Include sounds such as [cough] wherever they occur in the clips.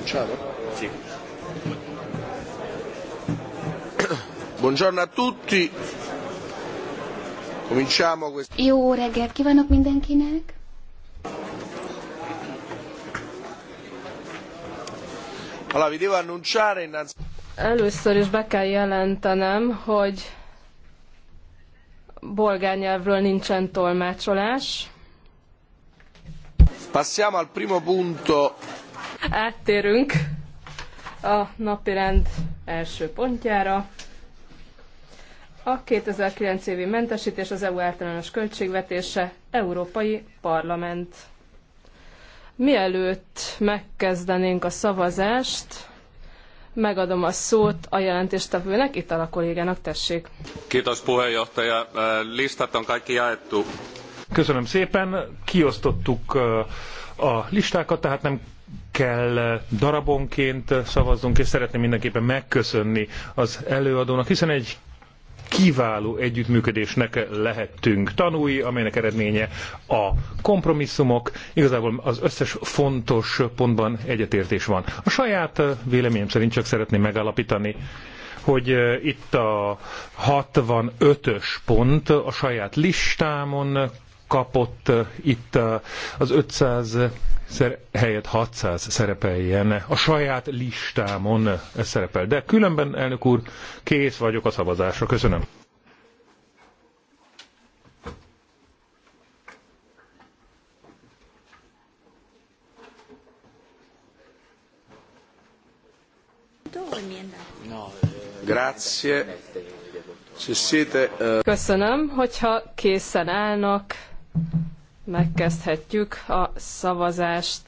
cominciare? Sì. [coughs] Buongiorno a tutti. Cominciamo questo. Jó reggelt kívánok mindenkinek. Allora, vi devo annunciare innanzitutto... Először is be kell jelentenem, hogy bolgárnyelvről nincsen tolmácsolás. Passiamo al primo punto Áttérünk a napirend első pontjára. A 2009 évi mentesítés az EU általános költségvetése Európai Parlament. Mielőtt megkezdenénk a szavazást, megadom a szót a jelentéstevőnek, itt a kollégának, tessék. Kiitos puheenjohtaja. Listat kaikki jaettu. Köszönöm szépen, kiosztottuk a listákat, tehát nem kell darabonként szavaznunk, és szeretném mindenképpen megköszönni az előadónak, hiszen egy kiváló együttműködésnek lehettünk tanúi, amelynek eredménye a kompromisszumok. Igazából az összes fontos pontban egyetértés van. A saját véleményem szerint csak szeretném megállapítani, hogy itt a 65-ös pont a saját listámon kapott itt az 500 helyett 600 szerepeljen. A saját listámon szerepel. De különben, elnök úr, kész vagyok a szavazásra. Köszönöm. Grazie. Eh, Köszönöm, hogyha készen állnak, megkezdhetjük a szavazást,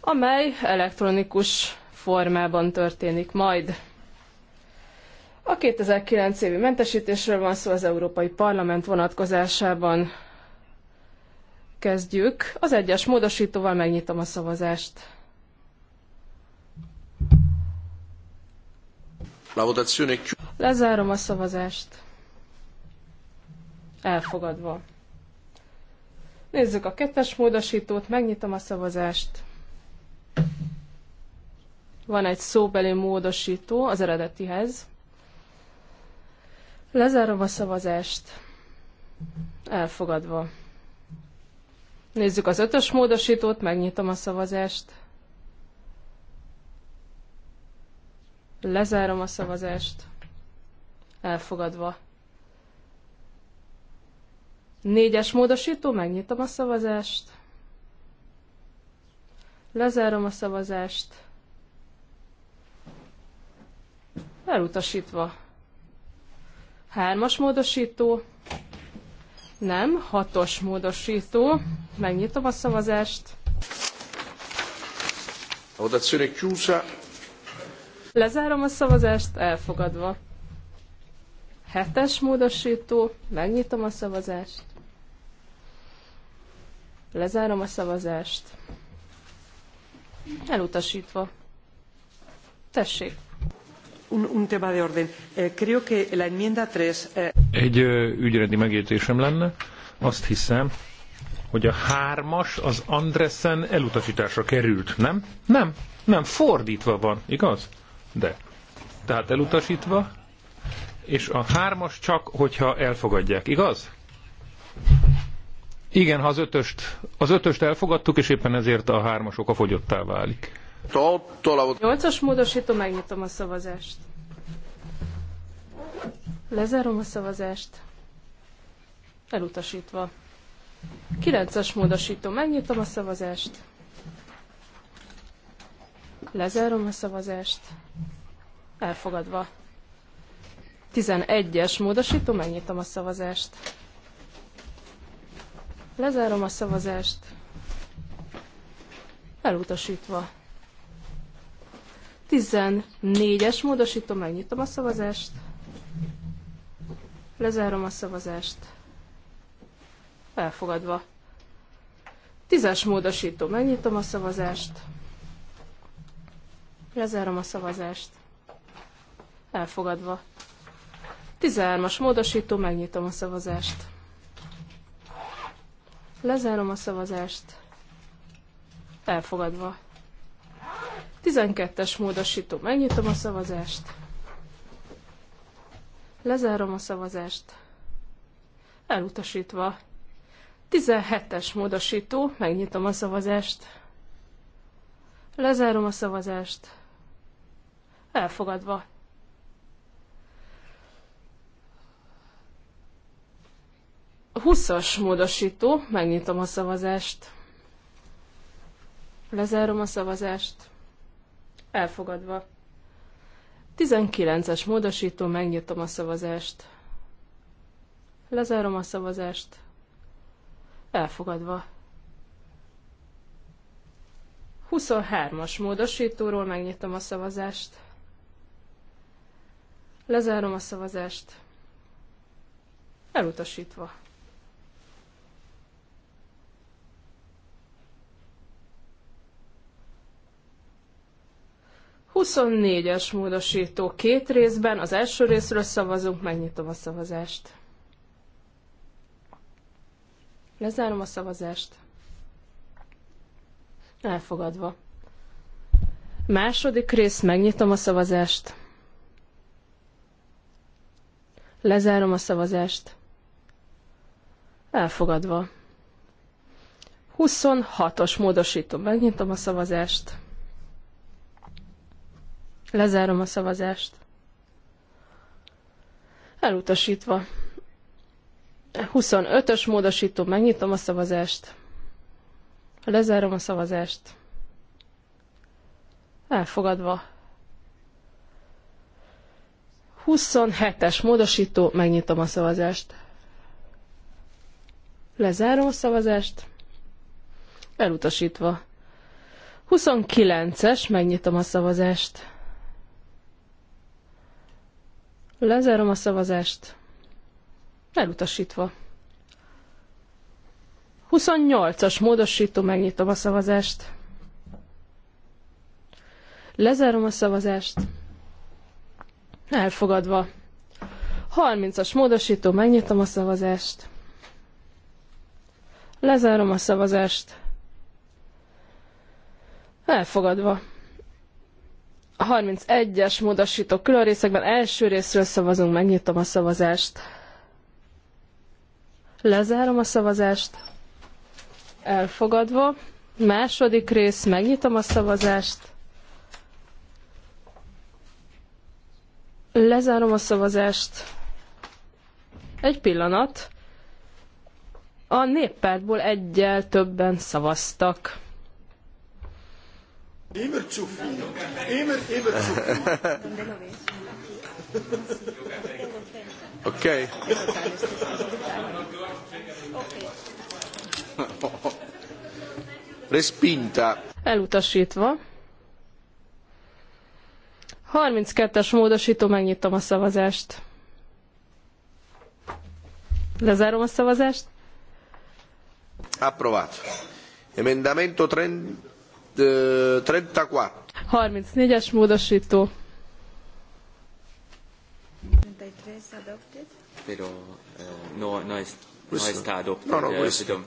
amely elektronikus formában történik majd. A 2009 évi mentesítésről van szó az Európai Parlament vonatkozásában. Kezdjük. Az egyes módosítóval megnyitom a szavazást. Lezárom a szavazást elfogadva. Nézzük a kettes módosítót, megnyitom a szavazást. Van egy szóbeli módosító az eredetihez. Lezárom a szavazást. Elfogadva. Nézzük az ötös módosítót, megnyitom a szavazást. Lezárom a szavazást. Elfogadva. Négyes módosító, megnyitom a szavazást. Lezárom a szavazást. Elutasítva. Hármas módosító. Nem, hatos módosító. Megnyitom a szavazást. A votazione chiusa. Lezárom a szavazást, elfogadva. Hetes módosító. Megnyitom a szavazást. Lezárom a szavazást. Elutasítva. Tessék. Un, un tema de orden. Eh, creo que la enmienda 3... Eh, Egy ügyredi ügyrendi megértésem lenne. Azt hiszem, hogy a hármas az Andressen elutasításra került, nem? Nem, nem, fordítva van, igaz? De. Tehát elutasítva, és a hármas csak, hogyha elfogadják, igaz? Igen, ha az ötöst, az ötöst elfogadtuk, és éppen ezért a hármas oka fogyottá válik. Nyolcas módosító, megnyitom a szavazást. Lezárom a szavazást. Elutasítva. Kilences módosító, megnyitom a szavazást. Lezárom a szavazást. Elfogadva. 11-es módosító, megnyitom a szavazást. Lezárom a szavazást. Elutasítva. 14-es módosító, megnyitom a szavazást. Lezárom a szavazást. Elfogadva. Tízes módosító, megnyitom a szavazást. Lezárom a szavazást. Elfogadva. 13-as módosító, megnyitom a szavazást. Lezárom a szavazást. Elfogadva. 12-es módosító. Megnyitom a szavazást. Lezárom a szavazást. Elutasítva. 17-es módosító. Megnyitom a szavazást. Lezárom a szavazást. Elfogadva. 20-as módosító, megnyitom a szavazást. Lezárom a szavazást. Elfogadva. 19-es módosító, megnyitom a szavazást. Lezárom a szavazást. Elfogadva. 23-as módosítóról megnyitom a szavazást. Lezárom a szavazást. Elutasítva. 24-es módosító két részben, az első részről szavazunk, megnyitom a szavazást. Lezárom a szavazást. Elfogadva. Második rész, megnyitom a szavazást. Lezárom a szavazást. Elfogadva. 26-os módosító, megnyitom a szavazást. Lezárom a szavazást. Elutasítva. 25-ös módosító, megnyitom a szavazást. Lezárom a szavazást. Elfogadva. 27-es módosító, megnyitom a szavazást. Lezárom a szavazást. Elutasítva. 29-es, megnyitom a szavazást. Lezárom a szavazást. Elutasítva. 28-as módosító, megnyitom a szavazást. Lezárom a szavazást. Elfogadva. 30-as módosító, megnyitom a szavazást. Lezárom a szavazást. Elfogadva. 31-es módosító külön első részről szavazunk, megnyitom a szavazást. Lezárom a szavazást. Elfogadva. Második rész, megnyitom a szavazást. Lezárom a szavazást. Egy pillanat. A néppártból egyel többen szavaztak. Immer zu viel. Immer, immer zu viel. okay. Respinta. Elutasítva. 32-es módosító, megnyitom a szavazást. Lezárom a szavazást. Approvat. Emendamento 30. 34. 34-es módosító. Pero eh, no, no es no está adopted. No, no, questo.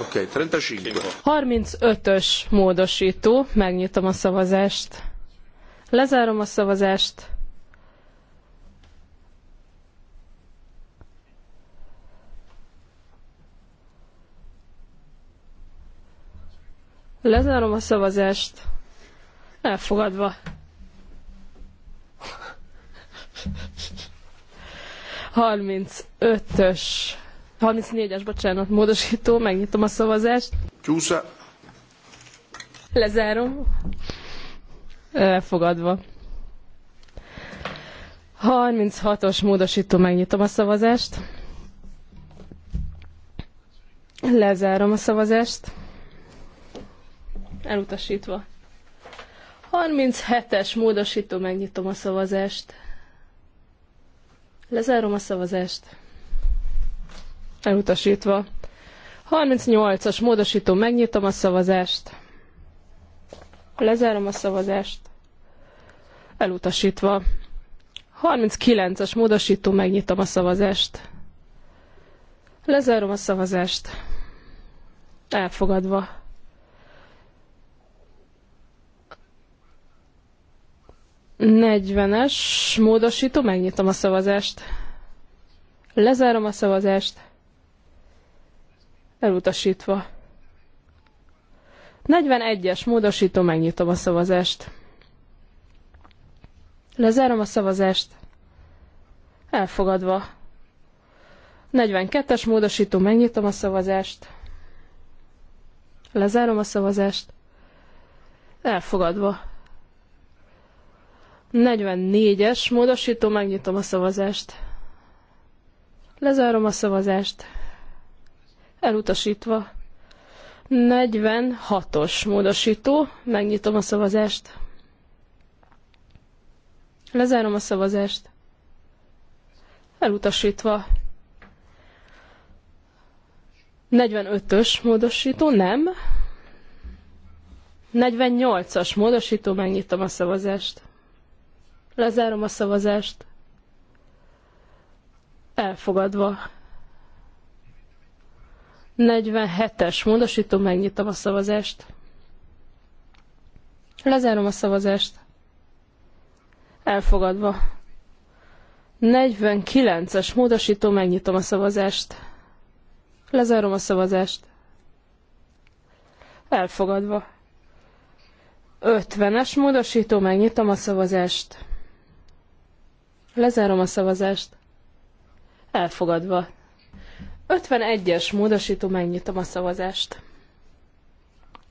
Ok, 35. 35-ös módosító. Megnyitom a szavazást. Lezárom a szavazást. Lezárom a szavazást. Elfogadva. Harminc ötös 34-es, bocsánat, módosító, megnyitom a szavazást. Csúsza. Lezárom. Elfogadva. 36-os módosító, megnyitom a szavazást. Lezárom a szavazást. Elutasítva. 37-es módosító, megnyitom a szavazást. Lezárom a szavazást. Elutasítva. 38-as módosító, megnyitom a szavazást. Lezárom a szavazást. Elutasítva. 39-as módosító, megnyitom a szavazást. Lezárom a szavazást. Elfogadva. 40-es módosító, megnyitom a szavazást. Lezárom a szavazást. Elutasítva. 41-es módosító, megnyitom a szavazást. Lezárom a szavazást. Elfogadva. 42-es módosító, megnyitom a szavazást. Lezárom a szavazást. Elfogadva. 44-es módosító, megnyitom a szavazást. Lezárom a szavazást. Elutasítva. 46-os módosító, megnyitom a szavazást. Lezárom a szavazást. Elutasítva. 45-ös módosító, nem. 48-as módosító, megnyitom a szavazást. Lezárom a szavazást. Elfogadva. 47-es módosítom megnyitom a szavazást. Lezárom a szavazást. Elfogadva. 49-es módosítom megnyitom a szavazást. Lezárom a szavazást. Elfogadva. 50-es módosító, megnyitom a szavazást. Lezárom a szavazást. Elfogadva. 51-es módosító, megnyitom a szavazást.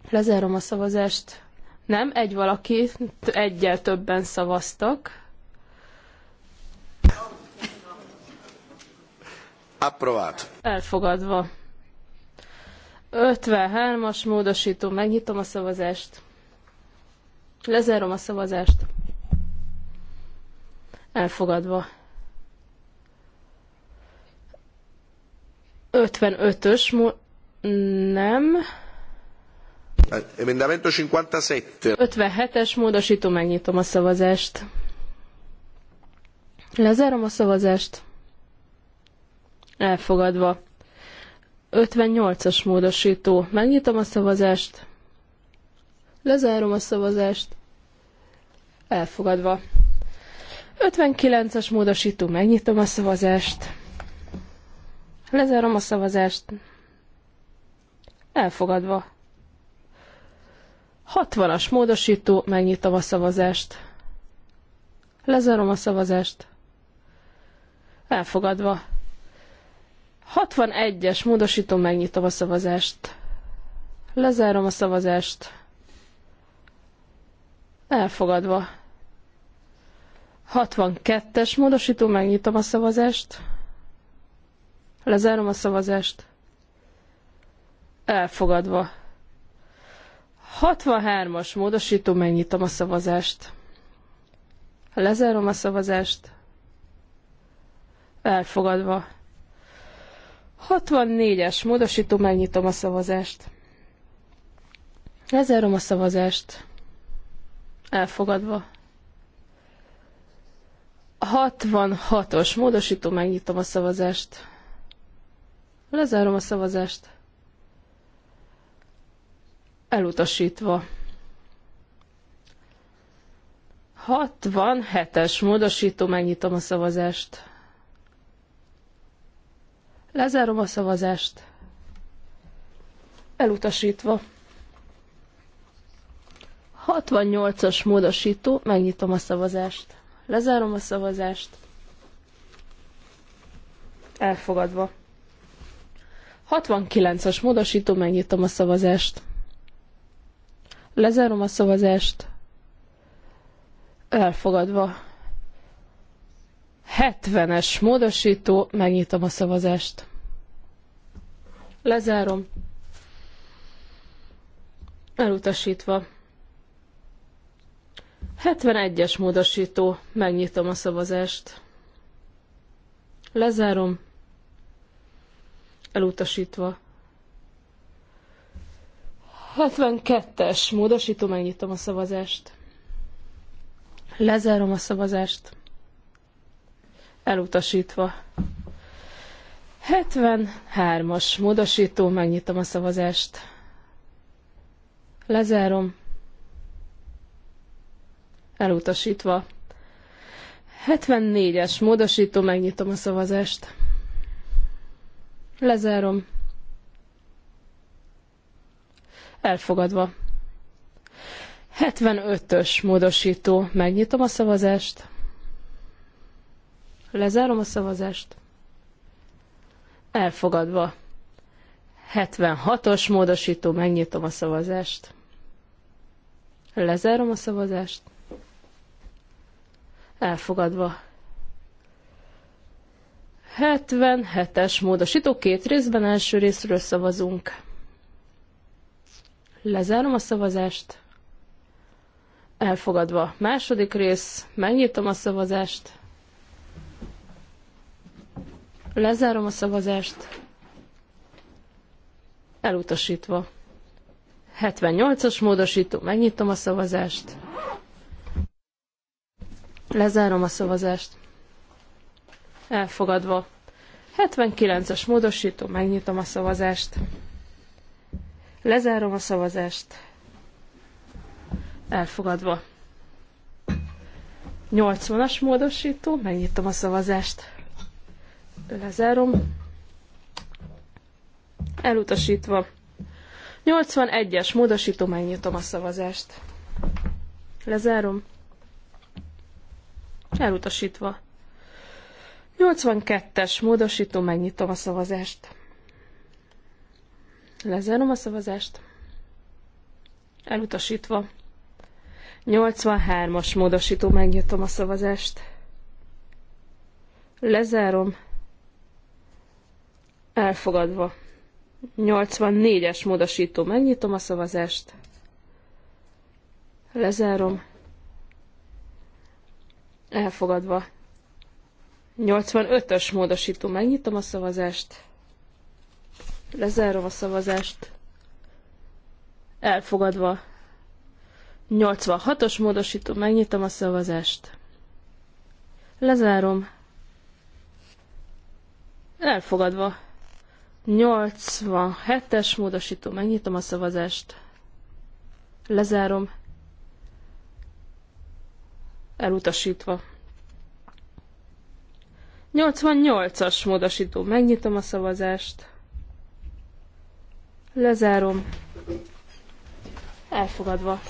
Lezárom a szavazást. Nem, egy valaki, egyel többen szavaztak. Approvat. Elfogadva. 53-as módosító, megnyitom a szavazást. Lezárom a szavazást elfogadva. 55-ös, nem. Emendamento 57. 57-es módosító, megnyitom a szavazást. Lezárom a szavazást. Elfogadva. 58-as módosító. Megnyitom a szavazást. Lezárom a szavazást. Elfogadva. 59-es módosító, megnyitom a szavazást. Lezárom a szavazást. Elfogadva. 60-as módosító, megnyitom a szavazást. Lezárom a szavazást. Elfogadva. 61-es módosító, megnyitom a szavazást. Lezárom a szavazást. Elfogadva. 62-es módosító, megnyitom a szavazást. Lezárom a szavazást. Elfogadva. 63-as módosító, megnyitom a szavazást. Lezárom a szavazást. Elfogadva. 64-es módosító, megnyitom a szavazást. Lezárom a szavazást. Elfogadva. 66-os módosító, megnyitom a szavazást. Lezárom a szavazást. Elutasítva. 67-es módosító, megnyitom a szavazást. Lezárom a szavazást. Elutasítva. 68-as módosító, megnyitom a szavazást. Lezárom a szavazást. Elfogadva. 69-as módosító, megnyitom a szavazást. Lezárom a szavazást. Elfogadva. 70-es módosító, megnyitom a szavazást. Lezárom. Elutasítva. 71-es módosító. Megnyitom a szavazást. Lezárom. Elutasítva. 72-es módosító, megnyitom a szavazást. Lezárom a szavazást. Elutasítva. 73-as módosító, megnyitom a szavazást. Lezárom elutasítva. 74-es módosító, megnyitom a szavazást. Lezárom. Elfogadva. 75-ös módosító, megnyitom a szavazást. Lezárom a szavazást. Elfogadva. 76-os módosító, megnyitom a szavazást. Lezárom a szavazást elfogadva. 77-es módosító két részben, első részről szavazunk. Lezárom a szavazást. Elfogadva. Második rész, megnyitom a szavazást. Lezárom a szavazást. Elutasítva. 78-as módosító, megnyitom a szavazást. Lezárom a szavazást. Elfogadva. 79-es módosító, megnyitom a szavazást. Lezárom a szavazást. Elfogadva. 80-as módosító, megnyitom a szavazást. Lezárom. Elutasítva. 81-es módosító, megnyitom a szavazást. Lezárom és elutasítva. 82-es módosító, megnyitom a szavazást. Lezárom a szavazást. Elutasítva. 83-as módosító, megnyitom a szavazást. Lezárom. Elfogadva. 84-es módosító, megnyitom a szavazást. Lezárom. Elfogadva. 85-ös módosító. Megnyitom a szavazást. Lezárom a szavazást. Elfogadva. 86-os módosító. Megnyitom a szavazást. Lezárom. Elfogadva. 87-es módosító. Megnyitom a szavazást. Lezárom elutasítva. 88-as módosító. Megnyitom a szavazást. Lezárom. Elfogadva.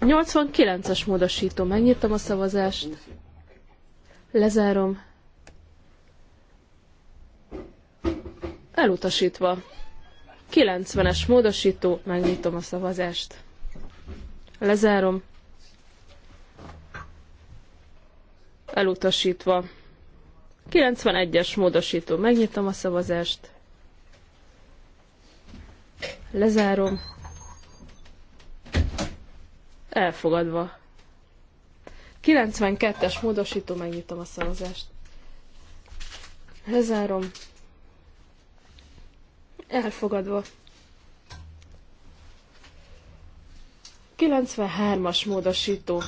89 as módosító. Megnyitom a szavazást. Lezárom. Elutasítva. 90-es módosító. Megnyitom a szavazást. Lezárom. elutasítva. 91-es módosító, megnyitom a szavazást, lezárom, elfogadva. 92-es módosító, megnyitom a szavazást, lezárom, elfogadva. 93-as módosító.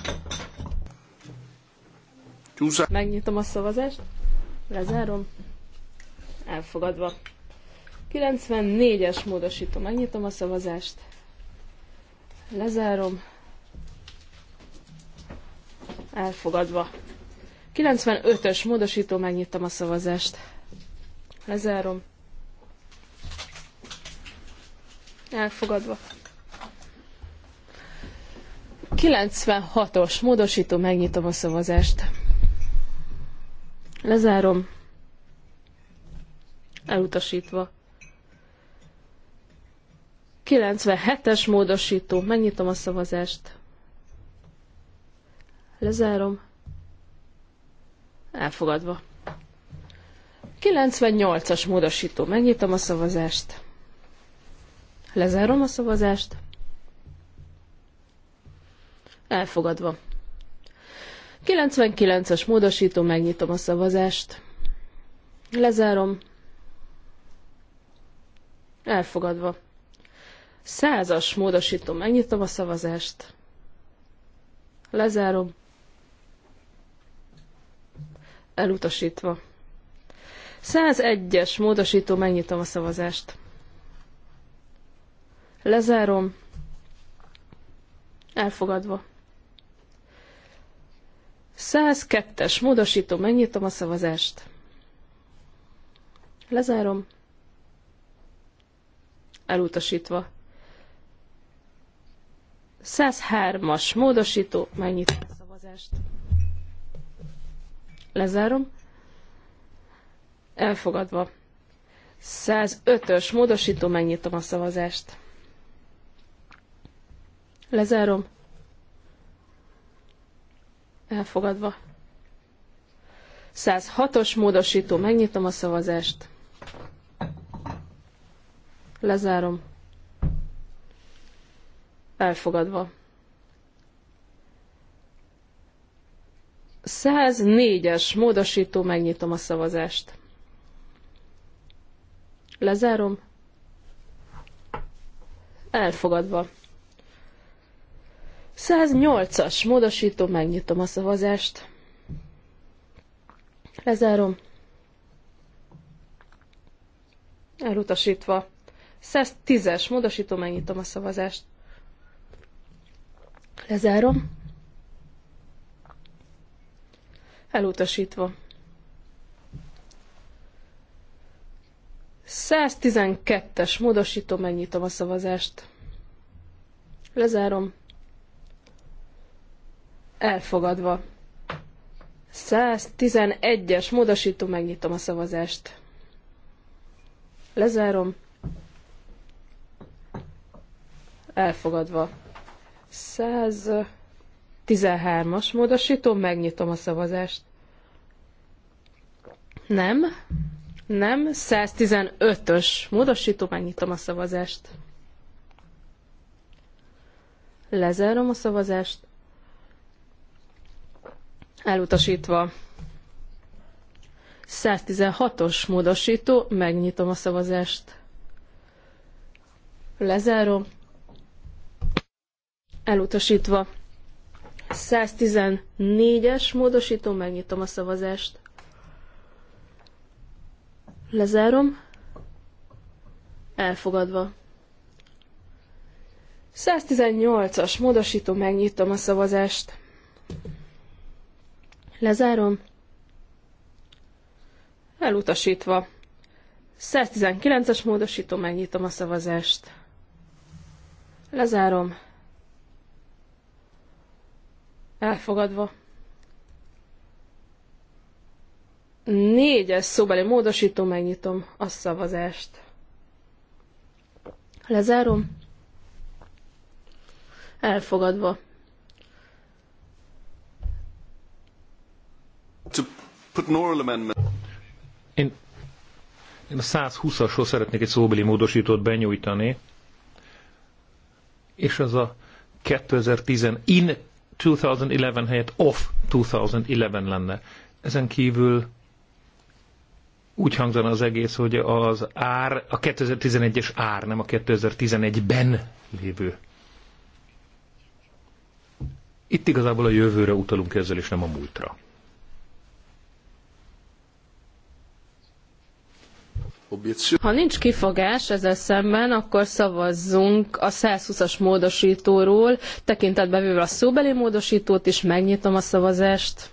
Megnyitom a szavazást. Lezárom. Elfogadva. 94-es módosító. Megnyitom a szavazást. Lezárom. Elfogadva. 95-ös módosító. Megnyitom a szavazást. Lezárom. Elfogadva. 96-os módosító. Megnyitom a szavazást. Lezárom. Elutasítva. 97-es módosító. Megnyitom a szavazást. Lezárom. Elfogadva. 98-as módosító. Megnyitom a szavazást. Lezárom a szavazást. Elfogadva. 99-es módosító, megnyitom a szavazást. Lezárom. Elfogadva. Százas módosító, megnyitom a szavazást. Lezárom. Elutasítva. 101-es módosító, megnyitom a szavazást. Lezárom. Elfogadva. 102-es módosító, megnyitom a szavazást. Lezárom. Elutasítva. 103-as módosító, megnyitom a szavazást. Lezárom. Elfogadva. 105-ös módosító, megnyitom a szavazást. Lezárom. Elfogadva. 106-os módosító. Megnyitom a szavazást. Lezárom. Elfogadva. 104-es módosító. Megnyitom a szavazást. Lezárom. Elfogadva. 108-as módosító, megnyitom a szavazást. Lezárom. Elutasítva. 110-es módosító, megnyitom a szavazást. Lezárom. Elutasítva. 112-es módosító, megnyitom a szavazást. Lezárom. Elfogadva. 111-es módosító, megnyitom a szavazást. Lezárom. Elfogadva. 113-as módosító, megnyitom a szavazást. Nem. Nem. 115-ös módosító, megnyitom a szavazást. Lezárom a szavazást elutasítva. 116-os módosító, megnyitom a szavazást. Lezárom. Elutasítva. 114-es módosító, megnyitom a szavazást. Lezárom. Elfogadva. 118-as módosító, megnyitom a szavazást. Lezárom. Elutasítva. 119-es módosító, megnyitom a szavazást. Lezárom. Elfogadva. Négyes szóbeli módosító, megnyitom a szavazást. Lezárom. Elfogadva. Én, én a 120-ashoz szeretnék egy szóbeli módosítót benyújtani, és az a 2010 in 2011 helyett off 2011 lenne. Ezen kívül úgy hangzana az egész, hogy az ár, a 2011-es ár, nem a 2011-ben lévő. Itt igazából a jövőre utalunk ezzel, és nem a múltra. Ha nincs kifogás ezzel szemben, akkor szavazzunk a 120-as módosítóról, tekintetbe véve a szóbeli módosítót is, megnyitom a szavazást.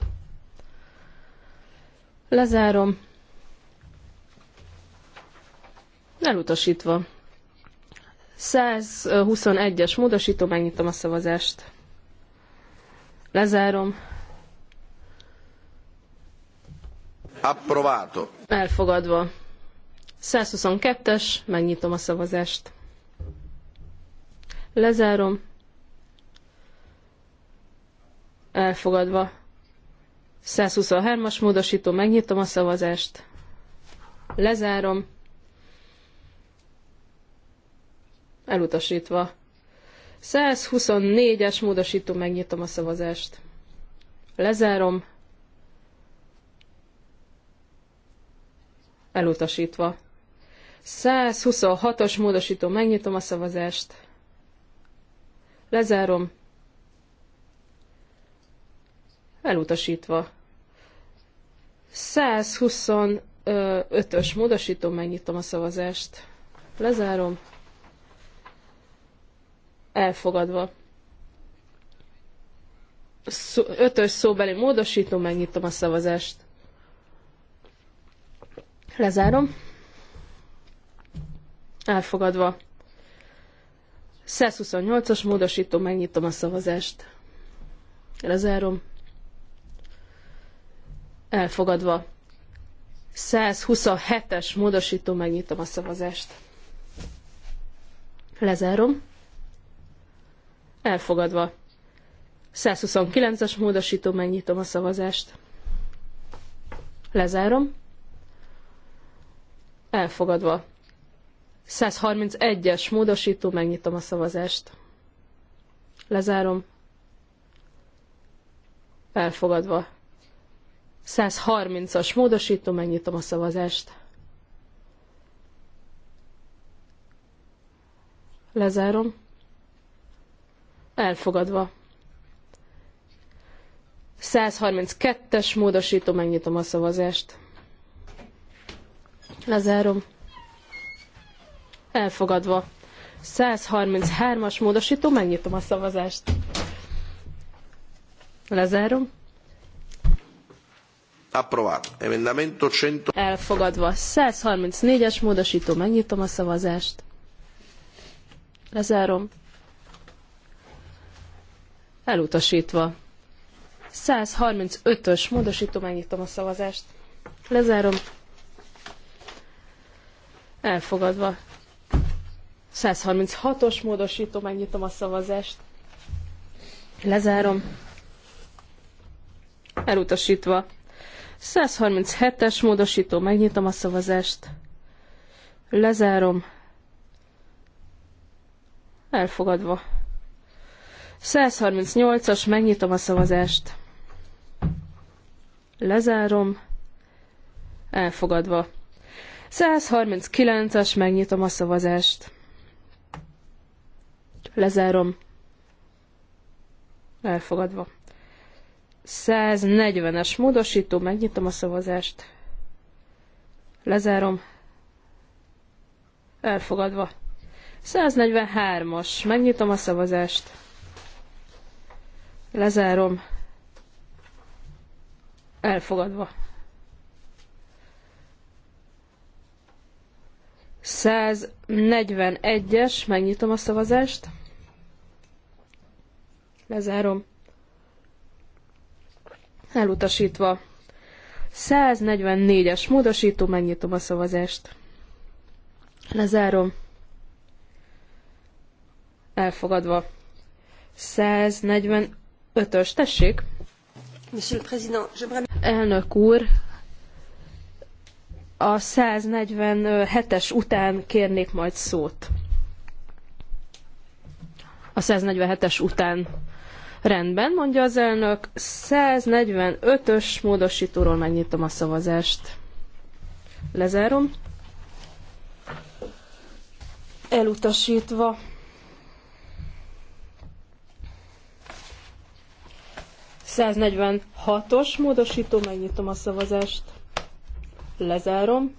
Lezárom. Elutasítva. 121-es módosító, megnyitom a szavazást. Lezárom. Approvato. Elfogadva. 122-es, megnyitom a szavazást. Lezárom. Elfogadva. 123-as módosító, megnyitom a szavazást. Lezárom. Elutasítva. 124-es módosító, megnyitom a szavazást. Lezárom. Elutasítva. 126-os módosító, megnyitom a szavazást. Lezárom. Elutasítva. 125-ös módosító, megnyitom a szavazást. Lezárom. Elfogadva. 5-ös szóbeli módosító, megnyitom a szavazást. Lezárom Elfogadva. 128-as módosító, megnyitom a szavazást. Lezárom. Elfogadva. 127-es módosító, megnyitom a szavazást. Lezárom. Elfogadva. 129-es módosító, megnyitom a szavazást. Lezárom. Elfogadva. 131-es módosító, megnyitom a szavazást. Lezárom. Elfogadva. 130-as módosító, megnyitom a szavazást. Lezárom. Elfogadva. 132-es módosító, megnyitom a szavazást. Lezárom. Elfogadva. 133-as módosító, megnyitom a szavazást. Lezárom. Approvato. Emendamento 100. Elfogadva. 134-es módosító, megnyitom a szavazást. Lezárom. Elutasítva. 135-ös módosító, megnyitom a szavazást. Lezárom. Elfogadva. 136-os módosító, megnyitom a szavazást. Lezárom. Elutasítva. 137-es módosító, megnyitom a szavazást. Lezárom. Elfogadva. 138-as, megnyitom a szavazást. Lezárom. Elfogadva. 139-as, megnyitom a szavazást. Lezárom. Elfogadva. 140-es módosító, megnyitom a szavazást. Lezárom. Elfogadva. 143-as, megnyitom a szavazást. Lezárom. Elfogadva. 141-es, megnyitom a szavazást. Lezárom. Elutasítva. 144-es módosító, megnyitom a szavazást. Lezárom. Elfogadva. 145-ös, tessék. Monsieur le Président, Elnök úr, a 147-es után kérnék majd szót. A 147-es után Rendben, mondja az elnök, 145-ös módosítóról megnyitom a szavazást. Lezárom. Elutasítva. 146-os módosító, megnyitom a szavazást. Lezárom.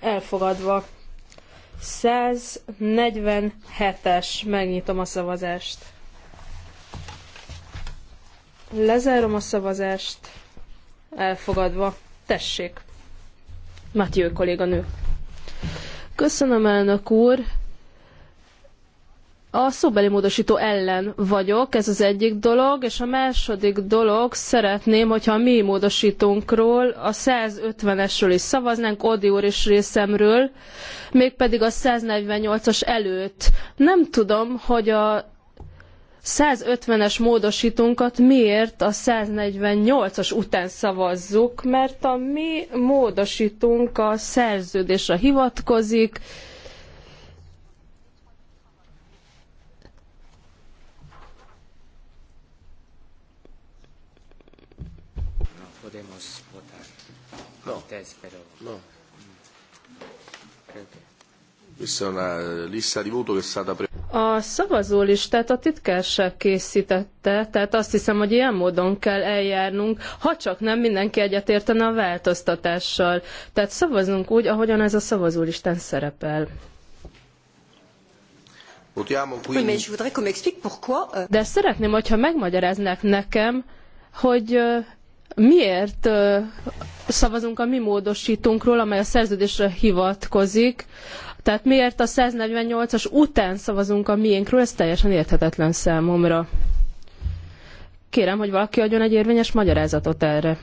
Elfogadva. 147-es, megnyitom a szavazást. Lezárom a szavazást. Elfogadva. Tessék. Matyő kolléganő. Köszönöm, elnök úr. A szóbeli módosító ellen vagyok, ez az egyik dolog, és a második dolog, szeretném, hogyha a mi módosítónkról, a 150-esről is szavaznánk, Odi úr is részemről, mégpedig a 148-as előtt. Nem tudom, hogy a 150-es módosítunkat miért a 148-as után szavazzuk, mert a mi módosítunk a szerződésre hivatkozik, Questa è una lista di voto che è stata pre- a szavazólistát a titkárság készítette, tehát azt hiszem, hogy ilyen módon kell eljárnunk, ha csak nem mindenki egyetértene a változtatással. Tehát szavazunk úgy, ahogyan ez a szavazólistán szerepel. Euh, De szeretném, hogyha megmagyaráznák nekem, hogy miért szavazunk a mi módosítunkról, amely a szerződésre hivatkozik, tehát miért a 148-as után szavazunk a miénkről, ez teljesen érthetetlen számomra. Kérem, hogy valaki adjon egy érvényes magyarázatot erre.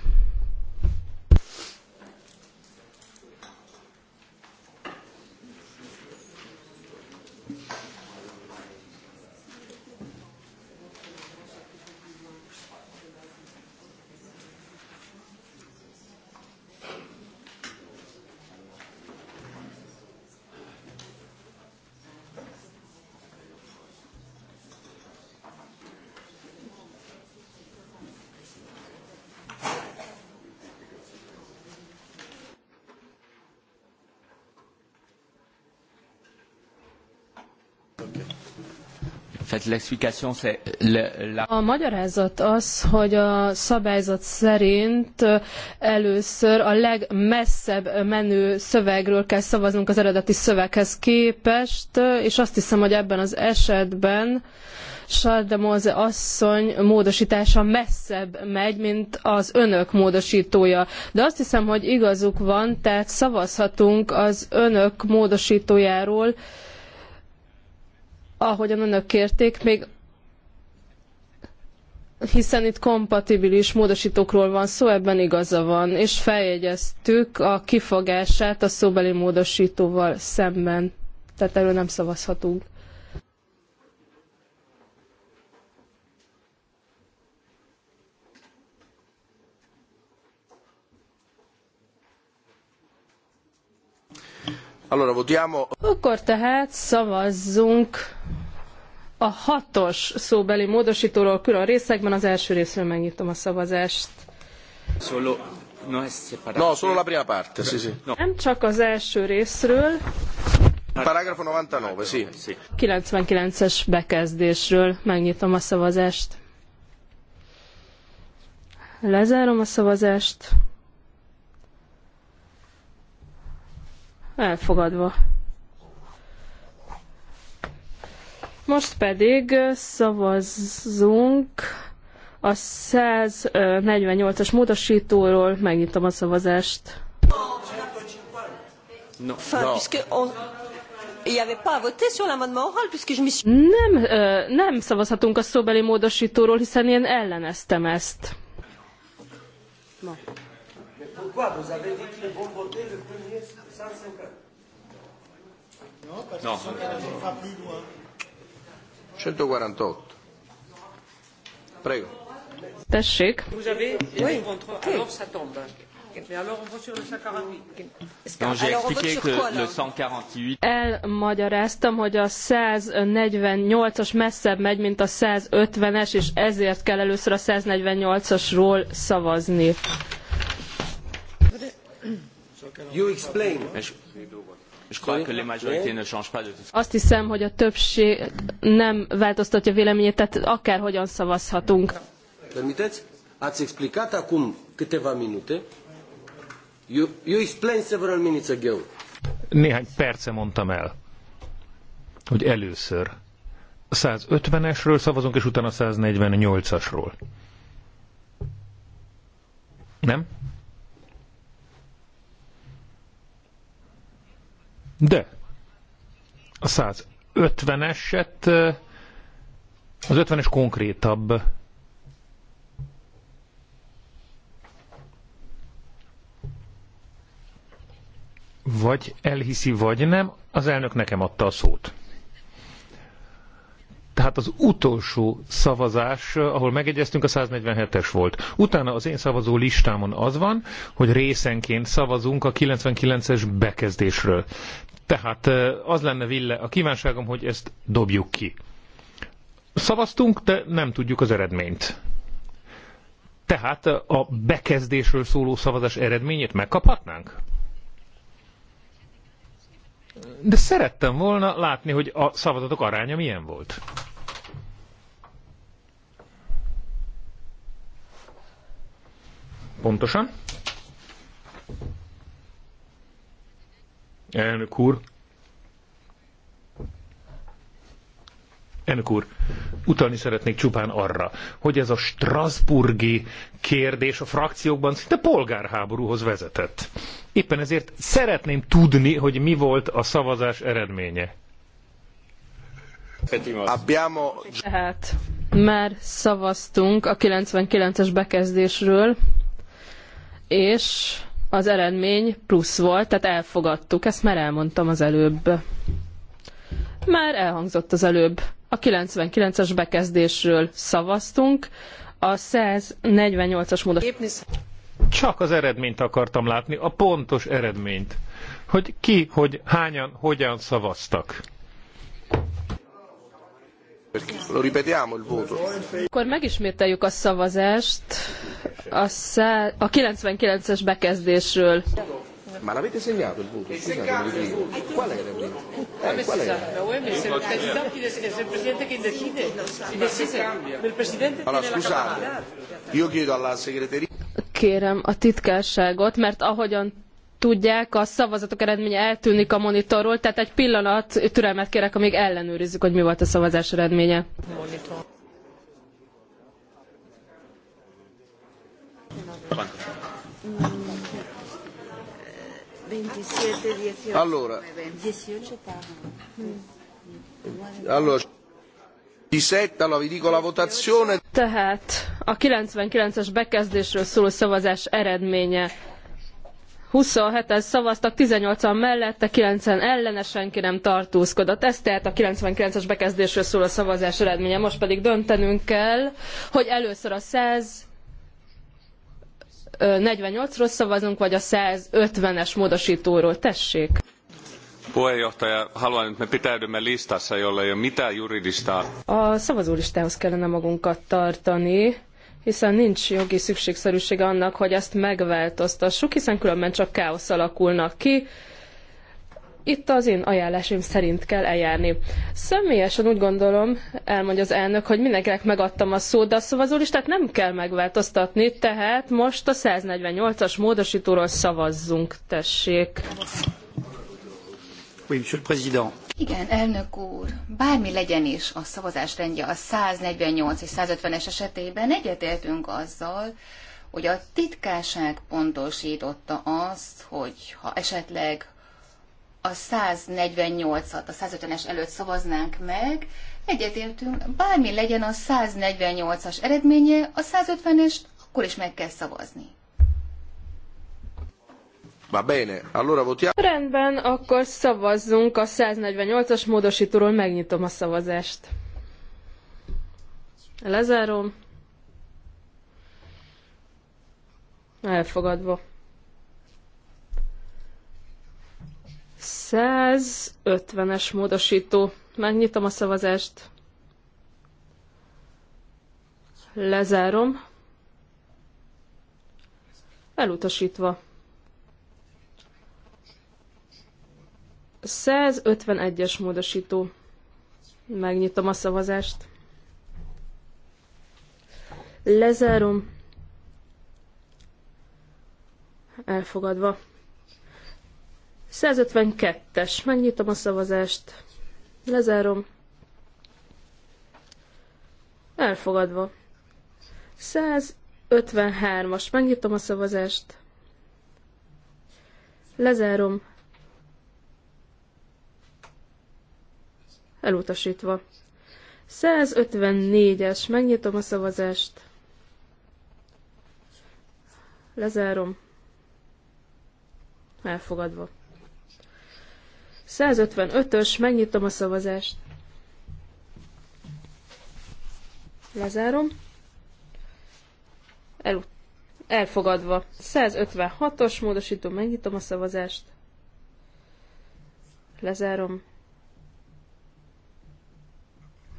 A magyarázat az, hogy a szabályzat szerint először a legmesszebb menő szövegről kell szavaznunk az eredeti szöveghez képest, és azt hiszem, hogy ebben az esetben Sardemóze asszony módosítása messzebb megy, mint az önök módosítója. De azt hiszem, hogy igazuk van, tehát szavazhatunk az önök módosítójáról, ahogyan önök kérték, még hiszen itt kompatibilis módosítókról van szó, ebben igaza van, és feljegyeztük a kifogását a szóbeli módosítóval szemben. Tehát erről nem szavazhatunk. Allora votiamo. Akkor tehát szavazzunk a hatos szóbeli módosítóról külön részekben. Az első részről megnyitom a szavazást. Solo... No, no, solo la prima parte, sì, sì. No. Nem csak az első részről. Paragrafo 99, sì. 99-es bekezdésről megnyitom a szavazást. Lezárom a szavazást. Elfogadva. Most pedig szavazzunk a 148-as módosítóról. Megnyitom a szavazást. No, no. Nem, nem szavazhatunk a szóbeli módosítóról, hiszen én elleneztem ezt pourquoi Vous avez dit qu'ils vont voter le premier 150. Non, parce que c'est fa più loin. 148. Prego. Tessék. Vous avez oui. contre, okay. alors ça tombe. Mais alors Elmagyaráztam, hogy a 148-as messzebb megy, mint a 150-es, és ezért kell először a 148-asról szavazni. You explain. Azt hiszem, hogy a többség nem változtatja véleményét, tehát akárhogyan szavazhatunk. Permiteți? Ați explicat acum câteva minute. You, you explained several minutes ago. Néhány perce mondtam el, hogy először 150-esről szavazunk, és utána 148-asról. Nem? De a 150-eset, az 50-es konkrétabb. Vagy elhiszi, vagy nem, az elnök nekem adta a szót. Tehát az utolsó szavazás, ahol megegyeztünk, a 147-es volt. Utána az én szavazó listámon az van, hogy részenként szavazunk a 99-es bekezdésről. Tehát az lenne ville a kívánságom, hogy ezt dobjuk ki. Szavaztunk, de nem tudjuk az eredményt. Tehát a bekezdésről szóló szavazás eredményét megkaphatnánk? De szerettem volna látni, hogy a szavazatok aránya milyen volt. Pontosan? Elnök úr. Elnök úr, utalni szeretnék csupán arra, hogy ez a strasburgi kérdés a frakciókban szinte polgárháborúhoz vezetett. Éppen ezért szeretném tudni, hogy mi volt a szavazás eredménye. Tehát már szavaztunk a 99-es bekezdésről, és az eredmény plusz volt, tehát elfogadtuk, ezt már elmondtam az előbb. Már elhangzott az előbb. A 99-es bekezdésről szavaztunk, a 148-as módos... Csak az eredményt akartam látni, a pontos eredményt. Hogy ki, hogy hányan, hogyan szavaztak. Lo ripetiamo il voto. Akkor megismételjük a szavazást a, szá- a 99-es bekezdésről. Ma l'avete segnato il voto? Scusate, il voto. Qual era il Allora, scusate, io chiedo alla segreteria... Kérem a titkárságot, mert ahogyan tudják, a szavazatok eredménye eltűnik a monitorról, tehát egy pillanat türelmet kérek, amíg ellenőrizzük, hogy mi volt a szavazás eredménye. Allora, allora 17, allora vi dico la votazione. Tehát a 99-es bekezdésről szóló szavazás eredménye 27-en szavaztak, 18-an mellette, 9-en ellene, senki nem tartózkodott. Ez tehát a 99-es bekezdésről szól a szavazás eredménye. Most pedig döntenünk kell, hogy először a 100 48-ról szavazunk, vagy a 150-es módosítóról. Tessék! Puheenjohtaja, haluan, että me pitäydymme listassa, jolla ei ole mitään juridista. A szavazólistához kellene magunkat tartani hiszen nincs jogi szükségszerűsége annak, hogy ezt megváltoztassuk, hiszen különben csak káosz alakulnak ki. Itt az én ajánlásom szerint kell eljárni. Személyesen úgy gondolom, elmondja az elnök, hogy mindenkinek megadtam a szót, de a szavazólistát nem kell megváltoztatni, tehát most a 148-as módosítóról szavazzunk, tessék. Oui, monsieur le président. Igen, elnök úr, bármi legyen is a szavazás rendje a 148 és 150-es esetében, egyetértünk azzal, hogy a titkárság pontosította azt, hogy ha esetleg a 148-at a 150-es előtt szavaznánk meg, egyetértünk, bármi legyen a 148-as eredménye, a 150-est akkor is meg kell szavazni. Va bene, allora votiamo. Rendben, akkor szavazzunk a 148-as módosítóról, megnyitom a szavazást. Lezárom. Elfogadva. 150-es módosító. Megnyitom a szavazást. Lezárom. Elutasítva. 151-es módosító. Megnyitom a szavazást. Lezárom. Elfogadva. 152-es. Megnyitom a szavazást. Lezárom. Elfogadva. 153-as. Megnyitom a szavazást. Lezárom. Elutasítva. 154-es. Megnyitom a szavazást. Lezárom. Elfogadva. 155-ös. Megnyitom a szavazást. Lezárom. El, elfogadva. 156-os módosító. Megnyitom a szavazást. Lezárom.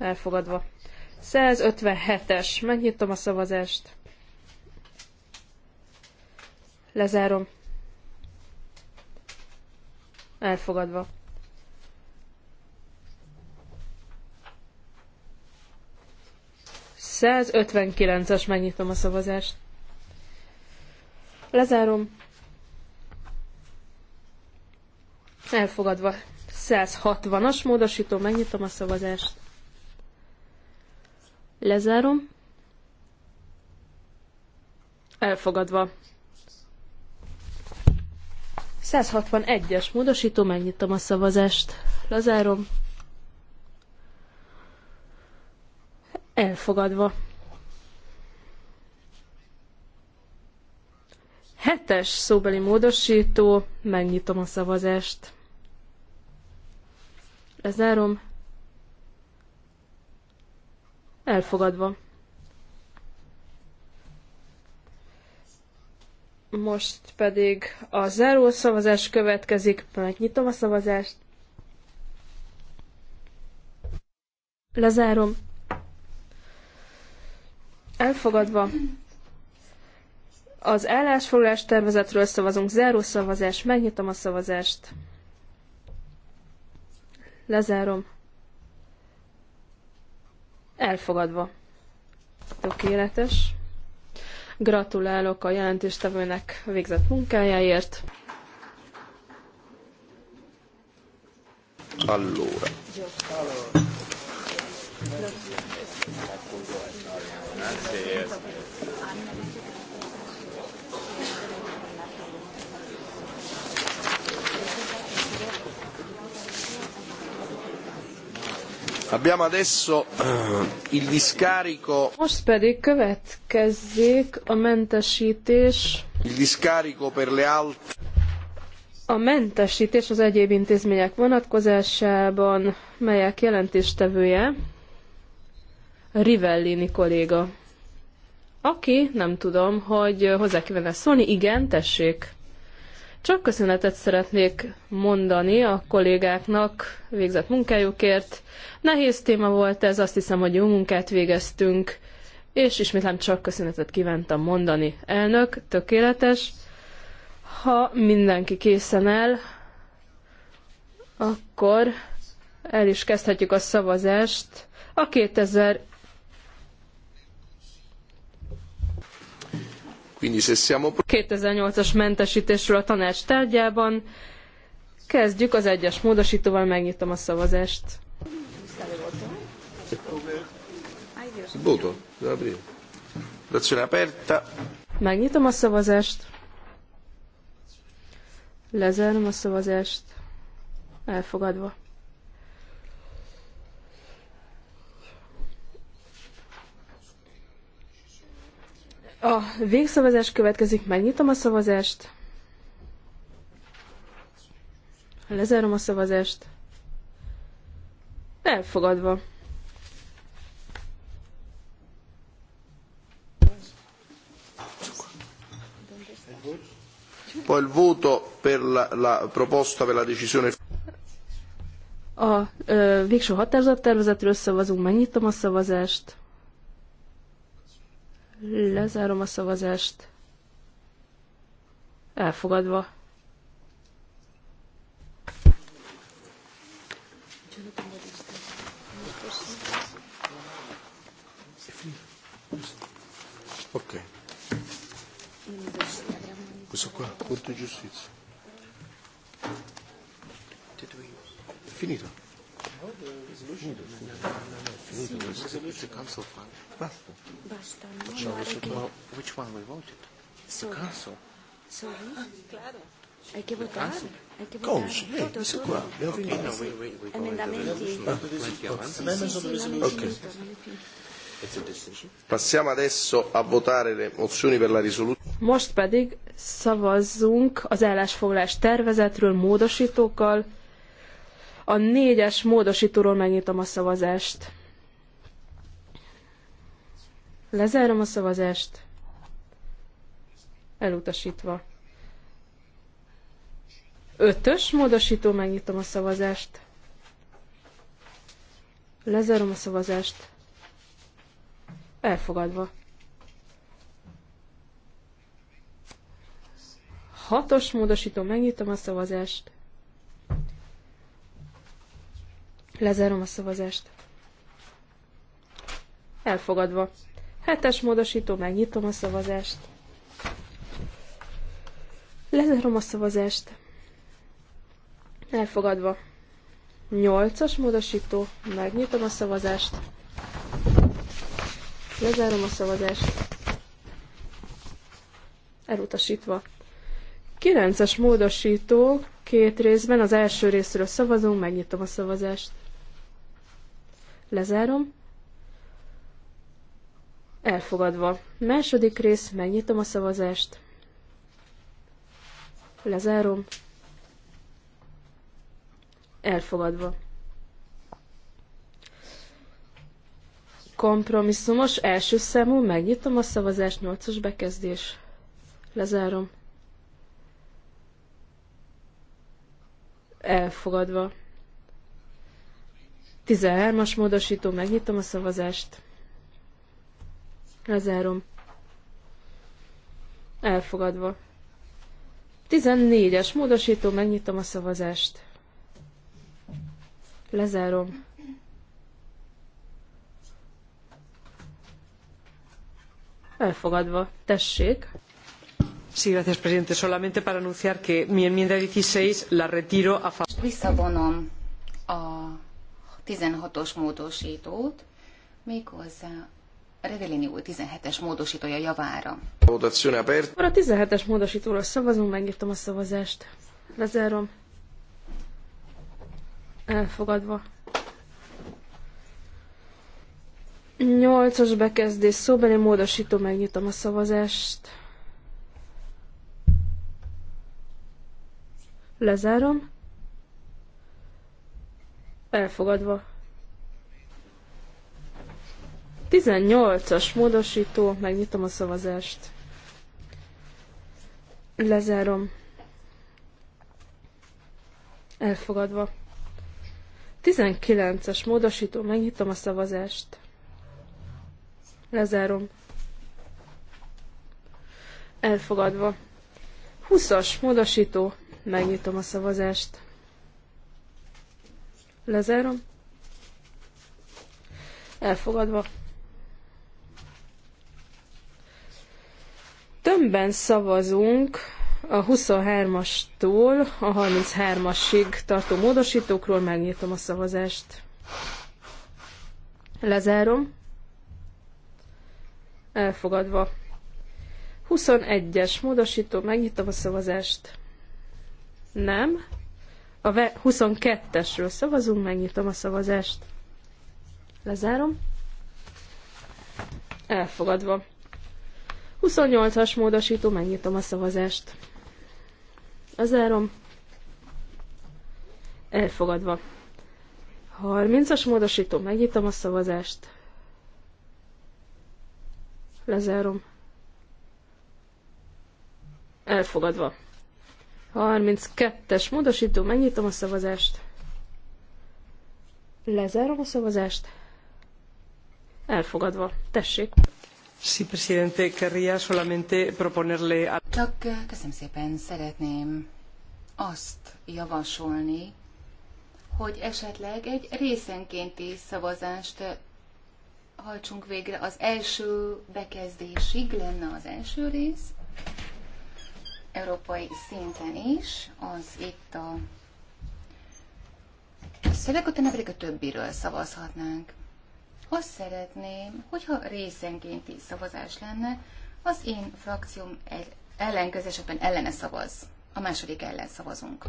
Elfogadva. 157-es. Megnyitom a szavazást. Lezárom. Elfogadva. Százötvenkilences, megnyitom a szavazást. Lezárom. Elfogadva. 160-as módosító, megnyitom a szavazást. Lezárom. Elfogadva. 161-es módosító, megnyitom a szavazást. Lezárom. Elfogadva. es szóbeli módosító, megnyitom a szavazást. Lezárom. Elfogadva. Most pedig a záró szavazás következik. Megnyitom a szavazást. Lezárom. Elfogadva. Az állásfoglalás tervezetről szavazunk. Záró szavazás. Megnyitom a szavazást. Lezárom. Elfogadva. Tökéletes. Gratulálok a jelentéstevőnek végzett munkájáért. Allora. Abbiamo adesso eh, il discarico. Most pedig következzék a mentesítés. Il discarico per le alt. A mentesítés az egyéb intézmények vonatkozásában, melyek jelentéstevője Rivellini kolléga. Aki, nem tudom, hogy hozzá kívánna szólni, igen, tessék. Csak köszönetet szeretnék mondani a kollégáknak végzett munkájukért. Nehéz téma volt ez, azt hiszem, hogy jó munkát végeztünk, és ismétlem csak köszönetet kívántam mondani. Elnök, tökéletes. Ha mindenki készen áll, akkor el is kezdhetjük a szavazást a 2000 2008-as mentesítésről a tanács tárgyában. Kezdjük az egyes módosítóval, megnyitom a szavazást. aperta. Megnyitom a szavazást. Lezárom a szavazást. Elfogadva. A végszavazás következik, megnyitom a szavazást. Lezárom a szavazást. Elfogadva. Poi il voto per la, la proposta per la decisione. A ö, végső határozattervezetről szavazunk, megnyitom a szavazást. Lezárom a szavazást. Elfogadva. Ok. Questo qua, punto di giustizia. Finito resolution. council Basta. Basta. which one we voted. The council. Sorry? Claro. Hay que votar. Hay que votar. Passiamo adesso a votare le mozioni per la risoluzione. Most pedig szavazzunk az állásfoglalás tervezetről módosítókkal, a négyes módosítóról megnyitom a szavazást. Lezárom a szavazást. Elutasítva. Ötös módosító, megnyitom a szavazást. Lezárom a szavazást. Elfogadva. Hatos módosító, megnyitom a szavazást. Lezárom a szavazást. Elfogadva. Hetes módosító, megnyitom a szavazást. Lezárom a szavazást. Elfogadva. Nyolcas módosító, megnyitom a szavazást. Lezárom a szavazást. Elutasítva. Kilences módosító, két részben, az első részről szavazunk, megnyitom a szavazást. Lezárom. Elfogadva. Második rész, megnyitom a szavazást. Lezárom. Elfogadva. Kompromisszumos első számú, megnyitom a szavazást, nyolcas bekezdés. Lezárom. Elfogadva. 13-as módosító, megnyitom a szavazást. Lezárom. Elfogadva. 14-es módosító, megnyitom a szavazást. Lezárom. Elfogadva. Tessék. Sí, gracias, presidente. Solamente para anunciar que mi enmienda 16 la retiro a favor. Visszavonom a 16-os módosítót, méghozzá Revelini úr 17-es módosítója javára. Votazione A 17-es módosítóról szavazunk, megnyitom a szavazást. Lezárom. Elfogadva. 8 os bekezdés szóbeli módosító, megnyitom a szavazást. Lezárom. Elfogadva. 18-as módosító, megnyitom a szavazást. Lezárom. Elfogadva. 19-es módosító, megnyitom a szavazást. Lezárom. Elfogadva. 20-as módosító, megnyitom a szavazást. Lezárom. Elfogadva. Többen szavazunk a 23-astól a 33-asig tartó módosítókról. Megnyitom a szavazást. Lezárom. Elfogadva. 21-es módosító, megnyitom a szavazást. Nem. A 22-esről szavazunk, megnyitom a szavazást. Lezárom. Elfogadva. 28-as módosító, megnyitom a szavazást. Lezárom. Elfogadva. 30-as módosító, megnyitom a szavazást. Lezárom. Elfogadva. 32-es módosító, megnyitom a szavazást. Lezárom a szavazást. Elfogadva. Tessék. Sí, presidente, querría solamente proponerle... A... Csak eh, köszönöm szépen, szeretném azt javasolni, hogy esetleg egy részenkénti szavazást eh, hajtsunk végre az első bekezdésig lenne az első rész, európai szinten is, az itt a szöveg, után pedig a többiről szavazhatnánk. Azt szeretném, hogyha részenkénti szavazás lenne, az én frakcióm ellenkező esetben ellene szavaz. A második ellen szavazunk.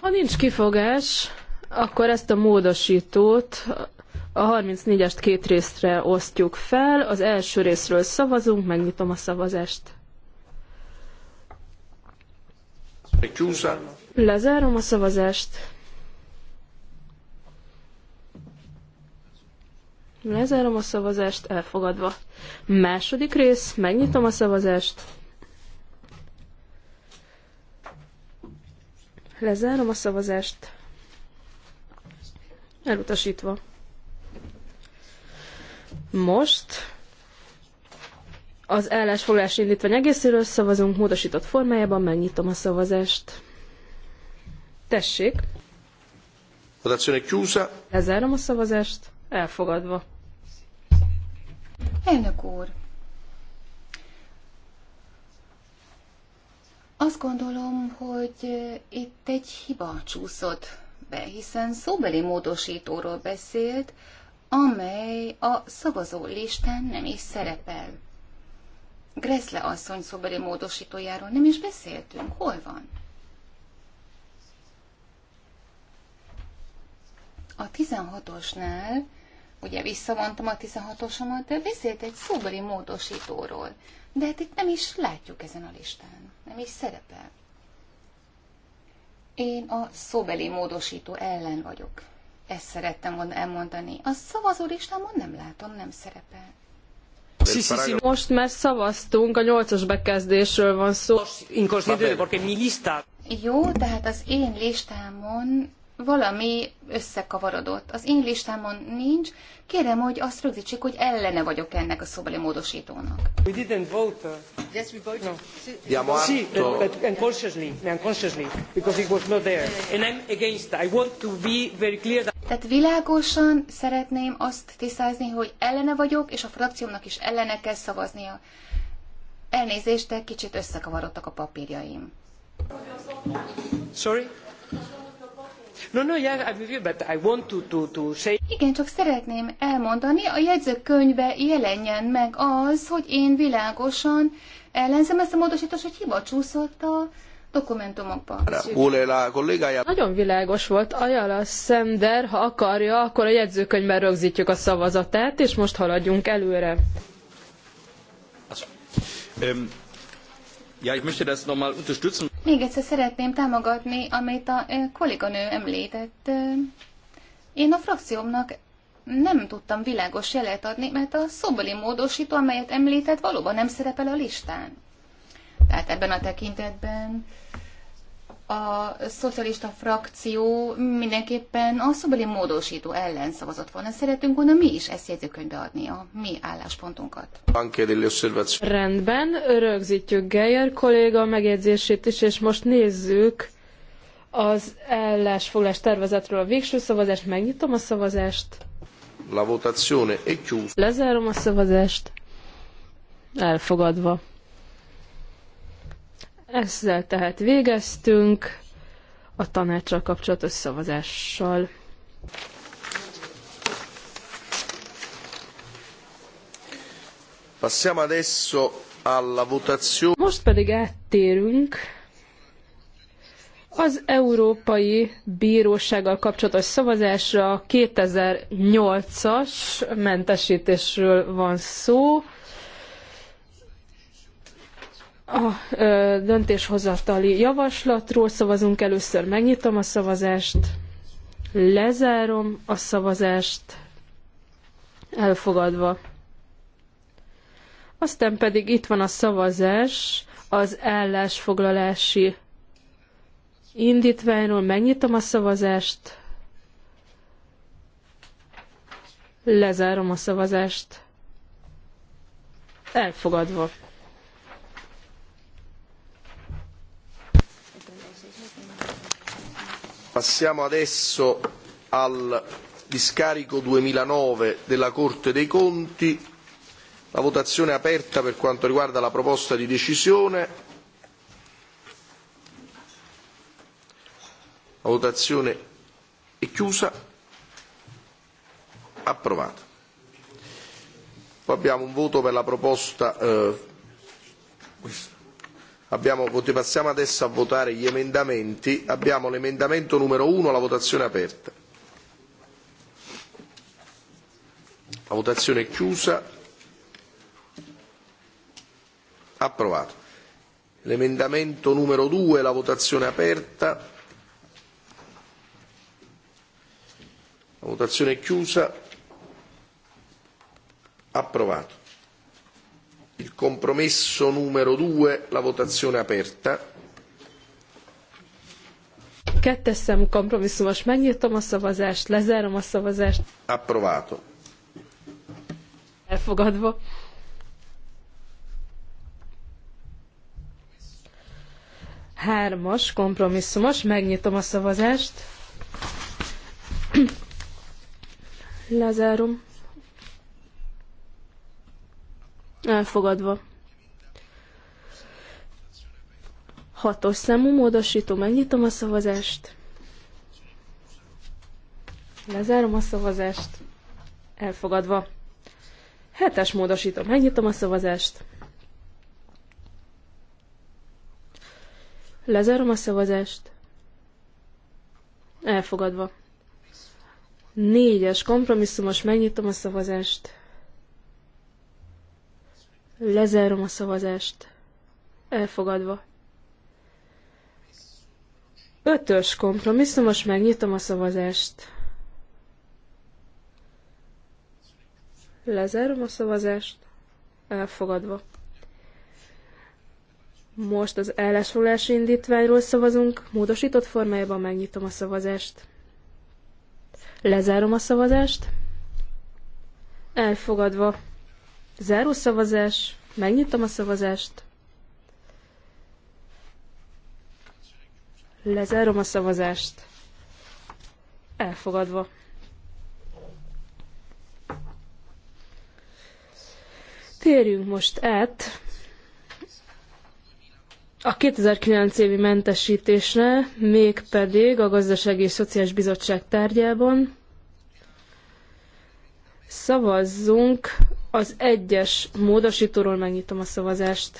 Ha nincs kifogás, akkor ezt a módosítót a 34-est két részre osztjuk fel. Az első részről szavazunk, megnyitom a szavazást. Lezárom a szavazást. Lezárom a szavazást, elfogadva. Második rész, megnyitom a szavazást. Lezárom a szavazást. Elutasítva. Most az állásfoglalási indítvány egészéről szavazunk módosított formájában, megnyitom a szavazást. Tessék! Votazione chiusa. Lezárom a szavazást, elfogadva. Elnök úr, azt gondolom, hogy itt egy hiba csúszott be, hiszen szóbeli módosítóról beszélt, amely a szavazó listán nem is szerepel. Greszle asszony szobori módosítójáról nem is beszéltünk. Hol van? A 16-osnál, ugye visszavontam a 16-osomat, de beszélt egy szobori módosítóról. De hát itt nem is látjuk ezen a listán. Nem is szerepel. Én a szobeli módosító ellen vagyok. Ezt szerettem volna elmondani. A szavazó listámon nem látom, nem szerepel. Most már szavaztunk, a nyolcas bekezdésről van szó. Jó, tehát az én listámon valami összekavarodott. Az én listámon nincs. Kérem, hogy azt rögzítsék, hogy ellene vagyok ennek a szobali módosítónak. We didn't vote. Uh, yes, we voted. No. Yeah, but... Sì, but, but unconsciously, unconsciously, because it was not there. And I'm against. I want to be very clear that... Tehát világosan szeretném azt tisztázni, hogy ellene vagyok, és a frakciómnak is ellene kell szavaznia. Elnézést, de kicsit összekavarodtak a papírjaim. Sorry? Igen, csak szeretném elmondani, a jegyzőkönyvbe jelenjen meg az, hogy én világosan ellenzem ezt a módosítást, hogy hiba csúszott a dokumentumokban. Nagyon világos volt, Ajala Szender, ha akarja, akkor a jegyzőkönyvben rögzítjük a szavazatát, és most haladjunk előre. Um. Ja, ich möchte das nochmal unterstützen. Még egyszer szeretném támogatni, amit a kolléganő említett. Én a frakciómnak nem tudtam világos jelet adni, mert a szobeli módosító, amelyet említett, valóban nem szerepel a listán. Tehát ebben a tekintetben a szocialista frakció mindenképpen a szobeli módosító ellen szavazott volna. Szeretünk volna mi is ezt jegyzőkönyvbe adni, a mi álláspontunkat. Rendben, rögzítjük Geyer kolléga megjegyzését is, és most nézzük az ellásfoglás tervezetről a végső szavazást. Megnyitom a szavazást. La votazione è chiusa. Lezárom a szavazást. Elfogadva. Ezzel tehát végeztünk a tanácsal kapcsolatos szavazással. Passiamo adesso alla votazione. Most pedig áttérünk az Európai Bírósággal kapcsolatos szavazásra 2008-as mentesítésről van szó a ö, döntéshozatali javaslatról szavazunk. Először megnyitom a szavazást, lezárom a szavazást, elfogadva. Aztán pedig itt van a szavazás az állásfoglalási indítványról. Megnyitom a szavazást, lezárom a szavazást, elfogadva. Passiamo adesso al discarico 2009 della Corte dei Conti. La votazione è aperta per quanto riguarda la proposta di decisione. La votazione è chiusa. Approvato. Poi abbiamo un voto per la proposta eh, questo Abbiamo, passiamo adesso a votare gli emendamenti. Abbiamo l'emendamento numero 1, la votazione è aperta. La votazione è chiusa. Approvato. L'emendamento numero 2, la votazione è aperta. La votazione è chiusa. Approvato Il compromesso numero 2, la votazione aperta. Kettes szem kompromisszumos. Megnyitom a szavazást, lezárom a szavazást. Approvato. Elfogadva. Hármas kompromisszumos. Megnyitom a szavazást. Lezárom. Elfogadva. Hatos számú módosító, megnyitom a szavazást. Lezárom a szavazást. Elfogadva. Hetes módosító, megnyitom a szavazást. Lezárom a szavazást. Elfogadva. Négyes kompromisszumos, megnyitom a szavazást. Lezárom a szavazást. Elfogadva. Ötös kompromisszumos, megnyitom a szavazást. Lezárom a szavazást. Elfogadva. Most az állásfoglalási indítványról szavazunk. Módosított formájában megnyitom a szavazást. Lezárom a szavazást. Elfogadva. Záró szavazás. Megnyitom a szavazást. Lezárom a szavazást. Elfogadva. Térjünk most át a 2009 évi mentesítésre, mégpedig a Gazdasági és Szociális Bizottság tárgyában. Szavazzunk az egyes módosítóról, megnyitom a szavazást.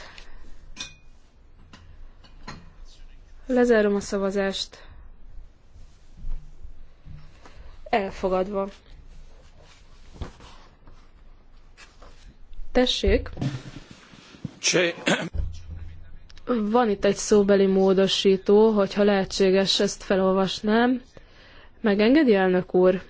Lezárom a szavazást. Elfogadva. Tessék. Van itt egy szóbeli módosító, hogyha lehetséges, ezt felolvasnám. Megengedi, elnök úr?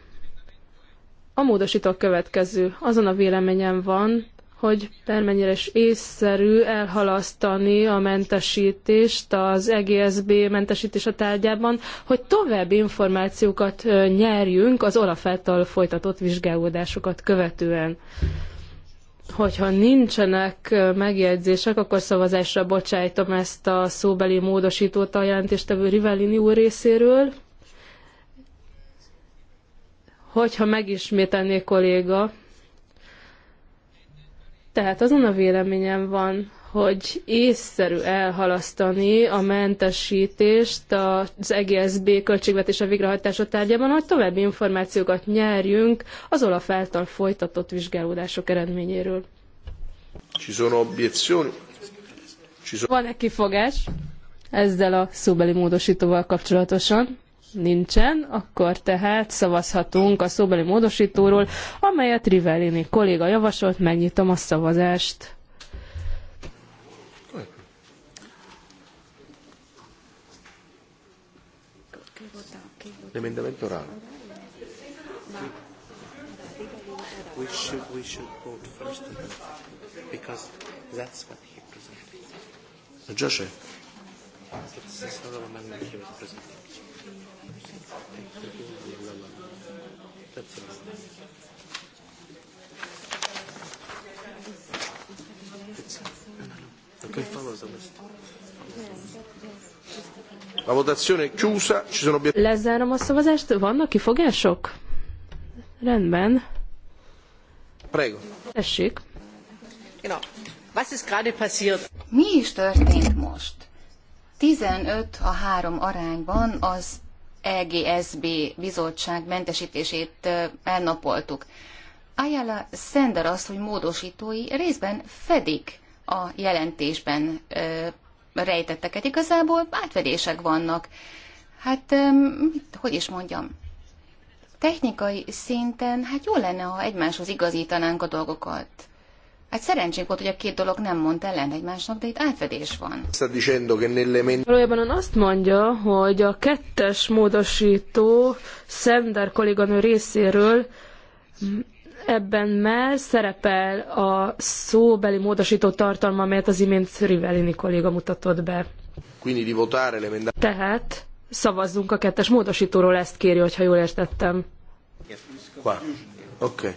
A módosító következő. Azon a véleményem van, hogy bármennyire is észszerű elhalasztani a mentesítést az EGSB a tárgyában, hogy további információkat nyerjünk az Olaf folytatott vizsgálódásokat követően. Hogyha nincsenek megjegyzések, akkor szavazásra bocsájtom ezt a szóbeli módosítót a jelentéstevő Rivellini úr részéről hogyha megismételné kolléga. Tehát azon a véleményem van, hogy észszerű elhalasztani a mentesítést az EGSB a végrehajtása tárgyában, hogy további információkat nyerjünk az Olaf által folytatott vizsgálódások eredményéről. Van-e kifogás ezzel a szóbeli módosítóval kapcsolatosan? nincsen, akkor tehát szavazhatunk a szóbeli módosítóról, amelyet Rivellini kolléga javasolt, megnyitom a szavazást. We should, we should vote first because that's what he presented. Joshua. amendment he was presenting. La votazione chiusa, ci sono Lezárom a szavazást, vannak kifogások? Rendben. Prego. Tessék. Genau. Was ist gerade passiert? Mi is történt most? 15 a 3 arányban az EGSB bizottság mentesítését elnapoltuk. Ayala Sender azt, hogy módosítói részben fedik a jelentésben rejtetteket. Igazából átfedések vannak. Hát, mit, hogy is mondjam? Technikai szinten, hát jó lenne, ha egymáshoz igazítanánk a dolgokat. Hát szerencsénk volt, hogy a két dolog nem mond ellen egymásnak, de itt átfedés van. Valójában ön azt mondja, hogy a kettes módosító Szender kolléganő részéről ebben már szerepel a szóbeli módosító tartalma, amelyet az imént Rivellini kolléga mutatott be. Tehát szavazzunk a kettes módosítóról, ezt kéri, hogyha jól értettem. Oké. Okay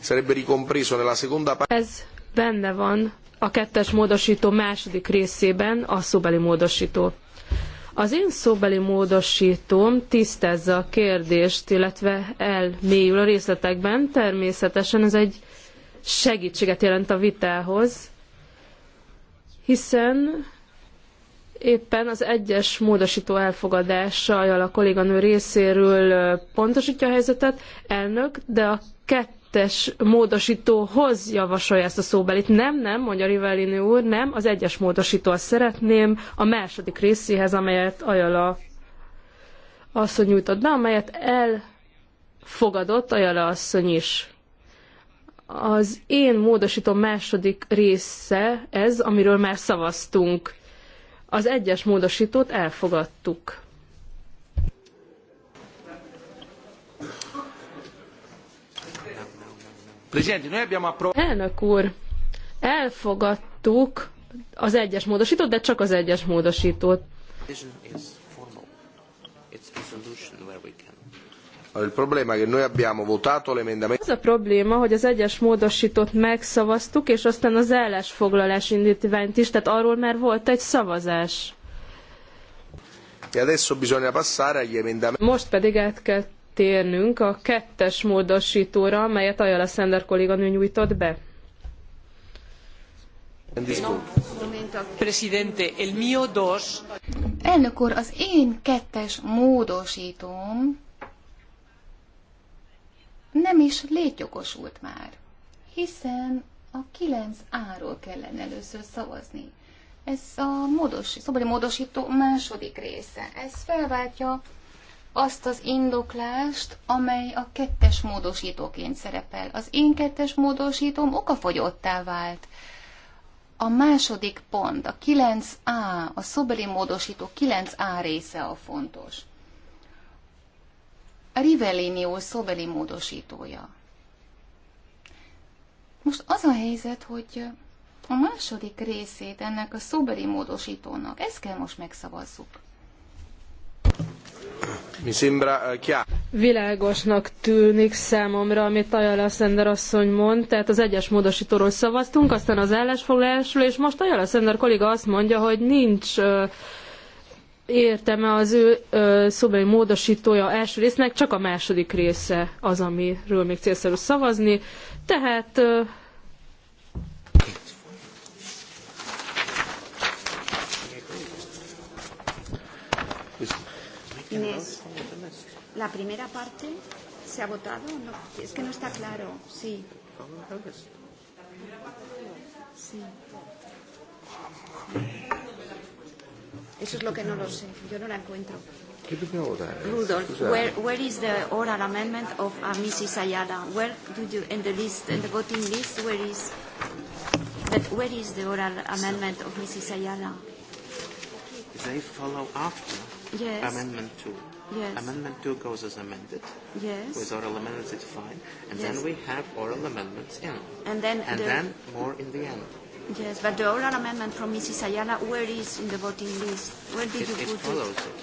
sarebbe ricompreso nella seconda parte. Ez benne van a kettes módosító második részében a szóbeli módosító. Az én szóbeli módosítóm tisztázza a kérdést, illetve elmélyül a részletekben. Természetesen ez egy segítséget jelent a vitához, hiszen éppen az egyes módosító elfogadása a kolléganő részéről pontosítja a helyzetet, elnök, de a kettő kettes módosítóhoz javasolja ezt a szóbelit. Nem, nem, mondja Rivellini úr, nem, az egyes módosítóhoz szeretném, a második részéhez, amelyet Ajala asszony nyújtott be, amelyet elfogadott Ajala asszony is. Az én módosító második része ez, amiről már szavaztunk. Az egyes módosítót elfogadtuk. Elnök úr, elfogadtuk az egyes módosítót, de csak az egyes módosítót. Az a probléma, hogy az egyes módosítót megszavaztuk, és aztán az állásfoglalás indítványt is, tehát arról már volt egy szavazás. E Most pedig át kell Térnünk a kettes módosítóra, amelyet Ajala Szender kolléganő nyújtott be. Presidente, Elnök úr, az én kettes módosítóm nem is létjogosult már, hiszen a 9A-ról kellene először szavazni. Ez a módos, szobori módosító második része. Ez felváltja azt az indoklást, amely a kettes módosítóként szerepel. Az én kettes módosítóm okafogyottá vált. A második pont, a 9A, a szobeli módosító 9A része a fontos. A Rivellinió szobeli módosítója. Most az a helyzet, hogy a második részét ennek a szobeli módosítónak, ezt kell most megszavazzuk. Mi sembra eh, chiaro. Világosnak tűnik számomra, amit Ajala Szender asszony mond, tehát az egyes módosítóról szavaztunk, aztán az állásfoglalásról, és most Ajala Szender kolléga azt mondja, hogy nincs uh, értelme az ő uh, szobrai módosítója első résznek, csak a második része az, amiről még célszerű szavazni. Tehát uh, Inés, la primera parte se ha votado. No, es que no está claro. Sí. Sí. Eso es lo que no lo sé. Yo no la encuentro. Rudolf, where, where is the oral amendment of uh, Mrs. Ayala? Where do you, in the list, in the voting list, where is, but where is the oral amendment of Mrs. Ayala? They follow after. Yes. Amendment 2. Yes. Amendment 2 goes as amended. Yes. With oral amendments, it's fine. And yes. then we have oral amendments in. And then And the, then more in the end. Yes, but the oral amendment from Mrs. Ayala, where is in the voting list? Where did it, you put it? It follows it.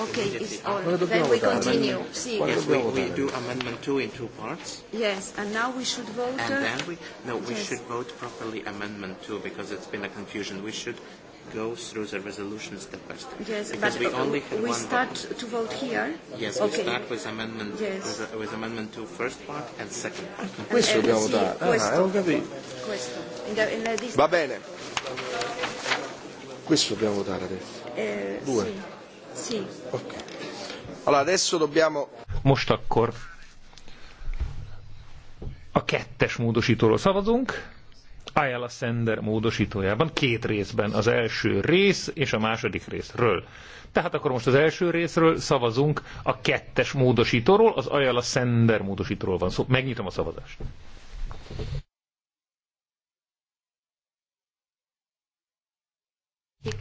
Okay, it's all. Then we continue. See, Yes, we, we do amendment two in two parts. Yes, and now we should vote. And then we no, we yes. should vote properly amendment two because it's been a confusion. We should goes through the resolution step by step. Yes, because but we only had we one start vote. to vote here. Yes, okay. we start with amendment yes. with, uh, with amendment to first part and second part. And questo dobbiamo votare. Ah, non capito. Questo. In the, in the Va bene. Questo dobbiamo votare adesso. Eh, Due. Sì. sì. Ok. Allora adesso dobbiamo. Most akkor a kettes módosítóról szavazunk. Ayala Sender módosítójában, két részben az első rész és a második részről. Tehát akkor most az első részről szavazunk a kettes módosítóról, az Ayala Sender módosítóról van szó. Szóval megnyitom a szavazást.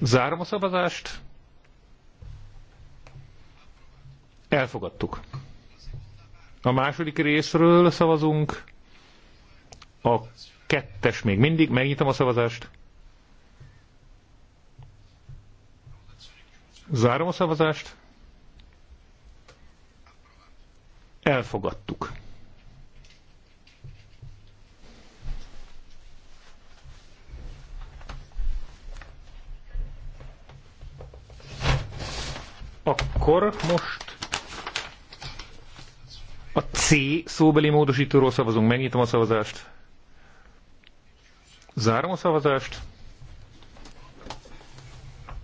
Zárom a szavazást. Elfogadtuk. A második részről szavazunk. A Kettes még mindig. Megnyitom a szavazást. Zárom a szavazást. Elfogadtuk. Akkor most a C szóbeli módosítóról szavazunk. Megnyitom a szavazást. Zárom a szavazást.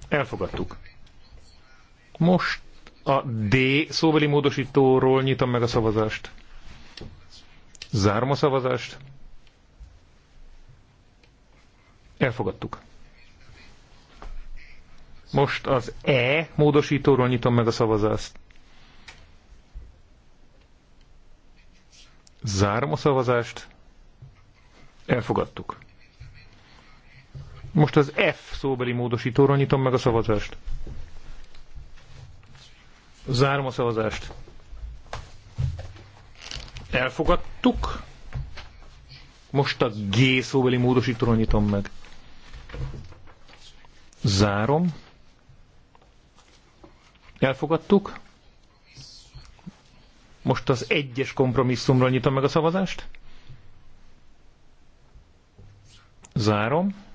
Elfogadtuk. Most a D szóbeli módosítóról nyitom meg a szavazást. Zárom a szavazást. Elfogadtuk. Most az E módosítóról nyitom meg a szavazást. Zárom a szavazást. Elfogadtuk. Most az F szóbeli módosítóra nyitom meg a szavazást. Zárom a szavazást. Elfogadtuk. Most a G szóbeli módosítóra nyitom meg. Zárom. Elfogadtuk. Most az egyes kompromisszumra nyitom meg a szavazást. Zárom.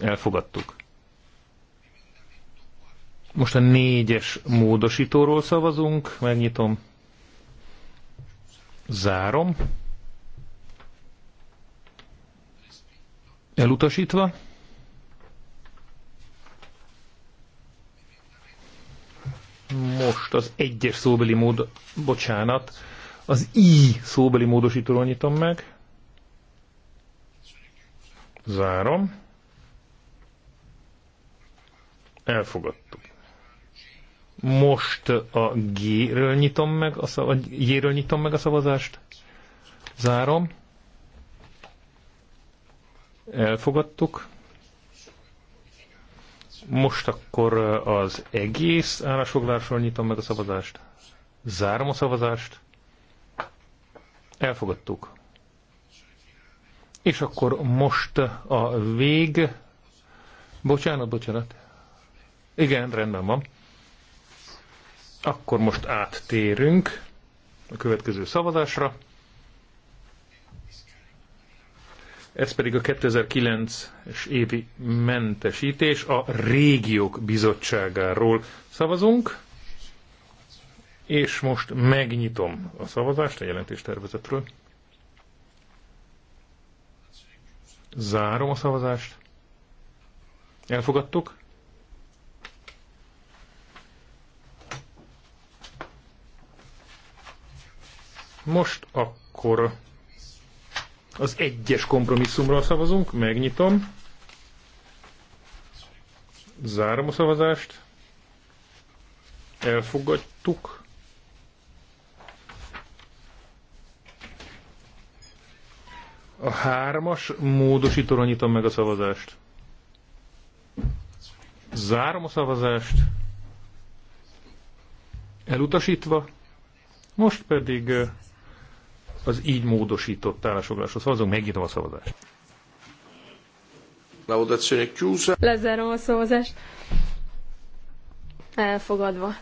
Elfogadtuk. Most a négyes módosítóról szavazunk, megnyitom. Zárom. Elutasítva. Most az egyes szóbeli mód, bocsánat, az I szóbeli módosítóról nyitom meg. Zárom. Elfogadtuk. Most a G-ről nyitom meg a, szav- a J-ről nyitom meg a szavazást. Zárom. Elfogadtuk. Most akkor az egész állásfoglásról nyitom meg a szavazást. Zárom a szavazást. Elfogadtuk. És akkor most a vég... Bocsánat, bocsánat. Igen, rendben van. Akkor most áttérünk a következő szavazásra. Ez pedig a 2009-es évi mentesítés a régiók bizottságáról szavazunk. És most megnyitom a szavazást a jelentéstervezetről. Zárom a szavazást. Elfogadtuk. Most akkor az egyes kompromisszumra szavazunk, megnyitom. Zárom a szavazást. Elfogadtuk. A hármas módosítóra nyitom meg a szavazást. Zárom a szavazást. Elutasítva. Most pedig az így módosított állásfoglaláshoz szavazunk. Megnyitom a szavazást. Lezárom a szavazást. Elfogadva.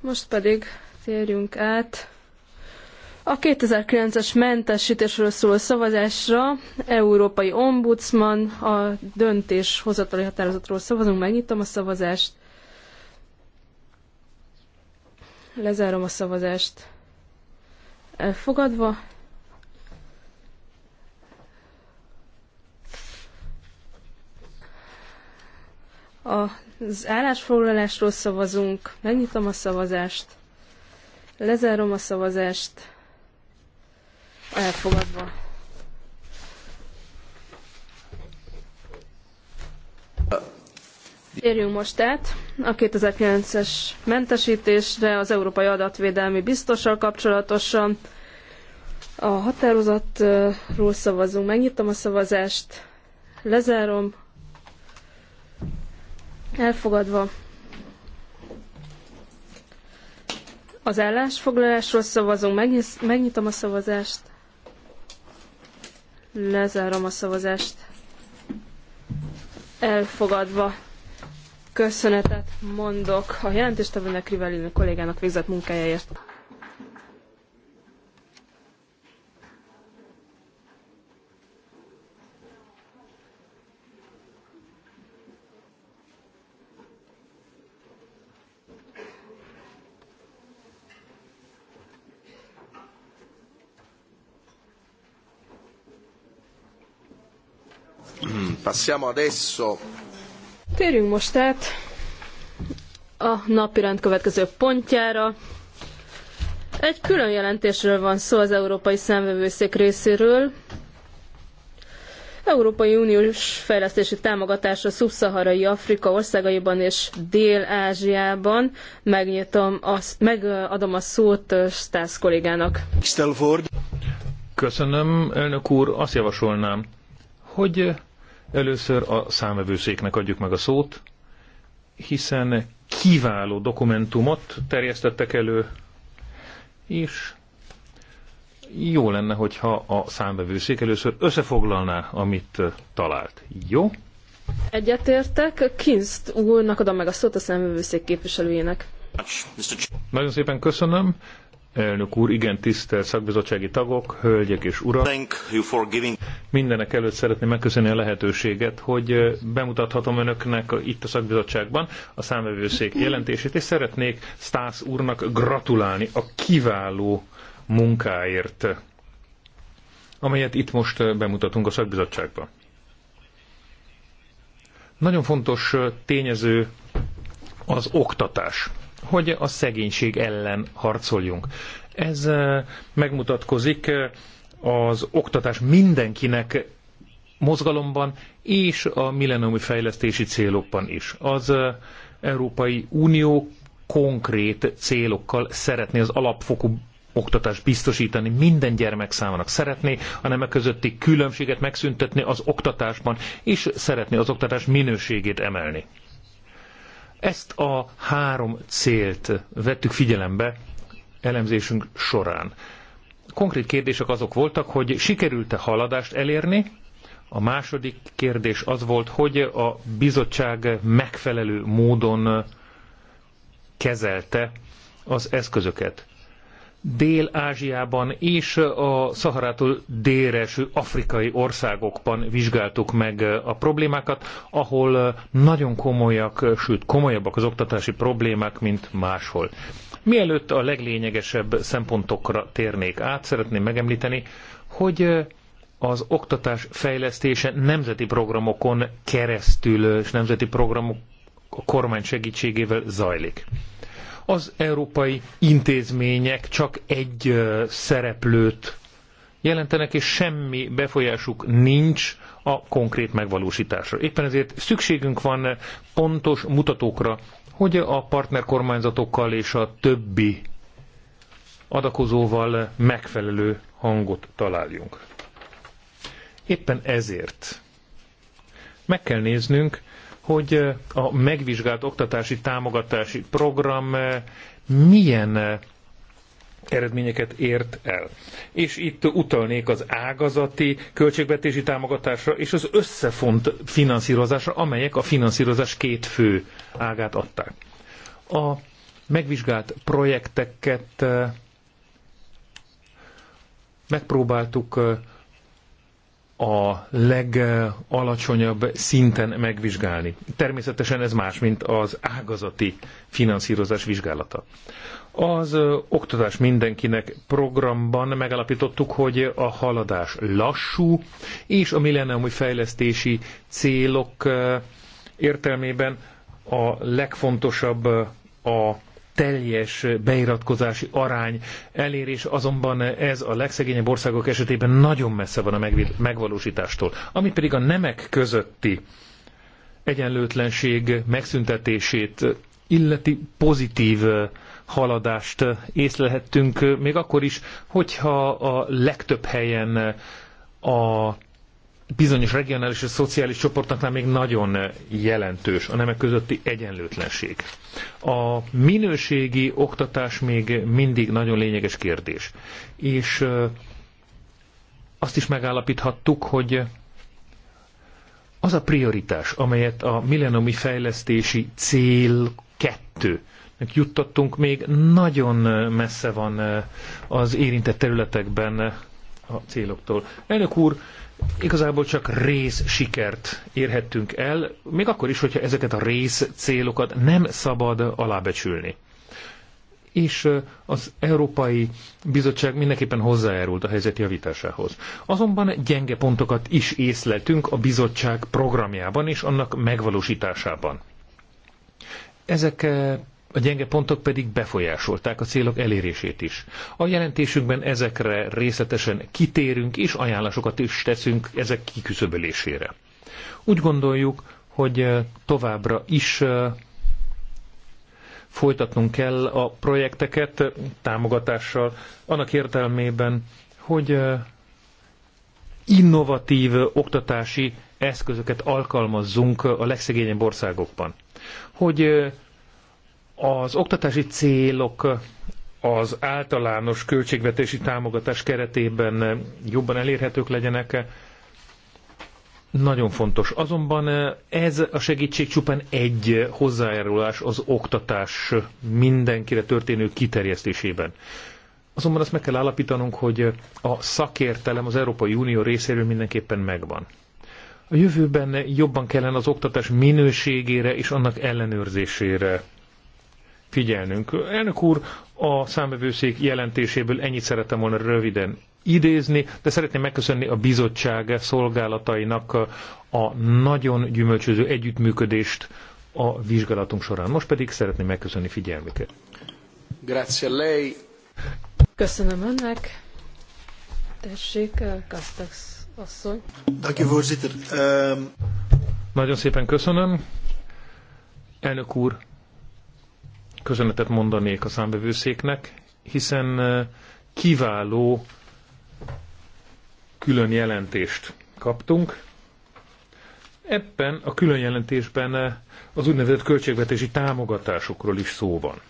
Most pedig térjünk át a 2009-es mentesítésről szóló szavazásra Európai Ombudsman a döntéshozatali határozatról szavazunk. Megnyitom a szavazást. Lezárom a szavazást. Elfogadva. Az állásfoglalásról szavazunk. Megnyitom a szavazást. Lezárom a szavazást. Elfogadva. Érjünk most át a 2009-es mentesítésre az Európai Adatvédelmi Biztossal kapcsolatosan. A határozatról szavazunk, megnyitom a szavazást, lezárom, elfogadva. Az állásfoglalásról szavazunk, megnyitom a szavazást, Lezárom a szavazást. Elfogadva. Köszönetet mondok a jelentéstevőnek Rivelin kollégának végzett munkájáért. Passiamo adesso. Térjünk most át a napirend következő pontjára. Egy külön jelentésről van szó az Európai Számvevőszék részéről. Európai Uniós fejlesztési támogatása szubszaharai Afrika országaiban és Dél-Ázsiában. Megnyitom, azt, megadom a szót Stász kollégának. Köszönöm, elnök úr. Azt javasolnám, hogy Először a számvevőszéknek adjuk meg a szót, hiszen kiváló dokumentumot terjesztettek elő, és jó lenne, hogyha a számbevőszék először összefoglalná, amit talált. Jó? Egyetértek. Kinst úrnak adom meg a szót a számbevőszék képviselőjének. Nagyon szépen köszönöm. Elnök úr, igen tisztelt szakbizottsági tagok, hölgyek és urak! Mindenek előtt szeretném megköszönni a lehetőséget, hogy bemutathatom önöknek itt a szakbizottságban a számvevőszék jelentését, és szeretnék Stász úrnak gratulálni a kiváló munkáért, amelyet itt most bemutatunk a szakbizottságban. Nagyon fontos tényező az oktatás hogy a szegénység ellen harcoljunk. Ez eh, megmutatkozik eh, az oktatás mindenkinek mozgalomban és a millenniumi fejlesztési célokban is. Az eh, Európai Unió konkrét célokkal szeretné az alapfokú oktatást biztosítani minden gyermek számának. Szeretné a nemek közötti különbséget megszüntetni az oktatásban, és szeretné az oktatás minőségét emelni. Ezt a három célt vettük figyelembe elemzésünk során. Konkrét kérdések azok voltak, hogy sikerült-e haladást elérni, a második kérdés az volt, hogy a bizottság megfelelő módon kezelte az eszközöket. Dél-Ázsiában és a Szaharától délre eső afrikai országokban vizsgáltuk meg a problémákat, ahol nagyon komolyak, sőt komolyabbak az oktatási problémák, mint máshol. Mielőtt a leglényegesebb szempontokra térnék át, szeretném megemlíteni, hogy az oktatás fejlesztése nemzeti programokon keresztül és nemzeti programok a kormány segítségével zajlik az európai intézmények csak egy szereplőt jelentenek, és semmi befolyásuk nincs a konkrét megvalósításra. Éppen ezért szükségünk van pontos mutatókra, hogy a partnerkormányzatokkal és a többi adakozóval megfelelő hangot találjunk. Éppen ezért meg kell néznünk, hogy a megvizsgált oktatási támogatási program milyen eredményeket ért el. És itt utalnék az ágazati költségvetési támogatásra és az összefont finanszírozásra, amelyek a finanszírozás két fő ágát adták. A megvizsgált projekteket megpróbáltuk a legalacsonyabb szinten megvizsgálni. Természetesen ez más, mint az ágazati finanszírozás vizsgálata. Az oktatás mindenkinek programban megalapítottuk, hogy a haladás lassú, és a milleniumi fejlesztési célok értelmében a legfontosabb a teljes beiratkozási arány elérés, azonban ez a legszegényebb országok esetében nagyon messze van a megvalósítástól. Ami pedig a nemek közötti egyenlőtlenség megszüntetését illeti pozitív haladást észlelhettünk, még akkor is, hogyha a legtöbb helyen a bizonyos regionális és szociális csoportoknál még nagyon jelentős a nemek közötti egyenlőtlenség. A minőségi oktatás még mindig nagyon lényeges kérdés. És azt is megállapíthattuk, hogy az a prioritás, amelyet a millenomi fejlesztési cél kettő juttattunk, még nagyon messze van az érintett területekben a céloktól. Elnök úr, igazából csak rész sikert érhettünk el, még akkor is, hogyha ezeket a rész célokat nem szabad alábecsülni. És az Európai Bizottság mindenképpen hozzájárult a helyzet javításához. Azonban gyenge pontokat is észleltünk a bizottság programjában és annak megvalósításában. Ezek a gyenge pontok pedig befolyásolták a célok elérését is. A jelentésünkben ezekre részletesen kitérünk és ajánlásokat is teszünk ezek kiküszöbölésére. Úgy gondoljuk, hogy továbbra is folytatnunk kell a projekteket támogatással, annak értelmében, hogy innovatív oktatási eszközöket alkalmazzunk a legszegényebb országokban. Hogy az oktatási célok az általános költségvetési támogatás keretében jobban elérhetők legyenek, nagyon fontos. Azonban ez a segítség csupán egy hozzájárulás az oktatás mindenkire történő kiterjesztésében. Azonban azt meg kell állapítanunk, hogy a szakértelem az Európai Unió részéről mindenképpen megvan. A jövőben jobban kellene az oktatás minőségére és annak ellenőrzésére figyelnünk. Elnök úr, a számbevőszék jelentéséből ennyit szerettem volna röviden idézni, de szeretném megköszönni a bizottság szolgálatainak a nagyon gyümölcsöző együttműködést a vizsgálatunk során. Most pedig szeretném megköszönni figyelmüket. Grazie lei. Köszönöm önnek. Tessék, Kastax asszony. Dank voorzitter. Ehm, nagyon szépen köszönöm. Elnök úr, köszönetet mondanék a számbevőszéknek, hiszen kiváló külön jelentést kaptunk. Ebben a külön jelentésben az úgynevezett költségvetési támogatásokról is szó van.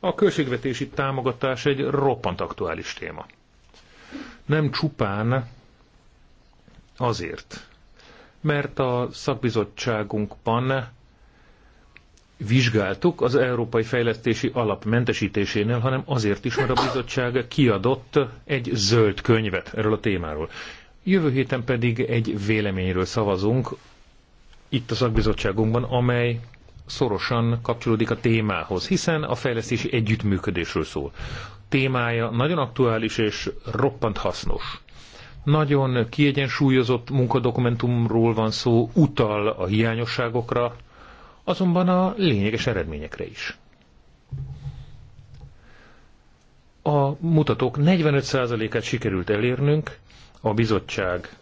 A költségvetési támogatás egy roppant aktuális téma. Nem csupán azért, mert a szakbizottságunkban vizsgáltuk az Európai Fejlesztési Alap mentesítésénél, hanem azért is, mert a bizottság kiadott egy zöld könyvet erről a témáról. Jövő héten pedig egy véleményről szavazunk itt a szakbizottságunkban, amely szorosan kapcsolódik a témához, hiszen a fejlesztési együttműködésről szól. Témája nagyon aktuális és roppant hasznos. Nagyon kiegyensúlyozott munkadokumentumról van szó, utal a hiányosságokra, azonban a lényeges eredményekre is. A mutatók 45%-át sikerült elérnünk, a bizottság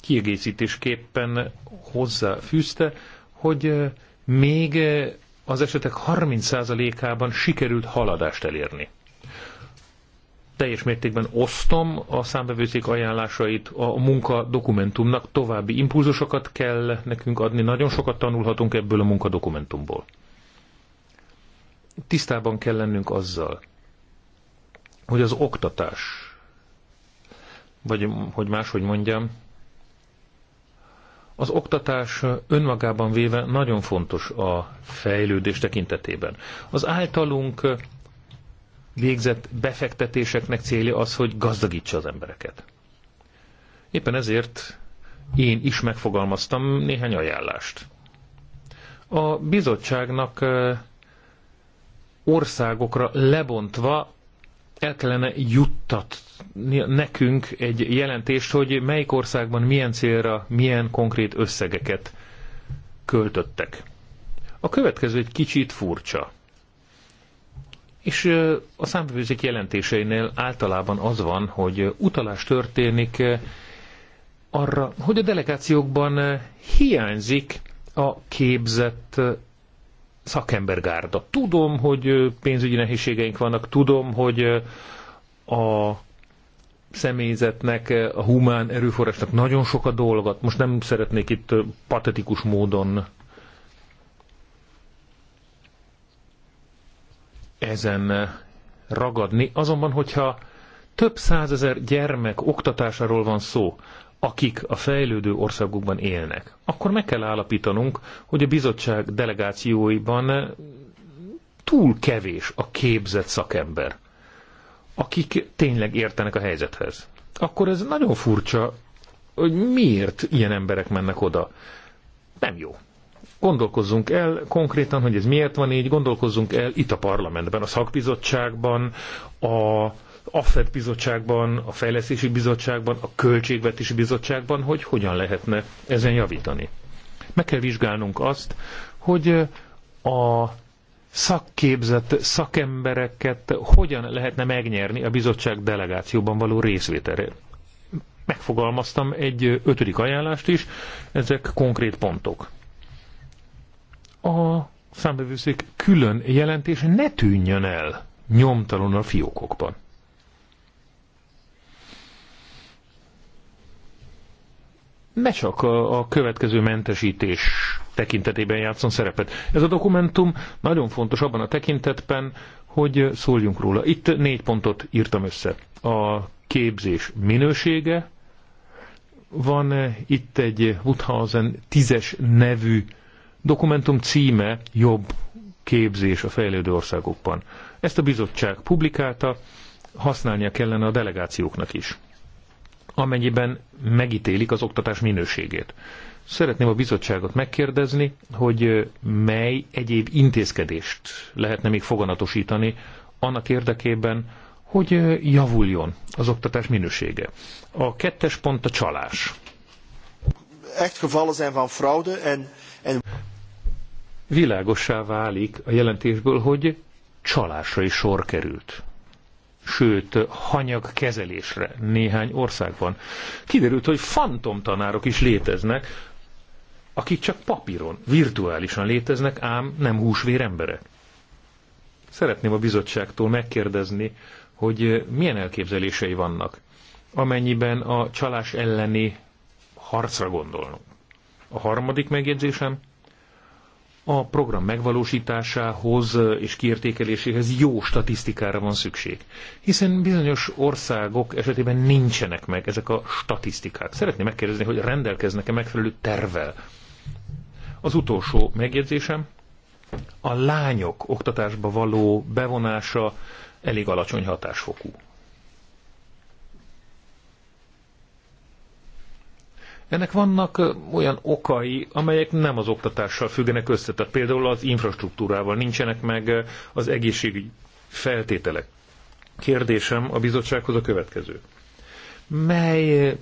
kiegészítésképpen hozzáfűzte, hogy még az esetek 30%-ában sikerült haladást elérni teljes mértékben osztom a számbevőszék ajánlásait, a munka dokumentumnak további impulzusokat kell nekünk adni, nagyon sokat tanulhatunk ebből a munka dokumentumból. Tisztában kell lennünk azzal, hogy az oktatás, vagy hogy máshogy mondjam, az oktatás önmagában véve nagyon fontos a fejlődés tekintetében. Az általunk végzett befektetéseknek célja az, hogy gazdagítsa az embereket. Éppen ezért én is megfogalmaztam néhány ajánlást. A bizottságnak országokra lebontva el kellene juttat nekünk egy jelentést, hogy melyik országban milyen célra, milyen konkrét összegeket költöttek. A következő egy kicsit furcsa. És a számbevőzék jelentéseinél általában az van, hogy utalás történik arra, hogy a delegációkban hiányzik a képzett szakembergárda. Tudom, hogy pénzügyi nehézségeink vannak, tudom, hogy a személyzetnek, a humán erőforrásnak nagyon sok a dolgot. Most nem szeretnék itt patetikus módon ezen ragadni, azonban hogyha több százezer gyermek oktatásáról van szó, akik a fejlődő országokban élnek, akkor meg kell állapítanunk, hogy a bizottság delegációiban túl kevés a képzett szakember, akik tényleg értenek a helyzethez. Akkor ez nagyon furcsa, hogy miért ilyen emberek mennek oda. Nem jó gondolkozzunk el konkrétan, hogy ez miért van így, gondolkozzunk el itt a parlamentben, a szakbizottságban, a AFED bizottságban, a fejlesztési bizottságban, a költségvetési bizottságban, hogy hogyan lehetne ezen javítani. Meg kell vizsgálnunk azt, hogy a szakképzett szakembereket hogyan lehetne megnyerni a bizottság delegációban való részvételre. Megfogalmaztam egy ötödik ajánlást is, ezek konkrét pontok a számbevőszék külön jelentése ne tűnjön el nyomtalon a fiókokban. Ne csak a, a következő mentesítés tekintetében játszon szerepet. Ez a dokumentum nagyon fontos abban a tekintetben, hogy szóljunk róla. Itt négy pontot írtam össze. A képzés minősége, van itt egy Wuthausen tízes nevű dokumentum címe jobb képzés a fejlődő országokban. Ezt a bizottság publikálta, használnia kellene a delegációknak is, amennyiben megítélik az oktatás minőségét. Szeretném a bizottságot megkérdezni, hogy mely egyéb intézkedést lehetne még foganatosítani annak érdekében, hogy javuljon az oktatás minősége. A kettes pont a csalás. Echt gevallen zijn van fraude en, en világossá válik a jelentésből, hogy csalásra is sor került. Sőt, hanyag kezelésre néhány országban. Kiderült, hogy fantomtanárok is léteznek, akik csak papíron, virtuálisan léteznek, ám nem húsvér emberek. Szeretném a bizottságtól megkérdezni, hogy milyen elképzelései vannak, amennyiben a csalás elleni harcra gondolnunk. A harmadik megjegyzésem, a program megvalósításához és kiértékeléséhez jó statisztikára van szükség, hiszen bizonyos országok esetében nincsenek meg ezek a statisztikák. Szeretném megkérdezni, hogy rendelkeznek-e megfelelő tervel. Az utolsó megjegyzésem, a lányok oktatásba való bevonása elég alacsony hatásfokú. Ennek vannak olyan okai, amelyek nem az oktatással függenek össze, tehát például az infrastruktúrával nincsenek meg az egészségügyi feltételek. Kérdésem a bizottsághoz a következő. Mely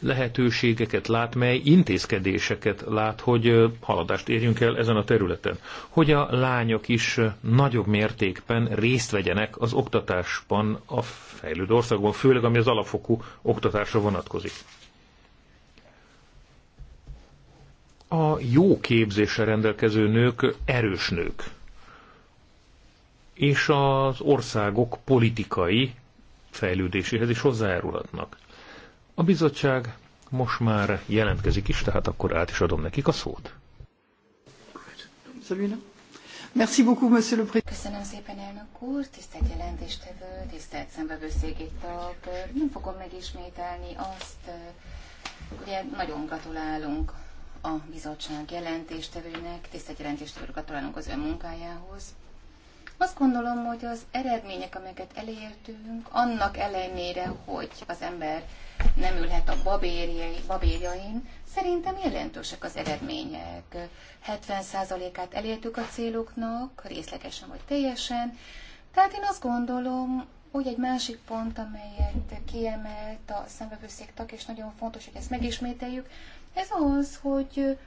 lehetőségeket lát, mely intézkedéseket lát, hogy haladást érjünk el ezen a területen. Hogy a lányok is nagyobb mértékben részt vegyenek az oktatásban a fejlődő országban, főleg ami az alapfokú oktatásra vonatkozik. a jó képzésre rendelkező nők erős nők, és az országok politikai fejlődéséhez is hozzájárulhatnak. A bizottság most már jelentkezik is, tehát akkor át is adom nekik a szót. Köszönöm szépen, elnök úr, tisztelt jelentéstevő, tisztelt szembevőszégi tag. Nem fogom megismételni azt, ugye nagyon gratulálunk a bizottság jelentéstevőnek, tisztelt jelentéstevők, gratulálunk az ön munkájához. Azt gondolom, hogy az eredmények, amelyeket elértünk, annak ellenére, hogy az ember nem ülhet a babérjai, babérjain, szerintem jelentősek az eredmények. 70%-át elértük a céloknak, részlegesen vagy teljesen. Tehát én azt gondolom, hogy egy másik pont, amelyet kiemelt a szemvevőszék tak és nagyon fontos, hogy ezt megismételjük, ez az, hogy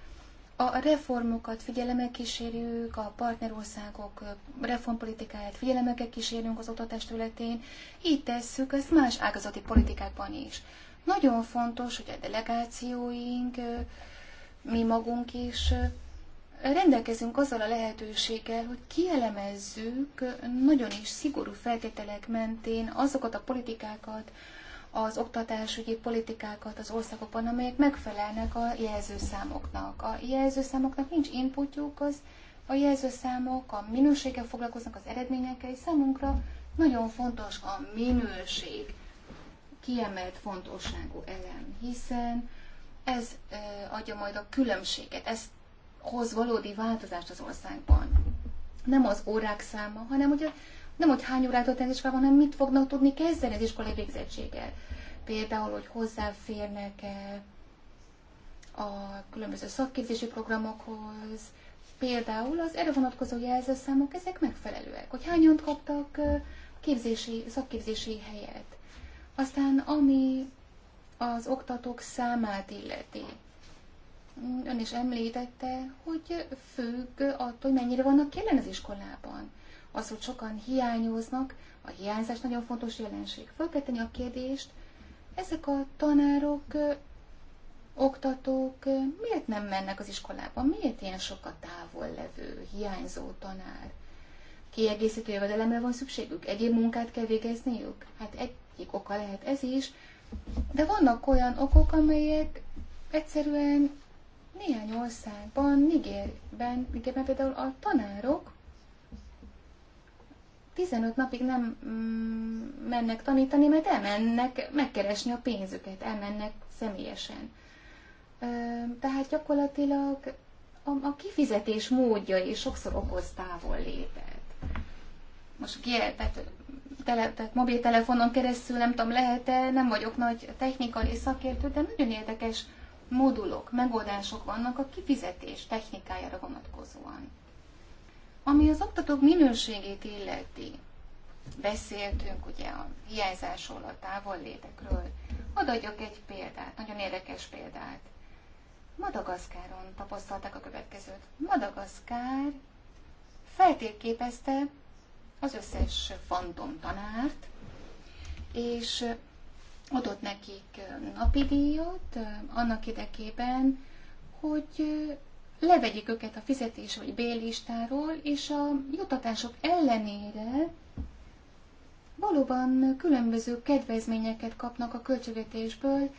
a reformokat figyelemmel kísérjük, a partnerországok reformpolitikáját figyelemmel kísérjünk az oktatás területén, így tesszük ezt más ágazati politikákban is. Nagyon fontos, hogy a delegációink, mi magunk is rendelkezünk azzal a lehetőséggel, hogy kielemezzük nagyon is szigorú feltételek mentén azokat a politikákat, az oktatásügyi politikákat az országokban, amelyek megfelelnek a jelzőszámoknak. A jelzőszámoknak nincs inputjuk, az a jelzőszámok a minőséggel foglalkoznak, az eredményekkel, és számunkra nagyon fontos a minőség, kiemelt fontosságú elem, hiszen ez adja majd a különbséget, ez hoz valódi változást az országban. Nem az órák száma, hanem ugye nem hogy hány órát töltenek iskolában, hanem mit fognak tudni kezdeni az iskolai végzettséggel. Például, hogy hozzáférnek-e a különböző szakképzési programokhoz, például az erre vonatkozó jelzőszámok, ezek megfelelőek, hogy hányan kaptak képzési, szakképzési helyet. Aztán ami az oktatók számát illeti. Ön is említette, hogy függ attól, hogy mennyire vannak jelen az iskolában az, hogy sokan hiányoznak, a hiányzás nagyon fontos jelenség. Föl kell tenni a kérdést, ezek a tanárok, oktatók miért nem mennek az iskolába? Miért ilyen sok a távol levő, hiányzó tanár? Kiegészítő jövedelemre van szükségük? Egyéb munkát kell végezniük? Hát egyik oka lehet ez is, de vannak olyan okok, amelyek egyszerűen néhány országban, Nigerben, Nigerben például a tanárok 15 napig nem mm, mennek tanítani, mert elmennek megkeresni a pénzüket, elmennek személyesen. tehát gyakorlatilag a, kifizetés módja is sokszor okoz létet. Most ki, tehát, tele, tehát mobiltelefonon keresztül nem tudom, lehet-e, nem vagyok nagy technikai szakértő, de nagyon érdekes modulok, megoldások vannak a kifizetés technikájára vonatkozóan. Ami az oktatók minőségét illeti, beszéltünk ugye a hiányzásról, a távollétekről. Hadd adjak egy példát, nagyon érdekes példát. Madagaszkáron tapasztalták a következőt. Madagaszkár feltérképezte az összes fantom tanárt, és adott nekik napi díjat annak idekében, hogy levegyék őket a fizetés vagy bélistáról, és a jutatások ellenére valóban különböző kedvezményeket kapnak a költségvetésből,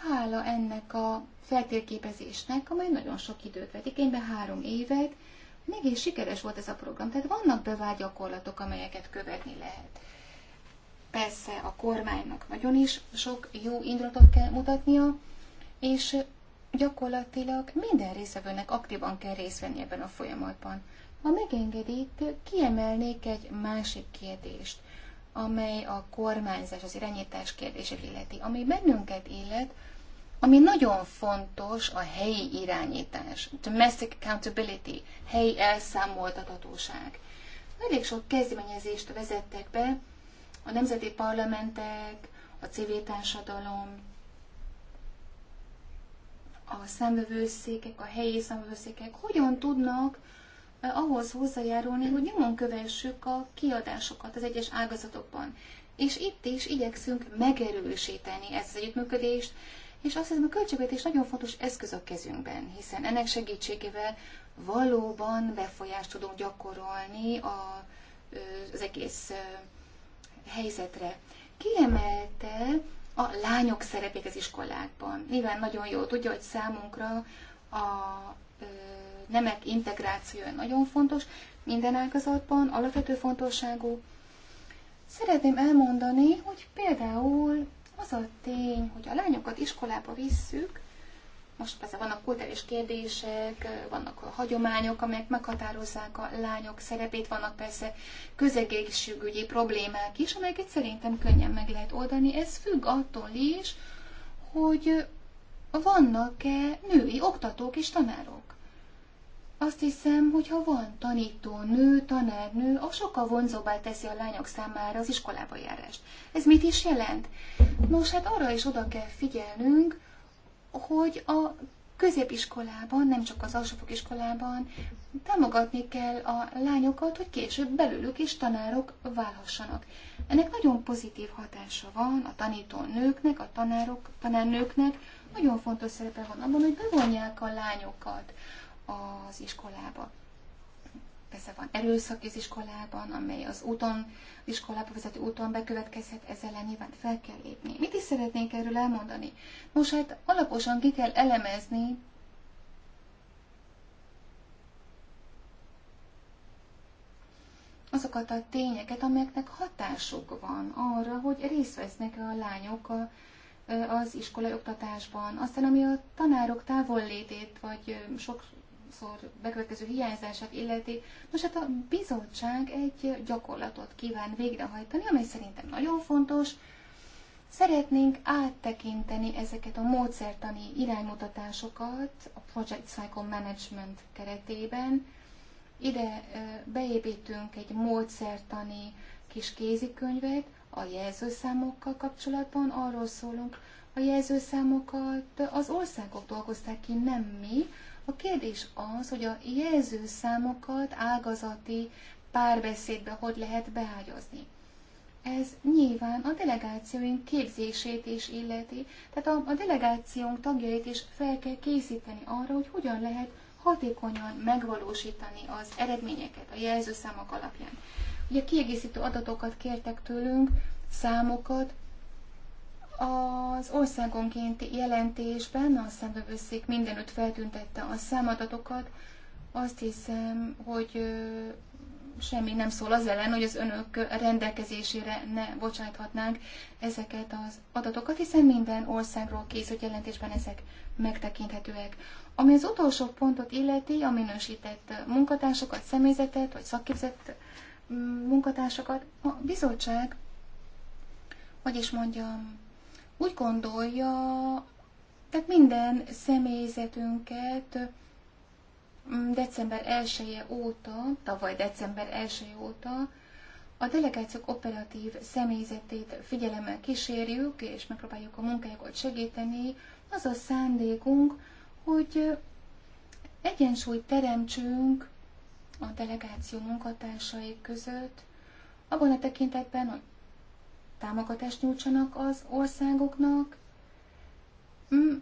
hála ennek a feltérképezésnek, amely nagyon sok időt vett igénybe, három évet, mégis sikeres volt ez a program. Tehát vannak bevált gyakorlatok, amelyeket követni lehet. Persze a kormánynak nagyon is sok jó indulatot kell mutatnia, és gyakorlatilag minden részevőnek aktívan kell részt venni ebben a folyamatban. Ha megengedik, kiemelnék egy másik kérdést, amely a kormányzás, az irányítás kérdését illeti, ami bennünket illet, ami nagyon fontos a helyi irányítás, domestic accountability, helyi elszámoltathatóság. Elég sok kezdeményezést vezettek be a nemzeti parlamentek, a civil társadalom, a számvevőszékek, a helyi számvevőszékek hogyan tudnak eh, ahhoz hozzájárulni, hogy nyomon kövessük a kiadásokat az egyes ágazatokban. És itt is igyekszünk megerősíteni ezt az együttműködést, és azt hiszem a költségvetés nagyon fontos eszköz a kezünkben, hiszen ennek segítségével valóban befolyást tudunk gyakorolni a, az egész helyzetre. Kiemelte a lányok szerepét az iskolákban. Nyilván nagyon jó tudja, hogy számunkra a ö, nemek integrációja nagyon fontos, minden ágazatban alapvető fontosságú. Szeretném elmondani, hogy például az a tény, hogy a lányokat iskolába visszük, most persze vannak kulturális kérdések, vannak a hagyományok, amelyek meghatározzák a lányok szerepét, vannak persze közegészségügyi problémák is, amelyeket szerintem könnyen meg lehet oldani. Ez függ attól is, hogy vannak-e női oktatók és tanárok. Azt hiszem, hogy ha van tanító nő, tanárnő, a sokkal vonzóbbá teszi a lányok számára az iskolába járást. Ez mit is jelent? Nos, hát arra is oda kell figyelnünk, hogy a középiskolában, nem csak az alsófok iskolában támogatni kell a lányokat, hogy később belőlük is tanárok válhassanak. Ennek nagyon pozitív hatása van a tanítónőknek, a tanárok, tanárnőknek. Nagyon fontos szerepe van abban, hogy bevonják a lányokat az iskolába persze van erőszak az iskolában, amely az úton, az iskolába vezető úton bekövetkezhet, ezzel ellen nyilván fel kell lépni. Mit is szeretnénk erről elmondani? Most hát alaposan ki kell elemezni azokat a tényeket, amelyeknek hatásuk van arra, hogy részt vesznek a lányok a, az iskolai oktatásban. Aztán, ami a tanárok távollétét, vagy sok sokszor bekövetkező hiányzását illeti. Most hát a bizottság egy gyakorlatot kíván végrehajtani, amely szerintem nagyon fontos. Szeretnénk áttekinteni ezeket a módszertani iránymutatásokat a Project Cycle Management keretében. Ide beépítünk egy módszertani kis kézikönyvet a jelzőszámokkal kapcsolatban, arról szólunk, a jelzőszámokat az országok dolgozták ki, nem mi. A kérdés az, hogy a jelzőszámokat ágazati párbeszédbe hogy lehet beágyazni. Ez nyilván a delegációink képzését is illeti, tehát a, a delegációnk tagjait is fel kell készíteni arra, hogy hogyan lehet hatékonyan megvalósítani az eredményeket a jelzőszámok alapján. Ugye kiegészítő adatokat kértek tőlünk, számokat, az országonkénti jelentésben a szemövőszék mindenütt feltüntette a számadatokat. Azt hiszem, hogy semmi nem szól az ellen, hogy az önök rendelkezésére ne bocsáthatnánk ezeket az adatokat, hiszen minden országról készült jelentésben ezek megtekinthetőek. Ami az utolsó pontot illeti, a minősített munkatársakat, személyzetet vagy szakképzett mm, munkatársakat, a bizottság, hogy is mondjam, úgy gondolja, tehát minden személyzetünket mm, december 1 -e óta, tavaly december 1 -e óta a delegációk operatív személyzetét figyelemmel kísérjük, és megpróbáljuk a munkájukat segíteni. Az a szándékunk, hogy egyensúlyt teremtsünk a delegáció munkatársai között, abban a tekintetben, hogy támogatást nyújtsanak az országoknak. Mm,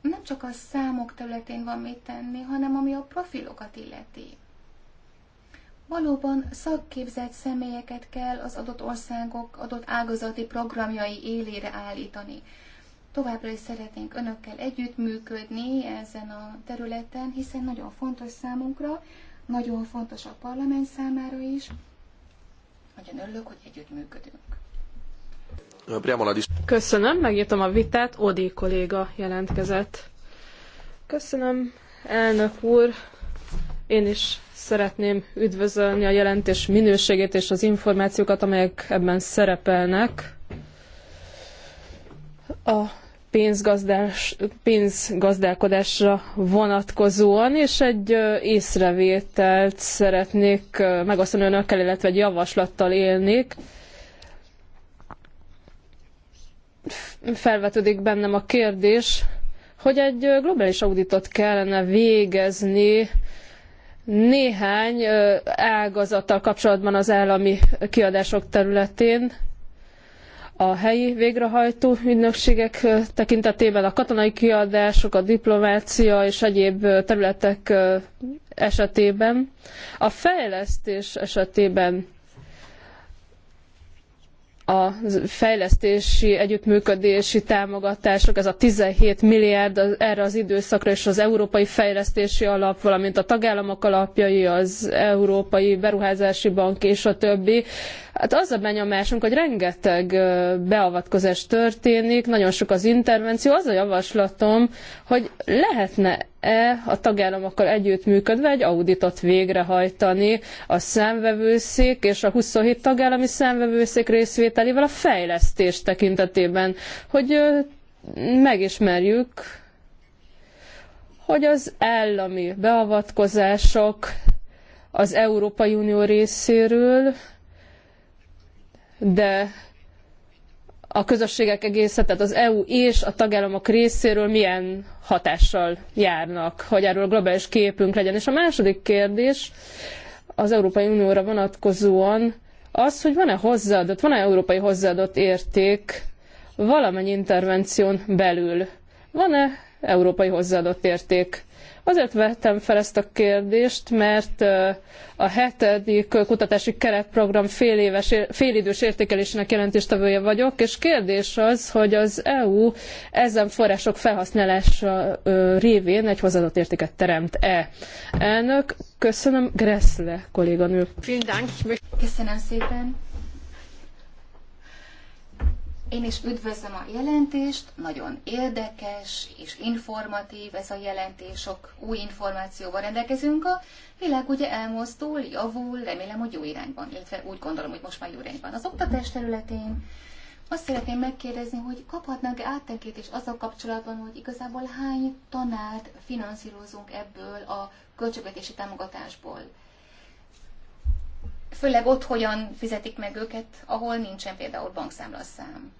nem csak a számok területén van mit tenni, hanem ami a profilokat illeti. Valóban szakképzett személyeket kell az adott országok adott ágazati programjai élére állítani. Továbbra is szeretnénk önökkel együttműködni ezen a területen, hiszen nagyon fontos számunkra, nagyon fontos a parlament számára is. Nagyon örülök, hogy együttműködünk. Köszönöm, megnyitom a vitát, Odé kolléga jelentkezett. Köszönöm, elnök úr. Én is szeretném üdvözölni a jelentés minőségét és az információkat, amelyek ebben szerepelnek. A pénzgazdálkodásra vonatkozóan, és egy észrevételt szeretnék megosztani önökkel, illetve egy javaslattal élnék felvetődik bennem a kérdés, hogy egy globális auditot kellene végezni néhány ágazattal kapcsolatban az állami kiadások területén, a helyi végrehajtó ügynökségek tekintetében a katonai kiadások, a diplomácia és egyéb területek esetében, a fejlesztés esetében a fejlesztési, együttműködési támogatások, ez a 17 milliárd erre az időszakra, és az Európai Fejlesztési Alap, valamint a tagállamok alapjai, az Európai Beruházási Bank és a többi. Hát az a benyomásunk, hogy rengeteg beavatkozás történik, nagyon sok az intervenció. Az a javaslatom, hogy lehetne-e a tagállamokkal együttműködve egy auditot végrehajtani a számvevőszék és a 27 tagállami számvevőszék részvételével a fejlesztés tekintetében, hogy megismerjük hogy az állami beavatkozások az Európai Unió részéről de a közösségek egésze, tehát az EU és a tagállamok részéről milyen hatással járnak, hogy erről globális képünk legyen. És a második kérdés az Európai Unióra vonatkozóan az, hogy van-e hozzáadott, van-e európai hozzáadott érték valamennyi intervención belül? Van-e európai hozzáadott érték? Azért vettem fel ezt a kérdést, mert a hetedik kutatási keretprogram fél éves, félidős értékelésének jelentéstevője vagyok, és kérdés az, hogy az EU ezen források felhasználása révén egy hozzáadott értéket teremt-e. Elnök, köszönöm, Gressle kolléganő. Köszönöm szépen. Én is üdvözlöm a jelentést, nagyon érdekes és informatív ez a jelentés, sok új információval rendelkezünk. A világ ugye elmozdul, javul, remélem, hogy jó irányban, illetve úgy gondolom, hogy most már jó irányban. Az oktatás területén azt szeretném megkérdezni, hogy kaphatnak-e áttekintést azzal kapcsolatban, hogy igazából hány tanárt finanszírozunk ebből a költségvetési támogatásból? Főleg ott hogyan fizetik meg őket, ahol nincsen például bankszámlaszám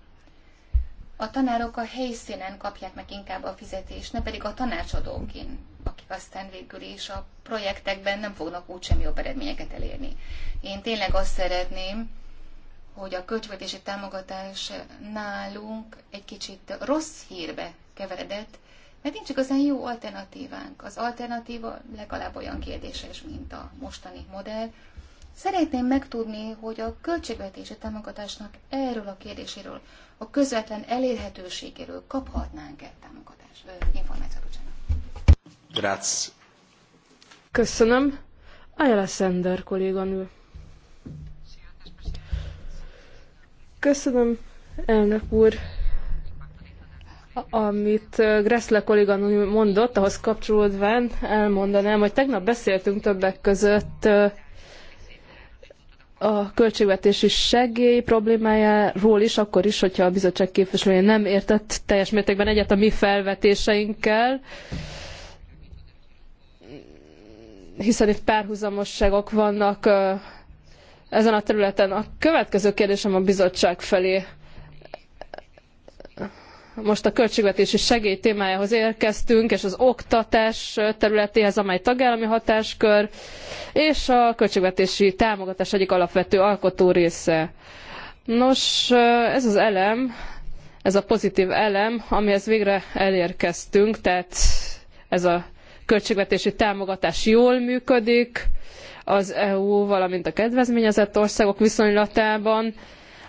a tanárok a helyszínen kapják meg inkább a fizetést, ne pedig a tanácsadókin, akik aztán végül is a projektekben nem fognak úgysem jobb eredményeket elérni. Én tényleg azt szeretném, hogy a költségvetési támogatás nálunk egy kicsit rossz hírbe keveredett, mert nincs igazán jó alternatívánk. Az alternatíva legalább olyan kérdéses, mint a mostani modell. Szeretném megtudni, hogy a költségvetési támogatásnak erről a kérdéséről a közvetlen elérhetőségéről kaphatnánk-e támogatást, információt? Grácz. Köszönöm. Ajala Sender kolléganő. Köszönöm, elnök úr. Amit Gressle kolléganő mondott, ahhoz kapcsolódván elmondanám, hogy tegnap beszéltünk többek között a költségvetési segély problémájáról is, akkor is, hogyha a bizottság képviselője nem értett teljes mértékben egyet a mi felvetéseinkkel, hiszen itt párhuzamosságok vannak ezen a területen. A következő kérdésem a bizottság felé most a költségvetési segély témájához érkeztünk, és az oktatás területéhez, amely tagállami hatáskör, és a költségvetési támogatás egyik alapvető alkotó része. Nos, ez az elem, ez a pozitív elem, amihez végre elérkeztünk, tehát ez a költségvetési támogatás jól működik az EU, valamint a kedvezményezett országok viszonylatában,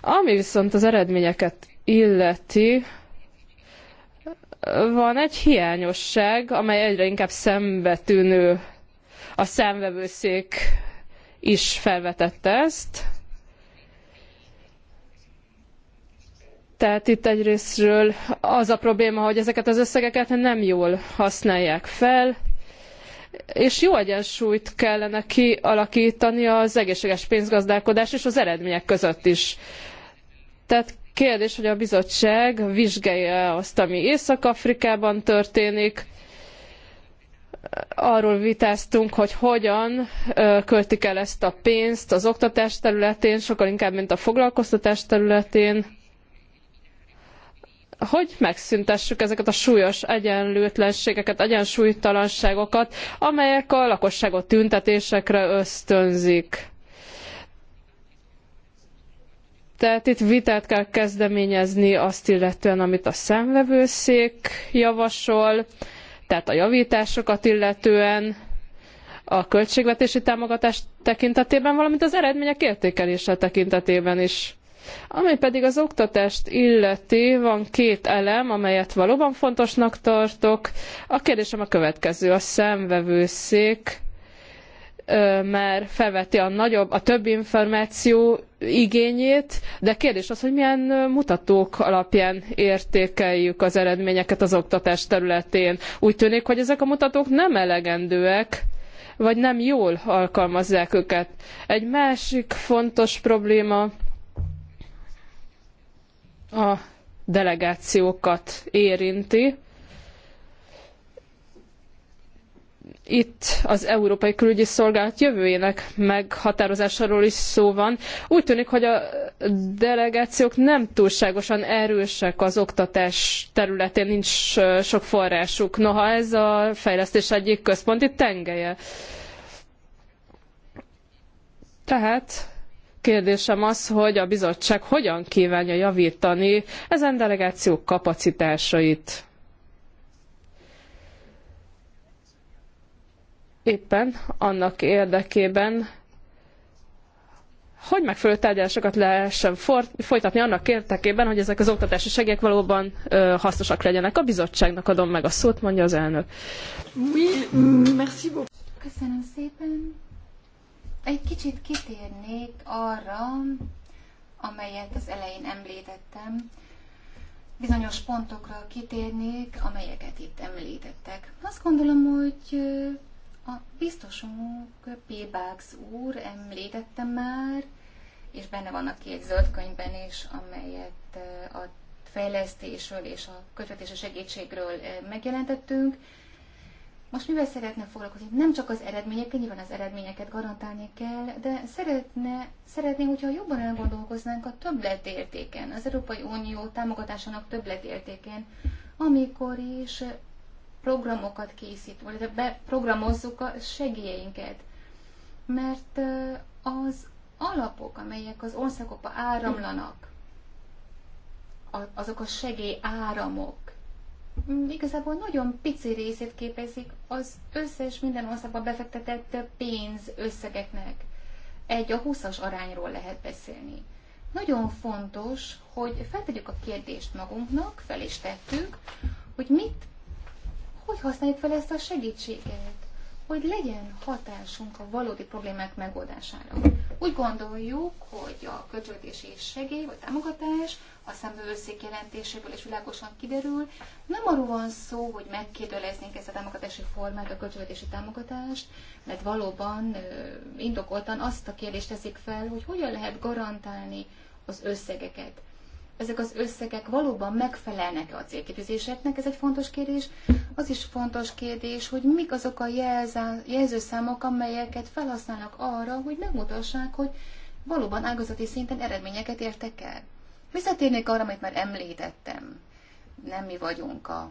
ami viszont az eredményeket illeti, van egy hiányosság, amely egyre inkább szembetűnő. A számvevőszék is felvetette ezt. Tehát itt egyrésztről az a probléma, hogy ezeket az összegeket nem jól használják fel, és jó egyensúlyt kellene kialakítani az egészséges pénzgazdálkodás és az eredmények között is. Tehát Kérdés, hogy a bizottság vizsgálja azt, ami Észak-Afrikában történik, arról vitáztunk, hogy hogyan költik el ezt a pénzt az oktatás területén, sokkal inkább, mint a foglalkoztatás területén. Hogy megszüntessük ezeket a súlyos egyenlőtlenségeket, egyensúlytalanságokat, amelyek a lakosságot tüntetésekre ösztönzik. Tehát itt vitát kell kezdeményezni azt illetően, amit a szemvevőszék javasol, tehát a javításokat illetően, a költségvetési támogatás tekintetében, valamint az eredmények értékelése tekintetében is. Ami pedig az oktatást illeti, van két elem, amelyet valóban fontosnak tartok. A kérdésem a következő. A szemvevőszék már felveti a nagyobb, a több információ igényét, de kérdés az, hogy milyen mutatók alapján értékeljük az eredményeket az oktatás területén. Úgy tűnik, hogy ezek a mutatók nem elegendőek, vagy nem jól alkalmazzák őket. Egy másik fontos probléma a delegációkat érinti itt az Európai Külügyi Szolgálat jövőjének meghatározásáról is szó van. Úgy tűnik, hogy a delegációk nem túlságosan erősek az oktatás területén, nincs sok forrásuk. Noha ez a fejlesztés egyik központi tengelye. Tehát kérdésem az, hogy a bizottság hogyan kívánja javítani ezen delegációk kapacitásait. éppen annak érdekében, hogy megfelelő tárgyalásokat lehessen folytatni annak érdekében, hogy ezek az oktatási segélyek valóban ö, hasznosak legyenek. A bizottságnak adom meg a szót, mondja az elnök. merci Köszönöm szépen. Egy kicsit kitérnék arra, amelyet az elején említettem. Bizonyos pontokra kitérnék, amelyeket itt említettek. Azt gondolom, hogy a biztosunk P. Bugs úr említette már, és benne van a két zöld könyvben is, amelyet eh, a fejlesztésről és a kötvetési segítségről eh, megjelentettünk. Most mivel szeretne foglalkozni? Nem csak az eredményekkel, nyilván az eredményeket garantálni kell, de szeretne, szeretném, hogyha jobban elgondolkoznánk a többletértéken, az Európai Unió támogatásának többletértéken, amikor is programokat készítünk, illetve beprogramozzuk a segélyeinket. Mert az alapok, amelyek az országokba áramlanak, azok a segély áramok, igazából nagyon pici részét képezik az összes minden országban befektetett pénz összegeknek. Egy a 20-as arányról lehet beszélni. Nagyon fontos, hogy feltegyük a kérdést magunknak, fel is tettük, hogy mit hogy használjuk fel ezt a segítséget, hogy legyen hatásunk a valódi problémák megoldására. Úgy gondoljuk, hogy a költségvetési segély vagy támogatás a szembevőszék jelentéséből és világosan kiderül, nem arról van szó, hogy megkérdőleznénk ezt a támogatási formát, a költségvetési támogatást, mert valóban indokoltan azt a kérdést teszik fel, hogy hogyan lehet garantálni az összegeket ezek az összegek valóban megfelelnek-e a célkitűzéseknek, ez egy fontos kérdés. Az is fontos kérdés, hogy mik azok a jelzőszámok, amelyeket felhasználnak arra, hogy megmutassák, hogy valóban ágazati szinten eredményeket értek el. Visszatérnék arra, amit már említettem. Nem mi vagyunk a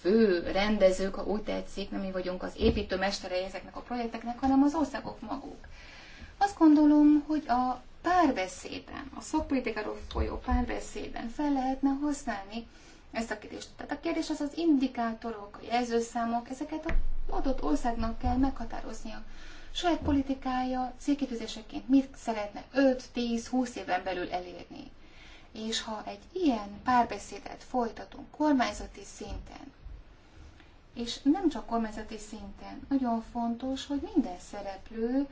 fő rendezők, ha úgy tetszik, nem mi vagyunk az építőmesterei ezeknek a projekteknek, hanem az országok maguk. Azt gondolom, hogy a párbeszédben, a szakpolitikáról folyó párbeszédben fel lehetne használni ezt a kérdést. Tehát a kérdés az az indikátorok, a jelzőszámok, ezeket az adott országnak kell meghatároznia. Saját politikája, célkitűzéseként mit szeretne 5-10-20 éven belül elérni. És ha egy ilyen párbeszédet folytatunk kormányzati szinten, és nem csak kormányzati szinten, nagyon fontos, hogy minden szereplő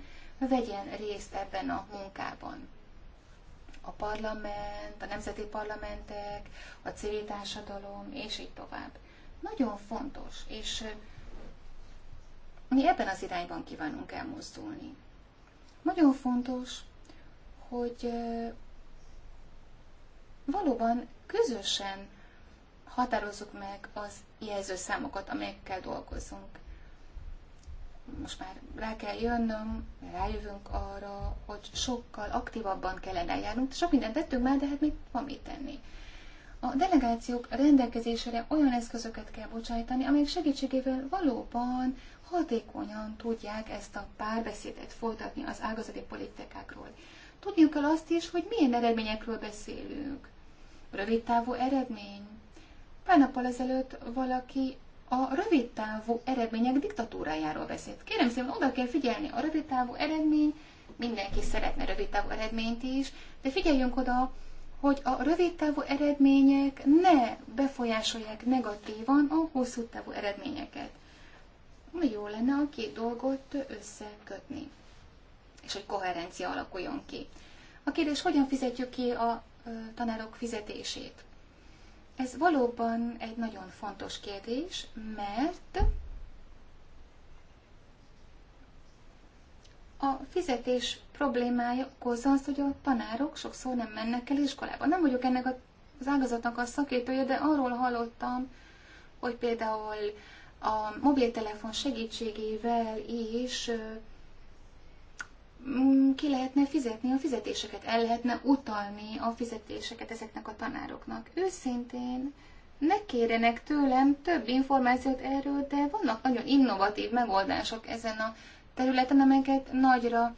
vegyen részt ebben a munkában. A parlament, a nemzeti parlamentek, a civil társadalom, és így tovább. Nagyon fontos, és mi ebben az irányban kívánunk elmozdulni. Nagyon fontos, hogy valóban közösen határozzuk meg az jelzőszámokat, amelyekkel dolgozunk most már rá kell jönnöm, rájövünk arra, hogy sokkal aktívabban kellene eljárnunk. Sok mindent tettünk már, de hát még van mit tenni. A delegációk rendelkezésére olyan eszközöket kell bocsájtani, amelyek segítségével valóban hatékonyan tudják ezt a párbeszédet folytatni az ágazati politikákról. Tudniuk kell azt is, hogy milyen eredményekről beszélünk. Rövid távú eredmény. Pár nappal ezelőtt valaki a rövidtávú eredmények diktatúrájáról beszélt. Kérem szépen, oda kell figyelni a rövidtávú eredmény, mindenki szeretne rövidtávú eredményt is, de figyeljünk oda, hogy a rövidtávú eredmények ne befolyásolják negatívan a hosszú távú eredményeket. Jó lenne a két dolgot összekötni, és hogy koherencia alakuljon ki. A kérdés, hogyan fizetjük ki a tanárok fizetését? Ez valóban egy nagyon fontos kérdés, mert a fizetés problémája okozza azt, hogy a tanárok sokszor nem mennek el iskolába. Nem vagyok ennek az ágazatnak a szakértője, de arról hallottam, hogy például a mobiltelefon segítségével is Mm, ki lehetne fizetni a fizetéseket, el lehetne utalni a fizetéseket ezeknek a tanároknak. Őszintén ne kérjenek tőlem több információt erről, de vannak nagyon innovatív megoldások ezen a területen, amelyeket nagyra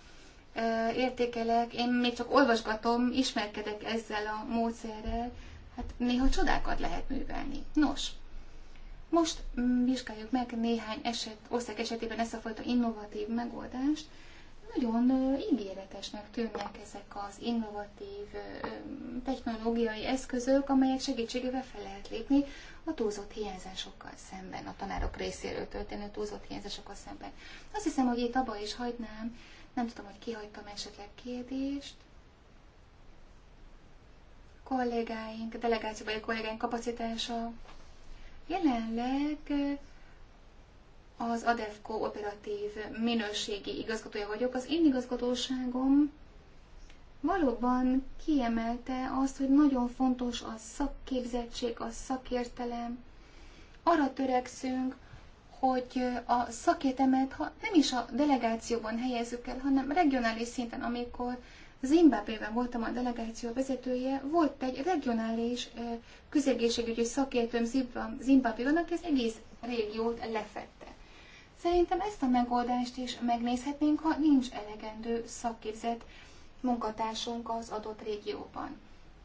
ö, értékelek. Én még csak olvasgatom, ismerkedek ezzel a módszerrel. Hát néha csodákat lehet művelni. Nos, most mm, vizsgáljuk meg néhány eset, ország esetében ezt a fajta innovatív megoldást, nagyon ígéretesnek tűnnek ezek az innovatív technológiai eszközök, amelyek segítségével fel lehet lépni a túlzott hiányzásokkal szemben, a tanárok részéről történő túlzott hiányzásokkal szemben. Azt hiszem, hogy itt abba is hagynám, nem tudom, hogy kihagytam esetleg kérdést. Kollégáink, delegációbeli kollégáink kapacitása. Jelenleg az ADEFCO operatív minőségi igazgatója vagyok. Az én igazgatóságom valóban kiemelte azt, hogy nagyon fontos a szakképzettség, a szakértelem. Arra törekszünk, hogy a szakértelmet ha nem is a delegációban helyezzük el, hanem regionális szinten, amikor Zimbabvében voltam a delegáció vezetője, volt egy regionális közegészségügyi szakértőm Zimbabvében, aki az egész régiót lefett. Szerintem ezt a megoldást is megnézhetnénk, ha nincs elegendő szakképzett munkatársunk az adott régióban.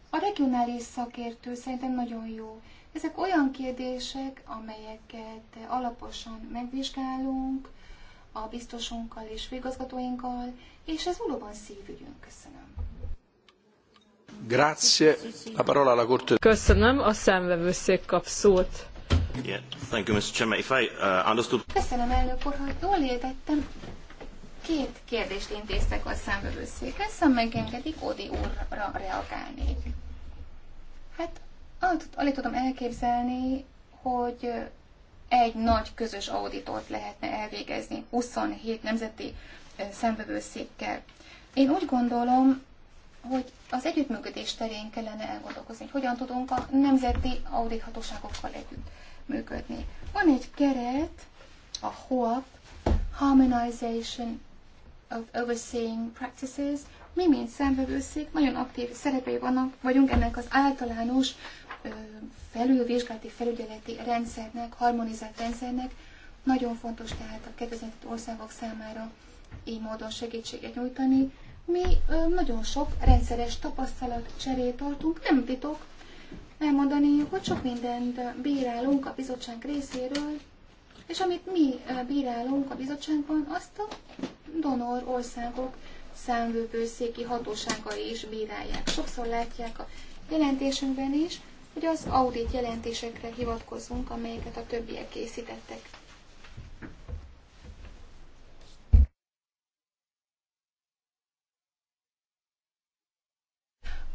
A regionális szakértő szerintem nagyon jó. Ezek olyan kérdések, amelyeket alaposan megvizsgálunk a biztosunkkal és főigazgatóinkkal, és ez valóban szívügyünk. Köszönöm. Grazie. A parola alla Köszönöm. A szemvevőszék kap szót. Yeah, thank you, Mr. Chairman. If I, uh, understood... Köszönöm, elnök úr, hogy jól értettem. Két kérdést intéztek a számvevőszékhez, szóval ha megengedik, Odi úrra reagálnék. Hát alig tudom elképzelni, hogy egy nagy közös auditot lehetne elvégezni 27 nemzeti számbevőszékkel. Én úgy gondolom, hogy az együttműködés terén kellene elgondolkozni, hogy hogyan tudunk a nemzeti audithatóságokkal együtt működni. Van egy keret, a HOAP, Harmonization of Overseeing Practices, mi, mint szemvevőszék, nagyon aktív szerepei vannak, vagyunk ennek az általános ö, felülvizsgálati felügyeleti rendszernek, harmonizált rendszernek. Nagyon fontos tehát a kedvezett országok számára így módon segítséget nyújtani. Mi nagyon sok rendszeres tapasztalat cserét tartunk, nem titok elmondani, hogy sok mindent bírálunk a bizottság részéről, és amit mi bírálunk a bizottságban, azt a donor országok számvőpőszéki hatóságai is bírálják. Sokszor látják a jelentésünkben is, hogy az audit jelentésekre hivatkozunk, amelyeket a többiek készítettek.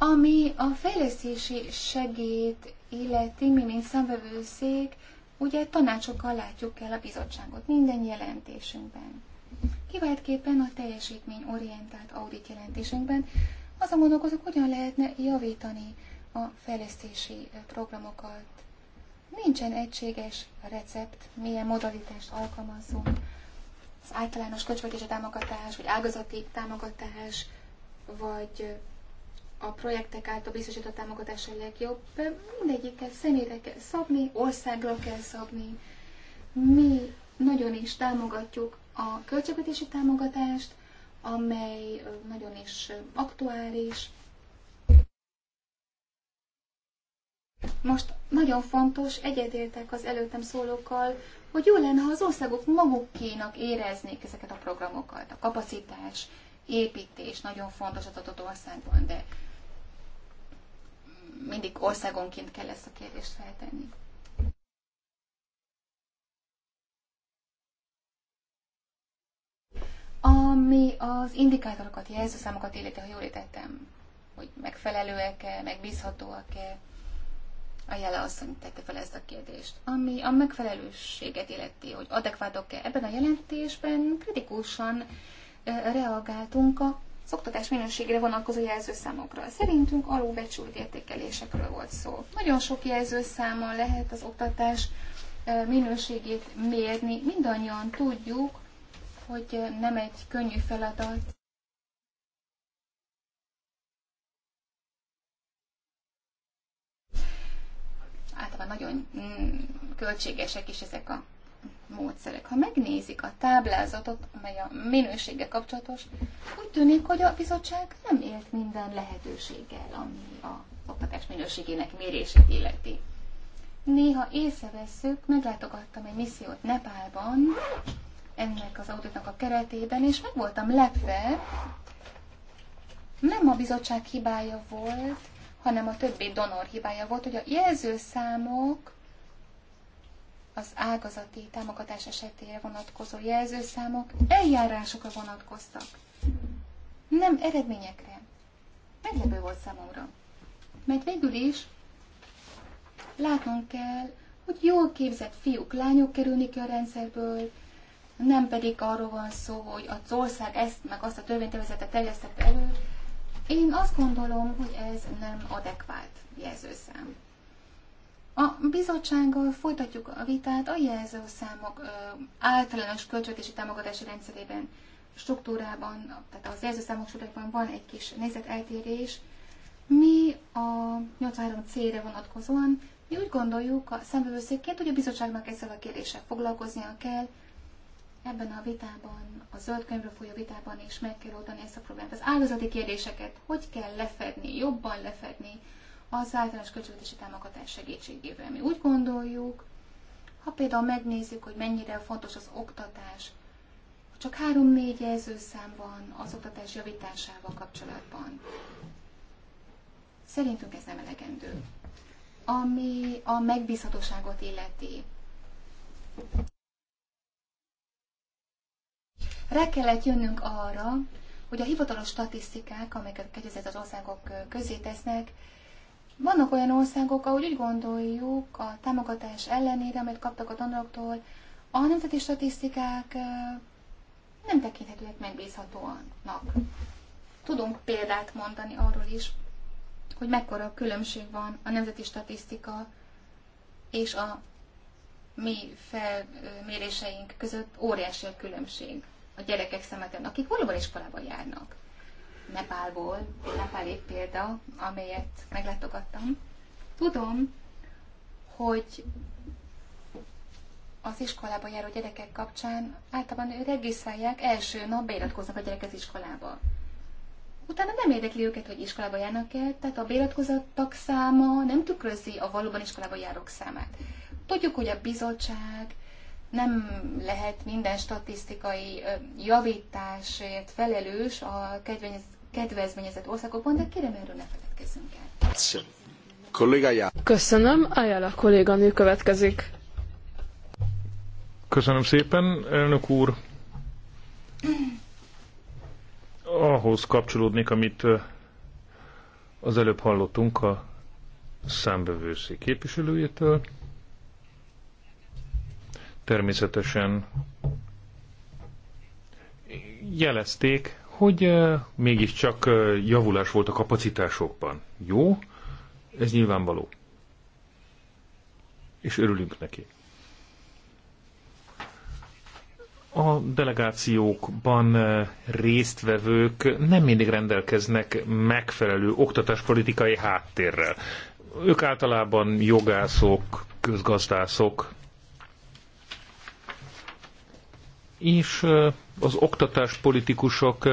Ami a fejlesztési segét illeti, mi, mint szembevőszék, ugye tanácsokkal látjuk el a bizottságot minden jelentésünkben. Kiváltképpen a teljesítmény orientált audit jelentésünkben azon gondolkozunk, hogyan lehetne javítani a fejlesztési programokat. Nincsen egységes recept, milyen modalitást alkalmazunk. Az általános költségvetési támogatás, vagy ágazati támogatás, vagy a projektek által biztosított támogatás a legjobb. Mindegyiket személyre kell szabni, országra kell szabni. Mi nagyon is támogatjuk a költségvetési támogatást, amely nagyon is aktuális. Most nagyon fontos, egyedéltek az előttem szólókkal, hogy jó lenne, ha az országok magukénak éreznék ezeket a programokat. A kapacitás, építés nagyon fontos az adott országban, de mindig országonként kell ezt a kérdést feltenni. Ami az indikátorokat, számokat illeti, ha jól értettem, hogy megfelelőek-e, megbízhatóak-e, a jele hogy tette fel ezt a kérdést, ami a megfelelőséget illeti, hogy adekvátok-e. Ebben a jelentésben kritikusan eh, reagáltunk a oktatás minőségére vonatkozó jelzőszámokra. Szerintünk alulbecsült értékelésekről volt szó. Nagyon sok jelzőszámmal lehet az oktatás minőségét mérni. Mindannyian tudjuk, hogy nem egy könnyű feladat. Általában nagyon mm, költségesek is ezek a módszerek. Ha megnézik a táblázatot, amely a minősége kapcsolatos, úgy tűnik, hogy a bizottság nem élt minden lehetőséggel, ami a oktatás minőségének mérését illeti. Néha észrevesszük, meglátogattam egy missziót Nepálban, ennek az autónak a keretében, és meg voltam lepve, nem a bizottság hibája volt, hanem a többi donor hibája volt, hogy a jelzőszámok az ágazati támogatás esetére vonatkozó jelzőszámok eljárásokra vonatkoztak, nem eredményekre. Meglepő volt számomra. Mert végül is látnunk kell, hogy jól képzett fiúk, lányok kerülni ki a rendszerből, nem pedig arról van szó, hogy az ország ezt meg azt a törvénytervezetet terjesztett elő. Én azt gondolom, hogy ez nem adekvát jelzőszám. A bizottsággal folytatjuk a vitát a jelzőszámok általános költségési támogatási rendszerében, struktúrában, tehát az jelzőszámok struktúrában van egy kis nézeteltérés. Mi a 83 C-re vonatkozóan mi úgy gondoljuk a szemvevőszékként, hogy a bizottságnak ezzel a kérdéssel foglalkoznia kell, ebben a vitában, a zöld könyvről folyó vitában is meg kell oldani ezt a problémát. Az áldozati kérdéseket hogy kell lefedni, jobban lefedni, az általános költségvetési támogatás segítségével. Mi úgy gondoljuk, ha például megnézzük, hogy mennyire fontos az oktatás, csak három-négy jelzőszám van az oktatás javításával kapcsolatban. Szerintünk ez nem elegendő. Ami a megbízhatóságot illeti. Rá kellett jönnünk arra, hogy a hivatalos statisztikák, amelyeket kedvezett az országok közé tesznek, vannak olyan országok, ahogy úgy gondoljuk, a támogatás ellenére, amit kaptak a tanulóktól, a nemzeti statisztikák nem tekinthetőek megbízhatóanak. Tudunk példát mondani arról is, hogy mekkora különbség van a nemzeti statisztika és a mi felméréseink között óriási a különbség a gyerekek szemeten, akik valóban iskolában járnak. Nepálból, Nepáli példa, amelyet meglátogattam. Tudom, hogy az iskolába járó gyerekek kapcsán általában ő regisztrálják, első nap beiratkoznak a gyerek az iskolába. Utána nem érdekli őket, hogy iskolába járnak-e, tehát a beiratkozottak száma nem tükrözi a valóban iskolába járók számát. Tudjuk, hogy a bizottság nem lehet minden statisztikai javításért felelős a kedvezményezett országokban, de kérem erről ne feledkezzünk el. Köszönöm, Ajala kolléganő következik. Köszönöm szépen, elnök úr. Ahhoz kapcsolódnék, amit az előbb hallottunk a számbevőszék képviselőjétől. Természetesen jelezték, hogy mégiscsak javulás volt a kapacitásokban. Jó, ez nyilvánvaló. És örülünk neki. A delegációkban résztvevők nem mindig rendelkeznek megfelelő oktatáspolitikai háttérrel. Ők általában jogászok, közgazdászok, és az oktatáspolitikusok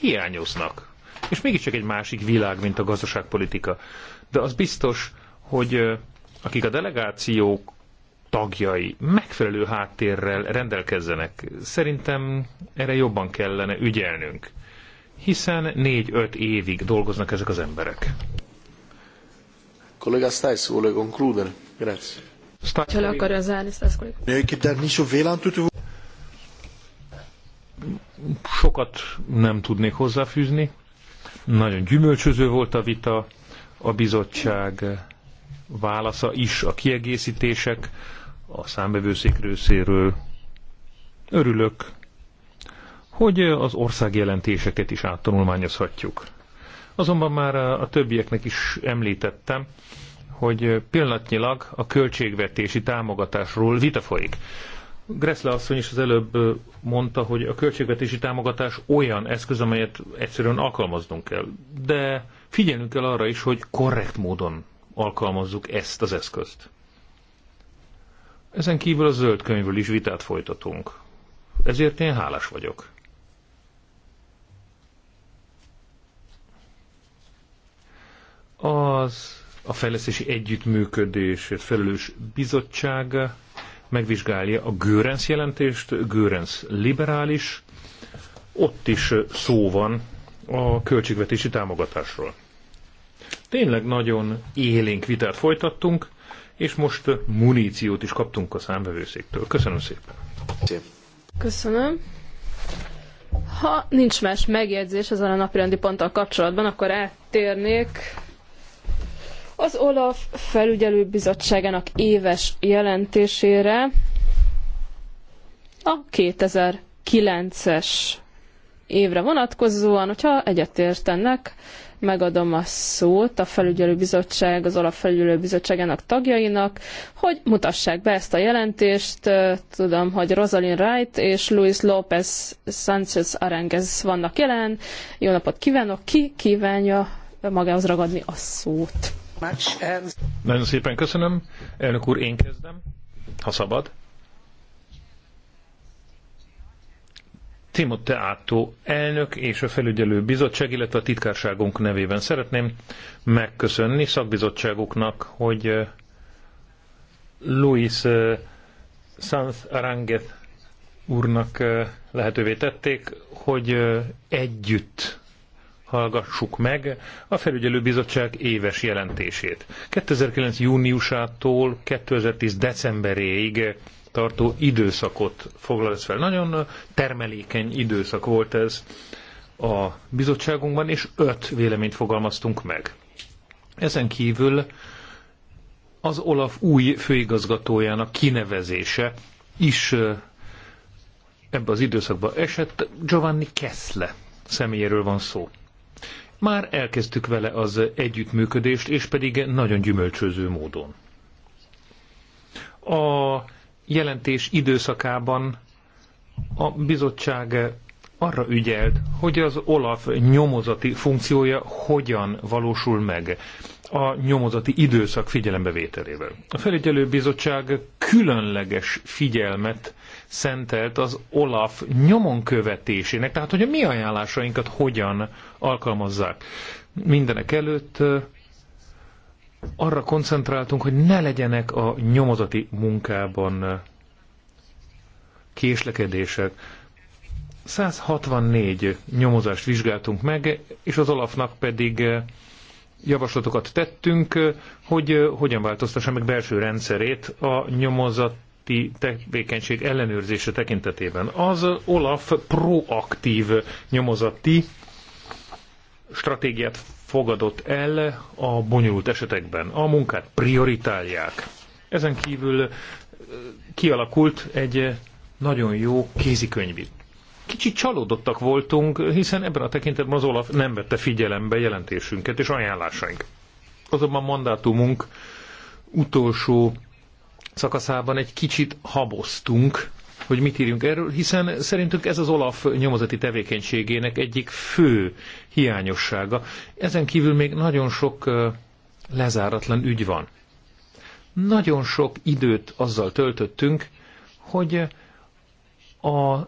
hiányoznak. És mégiscsak egy másik világ, mint a gazdaságpolitika. De az biztos, hogy akik a delegációk tagjai megfelelő háttérrel rendelkezzenek, szerintem erre jobban kellene ügyelnünk. Hiszen négy-öt évig dolgoznak ezek az emberek. Kollega Stajsz, vuole concludere? Grazie. Stajs, akar zárni, Stajs kollega sokat nem tudnék hozzáfűzni. Nagyon gyümölcsöző volt a vita, a bizottság válasza is, a kiegészítések a számbevőszék részéről. Örülök, hogy az országjelentéseket is áttanulmányozhatjuk. Azonban már a többieknek is említettem, hogy pillanatnyilag a költségvetési támogatásról vita folyik. Greszle asszony is az előbb mondta, hogy a költségvetési támogatás olyan eszköz, amelyet egyszerűen alkalmaznunk kell. De figyelnünk kell arra is, hogy korrekt módon alkalmazzuk ezt az eszközt. Ezen kívül a zöld könyvről is vitát folytatunk. Ezért én hálás vagyok. Az a fejlesztési együttműködésért felelős bizottság megvizsgálja a Görens jelentést, Görens liberális, ott is szó van a költségvetési támogatásról. Tényleg nagyon élénk vitát folytattunk, és most muníciót is kaptunk a számbevőszéktől. Köszönöm szépen. Köszönöm. Ha nincs más megjegyzés ezzel a napirendi ponttal kapcsolatban, akkor áttérnék az OLAF felügyelőbizottságának éves jelentésére a 2009-es évre vonatkozóan, hogyha egyetértenek, megadom a szót a felügyelőbizottság, az OLAF felügyelőbizottságának tagjainak, hogy mutassák be ezt a jelentést. Tudom, hogy Rosalind Wright és Luis López Sanchez Arengez vannak jelen. Jó napot kívánok! Ki kívánja magához ragadni a szót? Nagyon szépen köszönöm. Elnök úr, én kezdem, ha szabad. Timote Átó elnök és a felügyelő bizottság, illetve a titkárságunk nevében szeretném megköszönni szakbizottságoknak, hogy eh, Luis eh, Sanz Aranget úrnak eh, lehetővé tették, hogy együtt hallgassuk meg a felügyelőbizottság éves jelentését. 2009. júniusától 2010. decemberéig tartó időszakot foglal ez fel. Nagyon termelékeny időszak volt ez a bizottságunkban, és öt véleményt fogalmaztunk meg. Ezen kívül az Olaf új főigazgatójának kinevezése is ebbe az időszakba esett. Giovanni Kessle személyéről van szó. Már elkezdtük vele az együttműködést, és pedig nagyon gyümölcsöző módon. A jelentés időszakában a bizottság arra ügyelt, hogy az OLAF nyomozati funkciója hogyan valósul meg a nyomozati időszak figyelembevételével. A felügyelő bizottság különleges figyelmet szentelt az Olaf nyomon követésének, tehát hogy a mi ajánlásainkat hogyan alkalmazzák. Mindenek előtt arra koncentráltunk, hogy ne legyenek a nyomozati munkában késlekedések. 164 nyomozást vizsgáltunk meg, és az Olafnak pedig javaslatokat tettünk, hogy hogyan változtassa meg belső rendszerét a nyomozat tevékenység ellenőrzése tekintetében. Az Olaf proaktív nyomozati stratégiát fogadott el a bonyolult esetekben. A munkát prioritálják. Ezen kívül kialakult egy nagyon jó kézikönyv. Kicsit csalódottak voltunk, hiszen ebben a tekintetben az Olaf nem vette figyelembe jelentésünket és ajánlásaink. Azonban mandátumunk utolsó szakaszában egy kicsit haboztunk, hogy mit írjunk erről, hiszen szerintünk ez az Olaf nyomozati tevékenységének egyik fő hiányossága. Ezen kívül még nagyon sok lezáratlan ügy van. Nagyon sok időt azzal töltöttünk, hogy a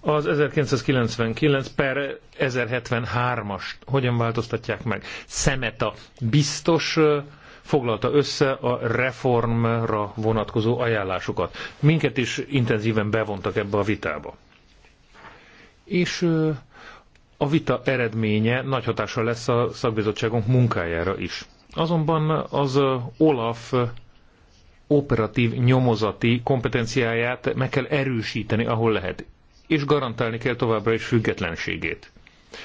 az 1999 per 1073-as hogyan változtatják meg? Szemeta biztos foglalta össze a reformra vonatkozó ajánlásokat. Minket is intenzíven bevontak ebbe a vitába. És a vita eredménye nagy hatással lesz a szakbizottságunk munkájára is. Azonban az Olaf operatív nyomozati kompetenciáját meg kell erősíteni, ahol lehet és garantálni kell továbbra is függetlenségét.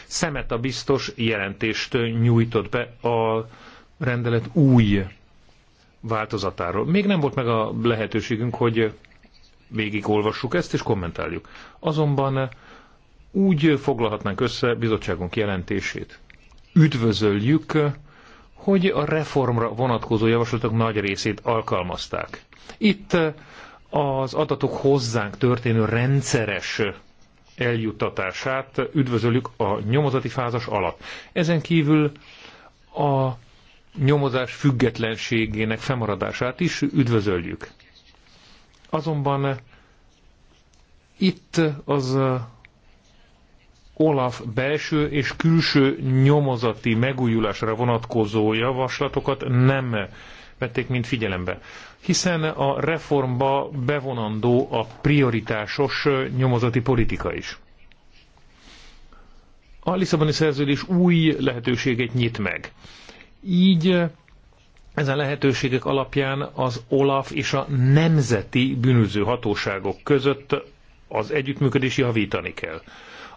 Szemet a biztos jelentést nyújtott be a rendelet új változatáról. Még nem volt meg a lehetőségünk, hogy végigolvassuk ezt és kommentáljuk. Azonban úgy foglalhatnánk össze bizottságunk jelentését. Üdvözöljük, hogy a reformra vonatkozó javaslatok nagy részét alkalmazták. Itt az adatok hozzánk történő rendszeres eljuttatását üdvözöljük a nyomozati fázas alatt. Ezen kívül a nyomozás függetlenségének fennmaradását is üdvözöljük. Azonban itt az Olaf belső és külső nyomozati megújulásra vonatkozó javaslatokat nem vették mind figyelembe. Hiszen a reformba bevonandó a prioritásos nyomozati politika is. A Lisszaboni szerződés új lehetőséget nyit meg. Így ezen lehetőségek alapján az OLAF és a nemzeti bűnöző hatóságok között az együttműködés javítani kell.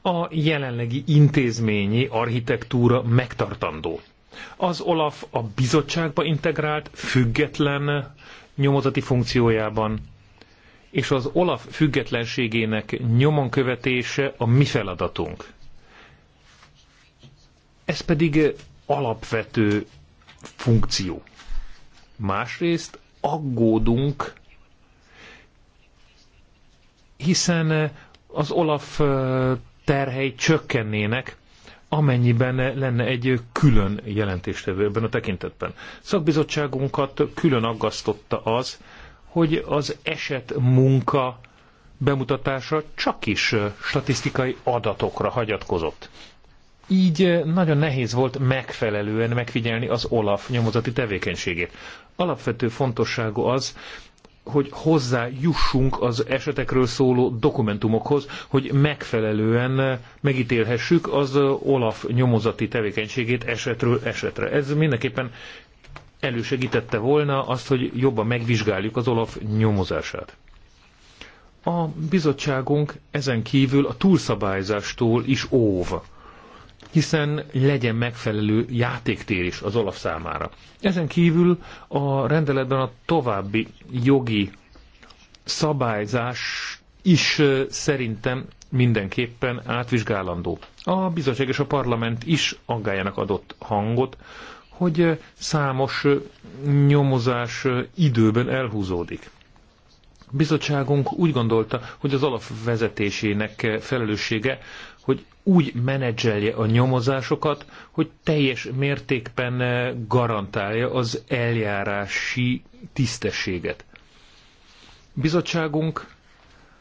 A jelenlegi intézményi architektúra megtartandó. Az Olaf a bizottságba integrált, független nyomozati funkciójában, és az Olaf függetlenségének nyomon követése a mi feladatunk. Ez pedig alapvető funkció. Másrészt aggódunk, hiszen az Olaf terhei csökkennének, amennyiben lenne egy külön jelentéstevő ebben a tekintetben. Szakbizottságunkat külön aggasztotta az, hogy az eset munka bemutatása csak is statisztikai adatokra hagyatkozott. Így nagyon nehéz volt megfelelően megfigyelni az OLAF nyomozati tevékenységét. Alapvető fontosságú az, hogy hozzájussunk az esetekről szóló dokumentumokhoz, hogy megfelelően megítélhessük az Olaf nyomozati tevékenységét esetről esetre. Ez mindenképpen elősegítette volna azt, hogy jobban megvizsgáljuk az Olaf nyomozását. A bizottságunk ezen kívül a túlszabályzástól is óv hiszen legyen megfelelő játéktér is az Olaf számára. Ezen kívül a rendeletben a további jogi szabályzás is szerintem mindenképpen átvizsgálandó. A bizottság és a parlament is aggájának adott hangot, hogy számos nyomozás időben elhúzódik. Bizottságunk úgy gondolta, hogy az alapvezetésének felelőssége hogy úgy menedzselje a nyomozásokat, hogy teljes mértékben eh, garantálja az eljárási tisztességet. Bizottságunk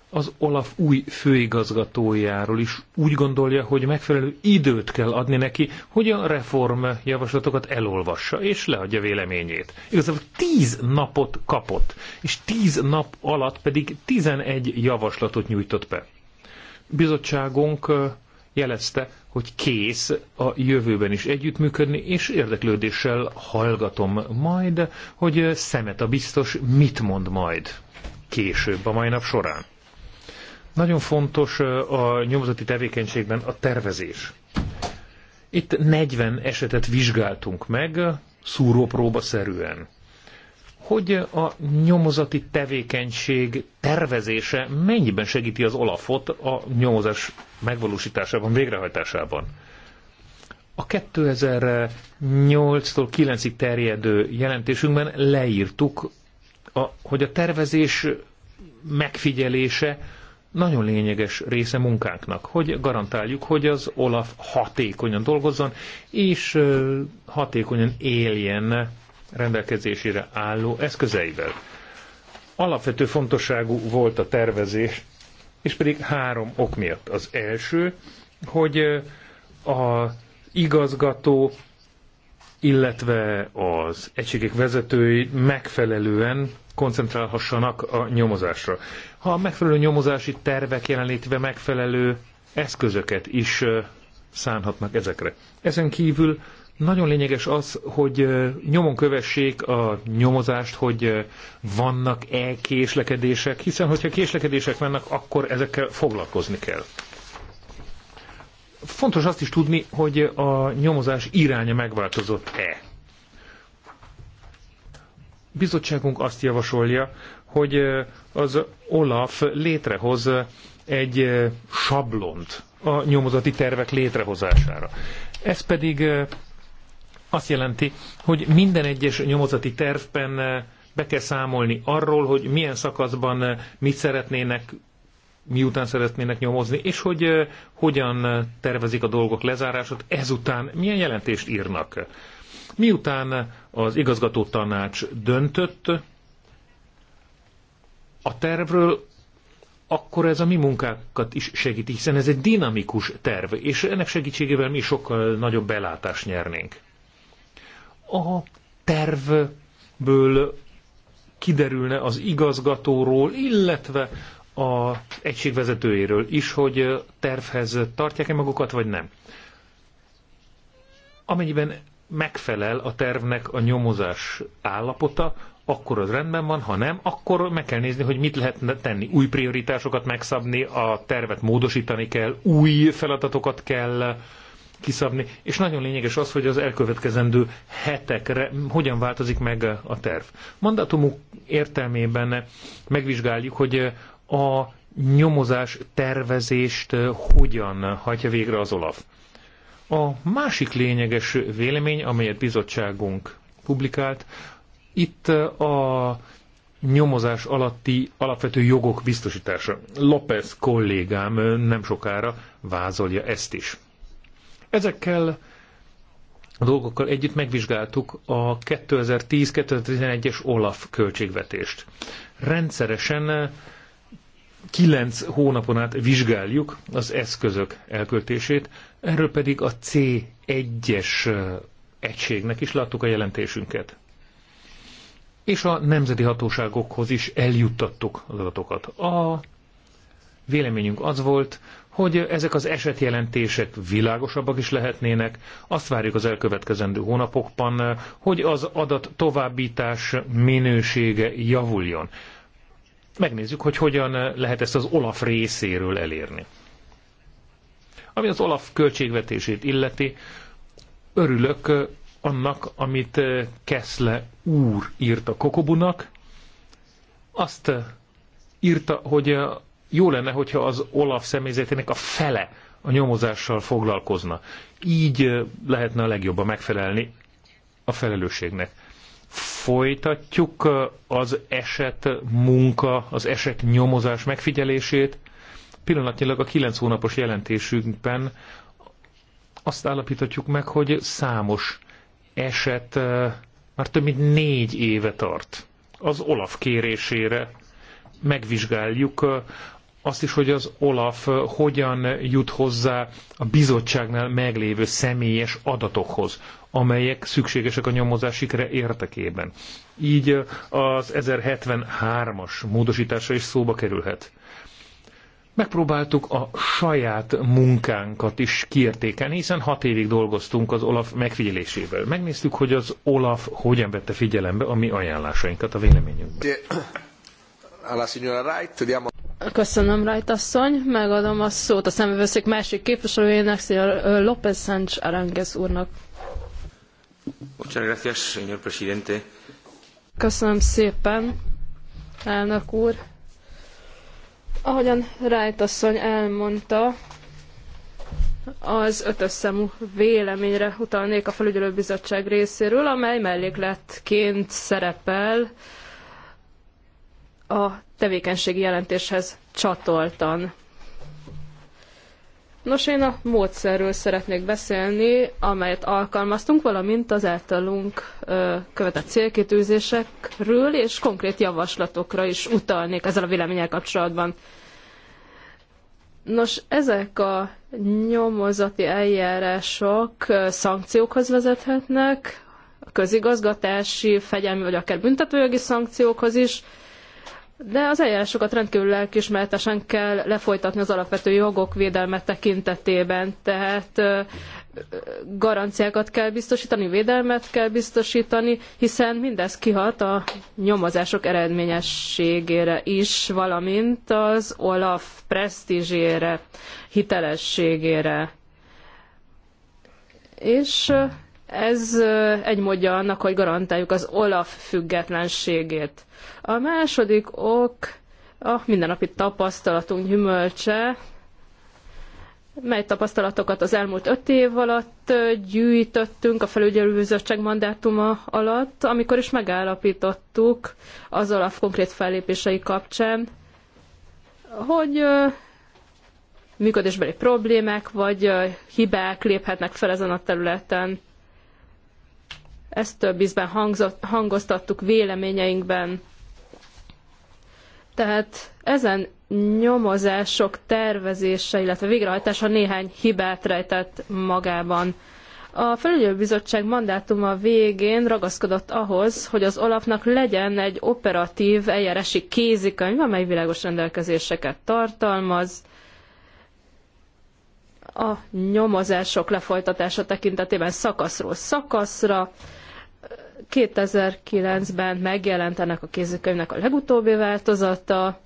az Olaf új főigazgatójáról is úgy gondolja, hogy megfelelő időt kell adni neki, hogy a reform javaslatokat elolvassa és leadja véleményét. Igazából tíz napot kapott, és tíz nap alatt pedig tizenegy javaslatot nyújtott be bizottságunk jelezte, hogy kész a jövőben is együttműködni, és érdeklődéssel hallgatom majd, hogy szemet a biztos mit mond majd később a mai nap során. Nagyon fontos a nyomozati tevékenységben a tervezés. Itt 40 esetet vizsgáltunk meg, szúrópróba szerűen hogy a nyomozati tevékenység tervezése mennyiben segíti az Olafot a nyomozás megvalósításában, végrehajtásában. A 2008-tól 9-ig terjedő jelentésünkben leírtuk, a, hogy a tervezés megfigyelése nagyon lényeges része munkánknak, hogy garantáljuk, hogy az Olaf hatékonyan dolgozzon, és hatékonyan éljen rendelkezésére álló eszközeivel. Alapvető fontosságú volt a tervezés, és pedig három ok miatt. Az első, hogy a igazgató, illetve az egységek vezetői megfelelően koncentrálhassanak a nyomozásra. Ha a megfelelő nyomozási tervek jelenlétve megfelelő eszközöket is szánhatnak ezekre. Ezen kívül nagyon lényeges az, hogy nyomon kövessék a nyomozást, hogy vannak-e késlekedések, hiszen hogyha késlekedések vannak, akkor ezekkel foglalkozni kell. Fontos azt is tudni, hogy a nyomozás iránya megváltozott-e. Bizottságunk azt javasolja, hogy az OLAF létrehoz egy sablont a nyomozati tervek létrehozására. Ez pedig azt jelenti, hogy minden egyes nyomozati tervben eh, be kell számolni arról, hogy milyen szakaszban eh, mit szeretnének, miután szeretnének nyomozni, és hogy eh, hogyan tervezik a dolgok lezárását, ezután milyen jelentést írnak. Miután az igazgató tanács döntött a tervről, akkor ez a mi munkákat is segíti, hiszen ez egy dinamikus terv, és ennek segítségével mi sokkal nagyobb belátást nyernénk a tervből kiderülne az igazgatóról, illetve a egységvezetőjéről is, hogy tervhez tartják-e magukat, vagy nem. Amennyiben megfelel a tervnek a nyomozás állapota, akkor az rendben van, ha nem, akkor meg kell nézni, hogy mit lehetne tenni. Új prioritásokat megszabni, a tervet módosítani kell, új feladatokat kell kiszabni, és nagyon lényeges az, hogy az elkövetkezendő hetekre hogyan változik meg a terv. Mandatumuk értelmében megvizsgáljuk, hogy a nyomozás tervezést hogyan hajtja végre az Olaf. A másik lényeges vélemény, amelyet bizottságunk publikált, itt a nyomozás alatti alapvető jogok biztosítása. López kollégám nem sokára vázolja ezt is. Ezekkel a dolgokkal együtt megvizsgáltuk a 2010-2011-es OLAF költségvetést. Rendszeresen 9 hónapon át vizsgáljuk az eszközök elköltését, erről pedig a C1-es egységnek is láttuk a jelentésünket. És a nemzeti hatóságokhoz is eljuttattuk az adatokat. A véleményünk az volt, hogy ezek az esetjelentések világosabbak is lehetnének. Azt várjuk az elkövetkezendő hónapokban, hogy az adat továbbítás minősége javuljon. Megnézzük, hogy hogyan lehet ezt az OLAF részéről elérni. Ami az OLAF költségvetését illeti, örülök annak, amit Keszle úr írt a Kokobunak. Azt írta, hogy jó lenne, hogyha az Olaf személyzetének a fele a nyomozással foglalkozna. Így lehetne a legjobban megfelelni a felelősségnek. Folytatjuk az eset munka, az eset nyomozás megfigyelését. Pillanatnyilag a 9 hónapos jelentésünkben azt állapíthatjuk meg, hogy számos eset már több mint négy éve tart. Az Olaf kérésére megvizsgáljuk azt is, hogy az Olaf hogyan jut hozzá a bizottságnál meglévő személyes adatokhoz, amelyek szükségesek a nyomozás sikere érdekében. Így az 1073-as módosítása is szóba kerülhet. Megpróbáltuk a saját munkánkat is kiértékelni, hiszen hat évig dolgoztunk az Olaf megfigyelésével. Megnéztük, hogy az Olaf hogyan vette figyelembe a mi ajánlásainkat a véleményünkben. Köszönöm, Rajtasszony. Megadom a szót a szemvőszék másik képviselőjének, Szia López Sánchez Aranguez úrnak. Muchas gracias, señor presidente. Köszönöm szépen, elnök úr. Ahogyan Rájtasszony elmondta, az ötösszemú véleményre utalnék a felügyelőbizottság részéről, amely mellékletként szerepel a tevékenységi jelentéshez csatoltan. Nos, én a módszerről szeretnék beszélni, amelyet alkalmaztunk, valamint az általunk követett célkitűzésekről és konkrét javaslatokra is utalnék ezzel a véleménnyel kapcsolatban. Nos, ezek a nyomozati eljárások szankciókhoz vezethetnek, a közigazgatási, fegyelmi vagy akár büntetőjogi szankciókhoz is, de az eljárásokat rendkívül lelkismeretesen kell lefolytatni az alapvető jogok védelme tekintetében, tehát garanciákat kell biztosítani, védelmet kell biztosítani, hiszen mindez kihat a nyomozások eredményességére is, valamint az Olaf presztízsére, hitelességére. És ez egy módja annak, hogy garantáljuk az OLAF függetlenségét. A második ok a mindennapi tapasztalatunk gyümölcse, mely tapasztalatokat az elmúlt öt év alatt gyűjtöttünk a felügyelőbizottság mandátuma alatt, amikor is megállapítottuk az olaf konkrét fellépései kapcsán, hogy működésbeli problémák vagy hibák léphetnek fel ezen a területen. Ezt több ízben hangoztattuk véleményeinkben. Tehát ezen nyomozások tervezése, illetve végrehajtása néhány hibát rejtett magában. A felügyelőbizottság mandátuma végén ragaszkodott ahhoz, hogy az Olafnak legyen egy operatív eljárási kézikönyv, amely világos rendelkezéseket tartalmaz, a nyomozások lefolytatása tekintetében szakaszról szakaszra, 2009-ben megjelent ennek a kézikönyvnek a legutóbbi változata,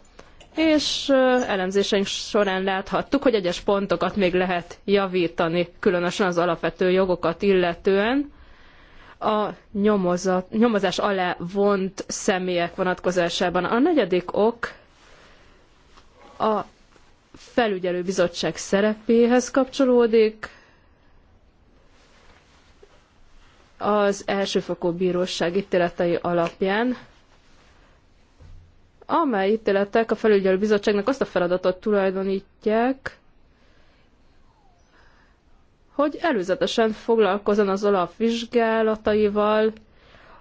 és elemzéseink során láthattuk, hogy egyes pontokat még lehet javítani, különösen az alapvető jogokat illetően. A nyomozat, nyomozás alá vont személyek vonatkozásában. A negyedik ok a felügyelőbizottság szerepéhez kapcsolódik, az elsőfokú bíróság ítéletei alapján, amely ítéletek a felügyelő bizottságnak azt a feladatot tulajdonítják, hogy előzetesen foglalkozon az alapvizsgálataival,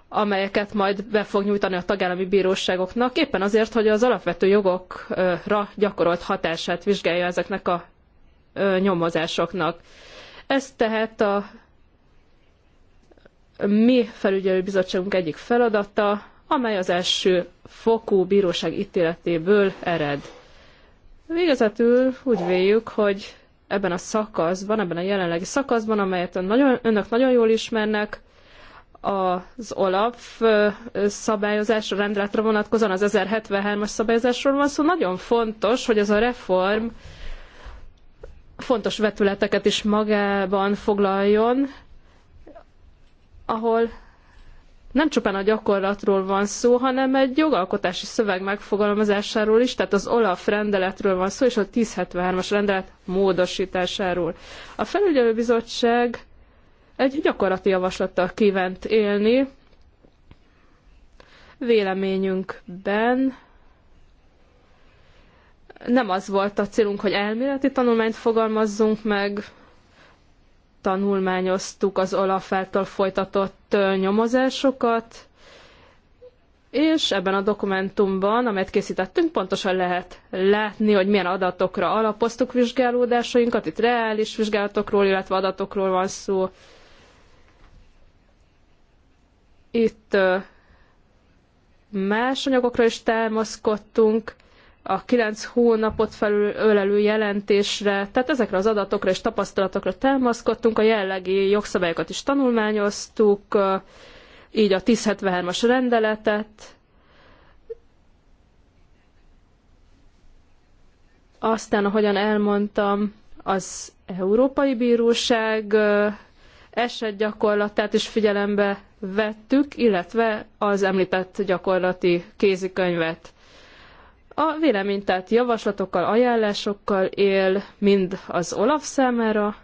amelyeket majd be fog nyújtani a tagállami bíróságoknak, éppen azért, hogy az alapvető jogokra gyakorolt hatását vizsgálja ezeknek a nyomozásoknak. Ez tehát a mi felügyelő bizottságunk egyik feladata, amely az első fokú bíróság ítéletéből ered. Végezetül úgy véljük, hogy ebben a szakaszban, ebben a jelenlegi szakaszban, amelyet nagyon, önök nagyon jól ismernek, az OLAF szabályozásra, rendeletre vonatkozóan az 1073-as szabályozásról van szó. Szóval nagyon fontos, hogy ez a reform fontos vetületeket is magában foglaljon, ahol nem csupán a gyakorlatról van szó, hanem egy jogalkotási szöveg megfogalmazásáról is, tehát az OLAF rendeletről van szó, és a 1073-as rendelet módosításáról. A felügyelőbizottság egy gyakorlati javaslattal kívánt élni. Véleményünkben nem az volt a célunk, hogy elméleti tanulmányt fogalmazzunk meg, tanulmányoztuk az Olaf által folytatott nyomozásokat, és ebben a dokumentumban, amelyet készítettünk, pontosan lehet látni, hogy milyen adatokra alapoztuk vizsgálódásainkat. Itt reális vizsgálatokról, illetve adatokról van szó. Itt más anyagokra is támaszkodtunk, a kilenc hónapot felölelő jelentésre, tehát ezekre az adatokra és tapasztalatokra támaszkodtunk, a jellegi jogszabályokat is tanulmányoztuk, így a 1073-as rendeletet, aztán, ahogyan elmondtam, az Európai Bíróság esetgyakorlatát is figyelembe vettük, illetve az említett gyakorlati kézikönyvet. A vélemény tehát javaslatokkal, ajánlásokkal él mind az Olaf számára,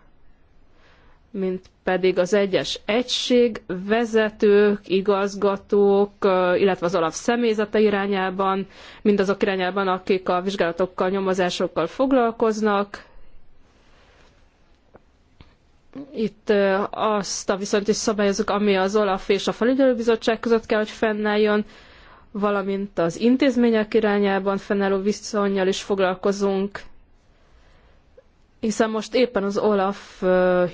mint pedig az egyes egység, vezetők, igazgatók, illetve az alap személyzete irányában, mindazok irányában, akik a vizsgálatokkal, nyomozásokkal foglalkoznak. Itt azt a viszont is szabályozunk, ami az Olaf és a Felügyelőbizottság között kell, hogy fennálljon, valamint az intézmények irányában fennálló viszonyjal is foglalkozunk, hiszen most éppen az OLAF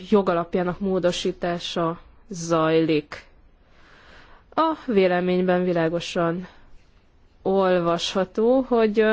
jogalapjának módosítása zajlik. A véleményben világosan olvasható, hogy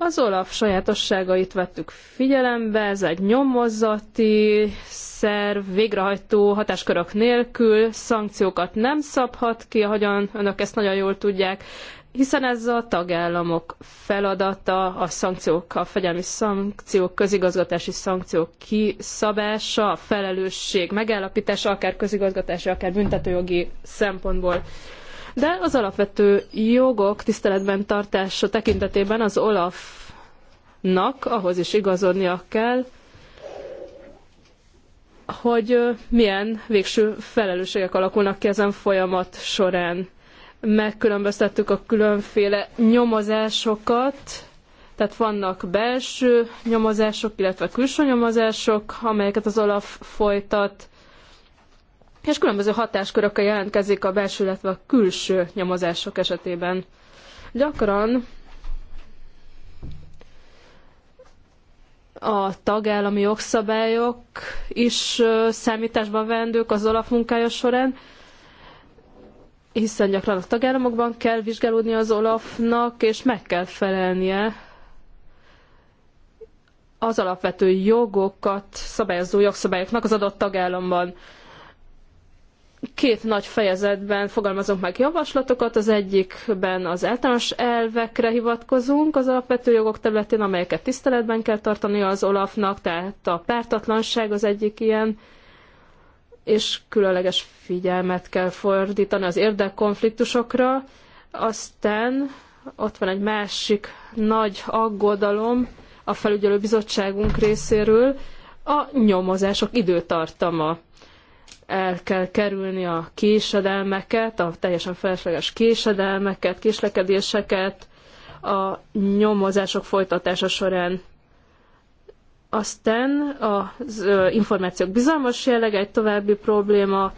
az Olaf sajátosságait vettük figyelembe, ez egy nyomozati szerv, végrehajtó hatáskörök nélkül szankciókat nem szabhat ki, ahogyan önök ezt nagyon jól tudják, hiszen ez a tagállamok feladata, a szankciók, a fegyelmi szankciók, közigazgatási szankciók kiszabása, a felelősség megállapítása, akár közigazgatási, akár büntetőjogi szempontból de az alapvető jogok tiszteletben tartása tekintetében az Olafnak ahhoz is igazodnia kell, hogy milyen végső felelősségek alakulnak ki ezen folyamat során. Megkülönböztettük a különféle nyomozásokat, tehát vannak belső nyomozások, illetve külső nyomozások, amelyeket az Olaf folytat, és különböző hatáskörökkel jelentkezik a belső, illetve a külső nyomozások esetében. Gyakran a tagállami jogszabályok is számításban vendők az OLAF munkája során, hiszen gyakran a tagállamokban kell vizsgálódni az Olafnak, és meg kell felelnie az alapvető jogokat szabályozó jogszabályoknak az adott tagállamban két nagy fejezetben fogalmazunk meg javaslatokat. Az egyikben az általános elvekre hivatkozunk az alapvető jogok területén, amelyeket tiszteletben kell tartani az Olafnak, tehát a pártatlanság az egyik ilyen, és különleges figyelmet kell fordítani az érdekkonfliktusokra. Aztán ott van egy másik nagy aggodalom a felügyelőbizottságunk részéről, a nyomozások időtartama el kell kerülni a késedelmeket, a teljesen felesleges késedelmeket, késlekedéseket a nyomozások folytatása során. Aztán az információk bizalmas jellege egy további probléma,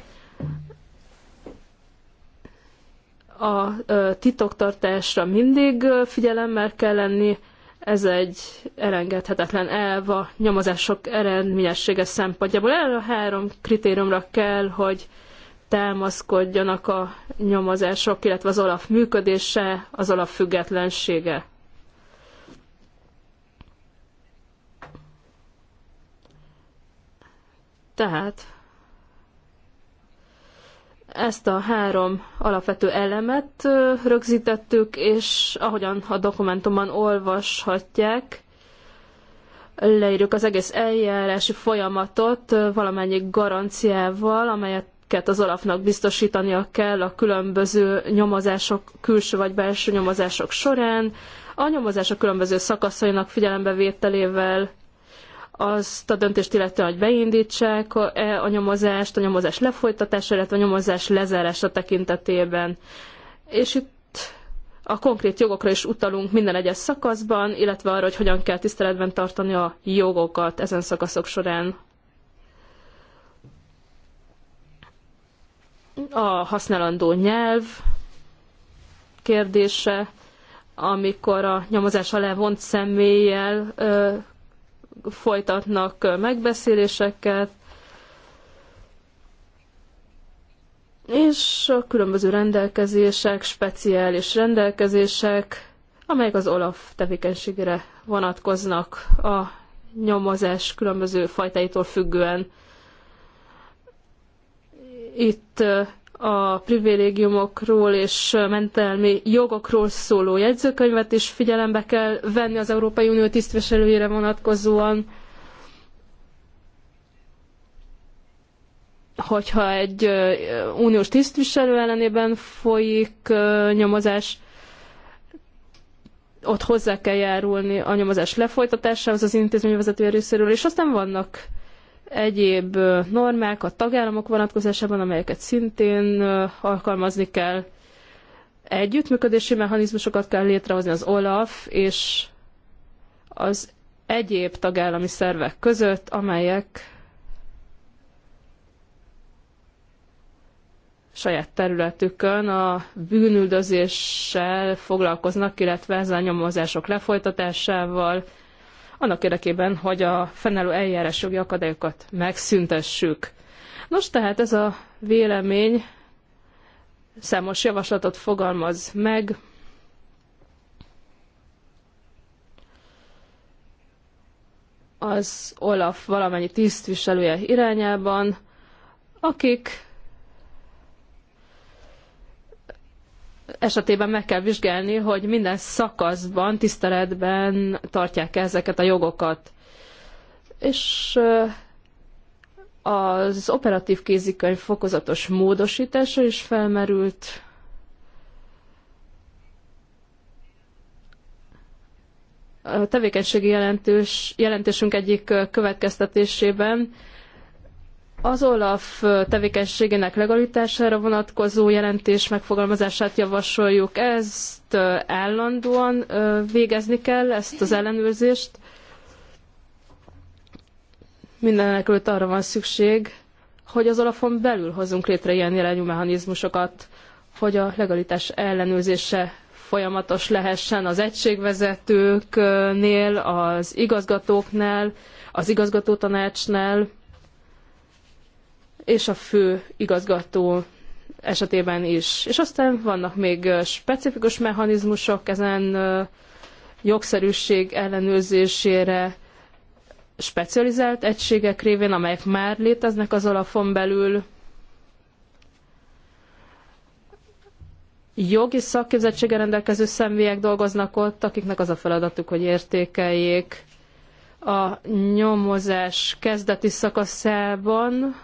a titoktartásra mindig figyelemmel kell lenni, ez egy elengedhetetlen elv a nyomozások eredményessége szempontjából. Erre a három kritériumra kell, hogy támaszkodjanak a nyomozások, illetve az alap működése, az alap függetlensége. Tehát ezt a három alapvető elemet rögzítettük, és ahogyan a dokumentumban olvashatják, leírjuk az egész eljárási folyamatot valamennyi garanciával, amelyeket az Olafnak biztosítania kell a különböző nyomozások, külső vagy belső nyomozások során, a nyomozások különböző szakaszainak figyelembevételével, azt a döntést illetően, hogy beindítsák e a nyomozást, a nyomozás lefolytatása, illetve a nyomozás lezárása tekintetében. És itt a konkrét jogokra is utalunk minden egyes szakaszban, illetve arra, hogy hogyan kell tiszteletben tartani a jogokat ezen szakaszok során. A használandó nyelv kérdése, amikor a nyomozás alá vont személlyel folytatnak megbeszéléseket, és a különböző rendelkezések, speciális rendelkezések, amelyek az OLAF tevékenységére vonatkoznak a nyomozás különböző fajtáitól függően. Itt a privilégiumokról és mentelmi jogokról szóló jegyzőkönyvet is figyelembe kell venni az Európai Unió tisztviselőire vonatkozóan. Hogyha egy uniós tisztviselő ellenében folyik nyomozás, ott hozzá kell járulni a nyomozás lefolytatásához az intézményvezetője részéről, és aztán vannak egyéb normák a tagállamok vonatkozásában, amelyeket szintén alkalmazni kell. Együttműködési mechanizmusokat kell létrehozni az OLAF és az egyéb tagállami szervek között, amelyek saját területükön a bűnüldözéssel foglalkoznak, illetve ezzel a nyomozások lefolytatásával, annak érdekében, hogy a fennálló eljárásjogi akadályokat megszüntessük. Nos, tehát ez a vélemény számos javaslatot fogalmaz meg, az Olaf valamennyi tisztviselője irányában, akik esetében meg kell vizsgálni, hogy minden szakaszban, tiszteletben tartják -e ezeket a jogokat. És az operatív kézikönyv fokozatos módosítása is felmerült. A tevékenységi jelentős, jelentésünk egyik következtetésében az OLAF tevékenységének legalitására vonatkozó jelentés megfogalmazását javasoljuk. Ezt állandóan végezni kell, ezt az ellenőrzést. Mindenek előtt arra van szükség, hogy az OLAF-on belül hozzunk létre ilyen irányú mechanizmusokat, hogy a legalitás ellenőrzése folyamatos lehessen az egységvezetőknél, az igazgatóknál, az igazgatótanácsnál, és a fő igazgató esetében is. És aztán vannak még specifikus mechanizmusok ezen jogszerűség ellenőrzésére specializált egységek révén, amelyek már léteznek az alapon belül. Jogi szakképzettsége rendelkező személyek dolgoznak ott, akiknek az a feladatuk, hogy értékeljék a nyomozás kezdeti szakaszában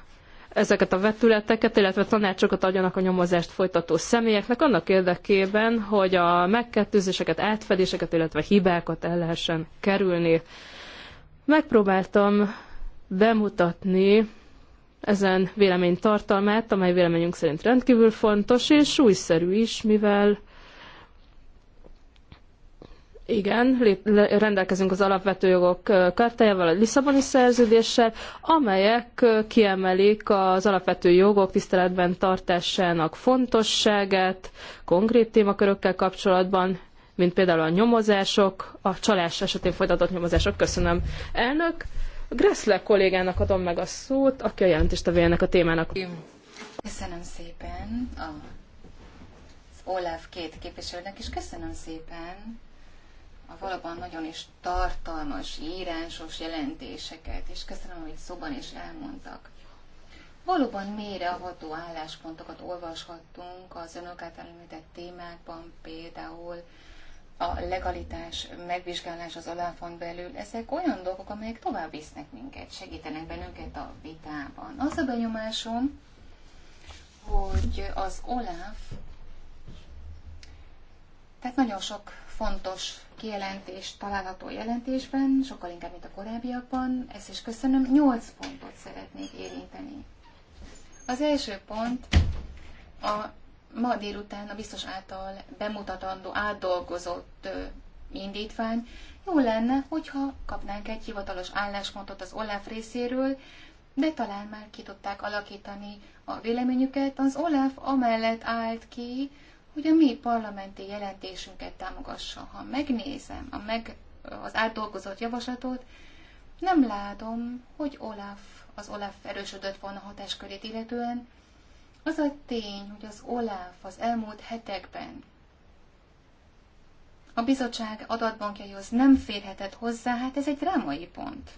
ezeket a vetületeket, illetve tanácsokat adjanak a nyomozást folytató személyeknek annak érdekében, hogy a megkettőzéseket, átfedéseket, illetve hibákat el lehessen kerülni. Megpróbáltam bemutatni ezen vélemény tartalmát, amely véleményünk szerint rendkívül fontos és újszerű is, mivel igen, rendelkezünk az alapvető jogok kartájával, a Lisszaboni szerződéssel, amelyek kiemelik az alapvető jogok tiszteletben tartásának fontosságát konkrét témakörökkel kapcsolatban, mint például a nyomozások, a csalás esetén folytatott nyomozások. Köszönöm, elnök. Gressle kollégának adom meg a szót, aki a jelentéstevőjének a témának. Köszönöm szépen a Olaf két képviselőnek, és köszönöm szépen a valóban nagyon is tartalmas, írásos jelentéseket, és köszönöm, hogy szóban is elmondtak. Valóban mélyreható álláspontokat olvashattunk az önök által említett témákban, például a legalitás megvizsgálás az aláfon belül, ezek olyan dolgok, amelyek tovább visznek minket, segítenek bennünket a vitában. Az a benyomásom, hogy az Olaf, tehát nagyon sok fontos kijelentés található jelentésben, sokkal inkább, mint a korábbiakban. Ezt is köszönöm. Nyolc pontot szeretnék érinteni. Az első pont a ma délután a biztos által bemutatandó, átdolgozott indítvány. Jó lenne, hogyha kapnánk egy hivatalos álláspontot az Olaf részéről, de talán már ki tudták alakítani a véleményüket. Az Olaf amellett állt ki, hogy a mi parlamenti jelentésünket támogassa. Ha megnézem a meg, az átdolgozott javaslatot, nem látom, hogy Olaf, az Olaf erősödött volna hatáskörét illetően. Az a tény, hogy az Olaf az elmúlt hetekben a bizottság adatbankjaihoz nem férhetett hozzá, hát ez egy drámai pont.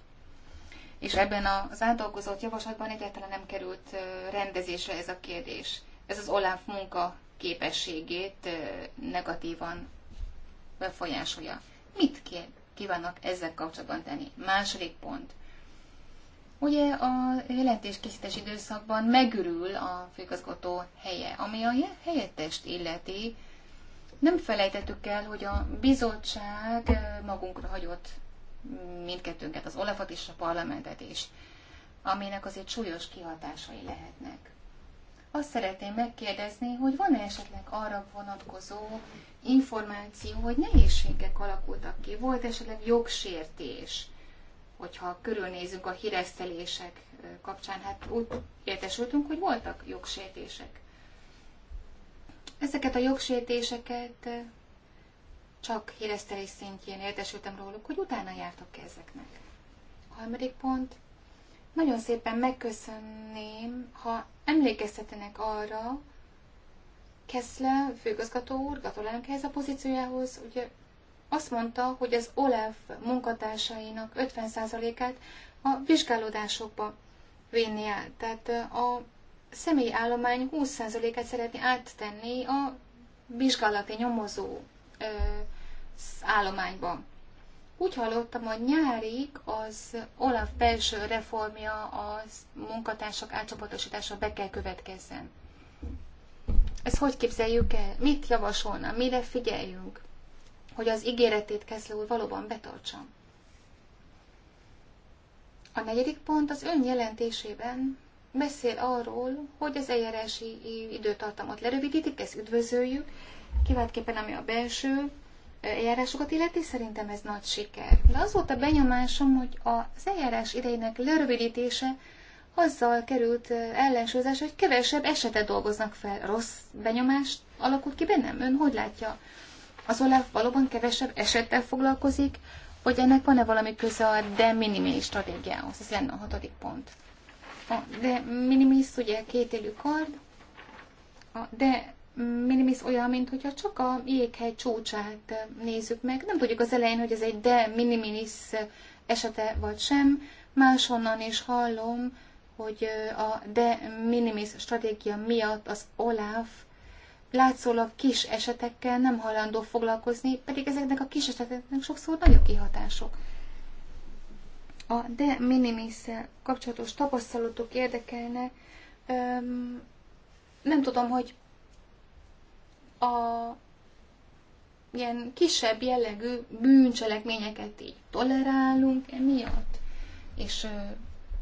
És ebben az átdolgozott javaslatban egyáltalán nem került rendezésre ez a kérdés. Ez az Olaf munka képességét negatívan befolyásolja. Mit kívánok ezzel kapcsolatban tenni? Második pont. Ugye a jelentéskészítés időszakban megürül a főigazgató helye, ami a helyettest illeti. Nem felejtettük el, hogy a bizottság magunkra hagyott mindkettőnket, az Olafat és a parlamentet is, aminek azért súlyos kihatásai lehetnek. Azt szeretném megkérdezni, hogy van-e esetleg arra vonatkozó információ, hogy nehézségek alakultak ki, volt esetleg jogsértés, hogyha körülnézünk a híresztelések kapcsán, hát úgy értesültünk, hogy voltak jogsértések. Ezeket a jogsértéseket csak híresztelés szintjén értesültem róluk, hogy utána jártak ezeknek. A harmadik pont – nagyon szépen megköszönném, ha emlékeztetenek arra, Keszle főgazgató úr, gratulálunk ehhez a pozíciójához, ugye azt mondta, hogy az OLEF munkatársainak 50%-át a vizsgálódásokba vinni el. Tehát a személyi állomány 20%-át szeretné áttenni a vizsgálati nyomozó állományba. Úgy hallottam, hogy nyárig az Olaf belső reformja, a munkatársak átcsoportosítása be kell következzen. Ezt hogy képzeljük el? Mit javasolna? Mire figyeljünk? Hogy az ígéretét Keszle úr valóban betartsam. A negyedik pont az ön jelentésében beszél arról, hogy az eljárási időtartamot lerövidítik, ezt üdvözöljük, kiváltképpen ami a belső eljárásokat illeti, szerintem ez nagy siker. De az volt a benyomásom, hogy az eljárás idejének lerövidítése azzal került ellensúlyozás, hogy kevesebb esetet dolgoznak fel. Rossz benyomást alakult ki bennem? Ön hogy látja? Az Olaf valóban kevesebb esettel foglalkozik, hogy ennek van-e valami köze a de minimis stratégiához? Ez lenne a hatodik pont. A de minimis ugye élő kard, a de minimis olyan, mint hogyha csak a jéghegy csúcsát nézzük meg. Nem tudjuk az elején, hogy ez egy de minimis esete vagy sem. Máshonnan is hallom, hogy a de minimis stratégia miatt az OLAF látszólag kis esetekkel nem hajlandó foglalkozni, pedig ezeknek a kis eseteknek sokszor nagyobb kihatások. A de minimis kapcsolatos tapasztalatok érdekelne. nem tudom, hogy a ilyen kisebb jellegű bűncselekményeket így tolerálunk emiatt. És,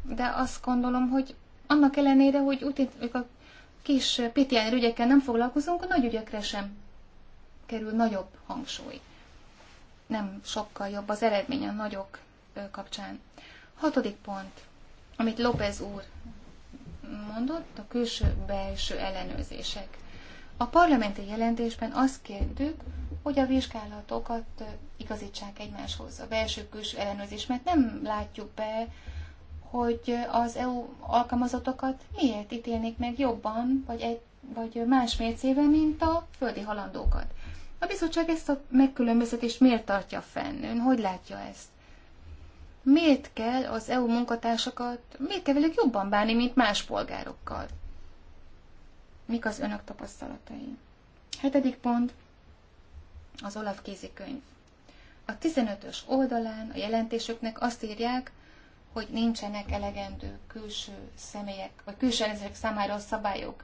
de azt gondolom, hogy annak ellenére, hogy úgy, a kis PTN ügyekkel nem foglalkozunk, a nagy ügyekre sem kerül nagyobb hangsúly. Nem sokkal jobb az eredmény a nagyok kapcsán. Hatodik pont, amit López úr mondott, a külső-belső ellenőrzések. A parlamenti jelentésben azt kértük, hogy a vizsgálatokat igazítsák egymáshoz, a belső-külső ellenőrzés, mert nem látjuk be, hogy az EU alkalmazatokat miért ítélnék meg jobban, vagy, egy, vagy más mércével, mint a földi halandókat. A bizottság ezt a megkülönböztetést miért tartja fenn? Ön hogy látja ezt? Miért kell az EU munkatársakat, miért kell velük jobban bánni, mint más polgárokkal? mik az önök tapasztalatai. Hetedik pont, az Olaf kézikönyv. A 15-ös oldalán a jelentésüknek azt írják, hogy nincsenek elegendő külső személyek, vagy külső ezek számára a szabályok.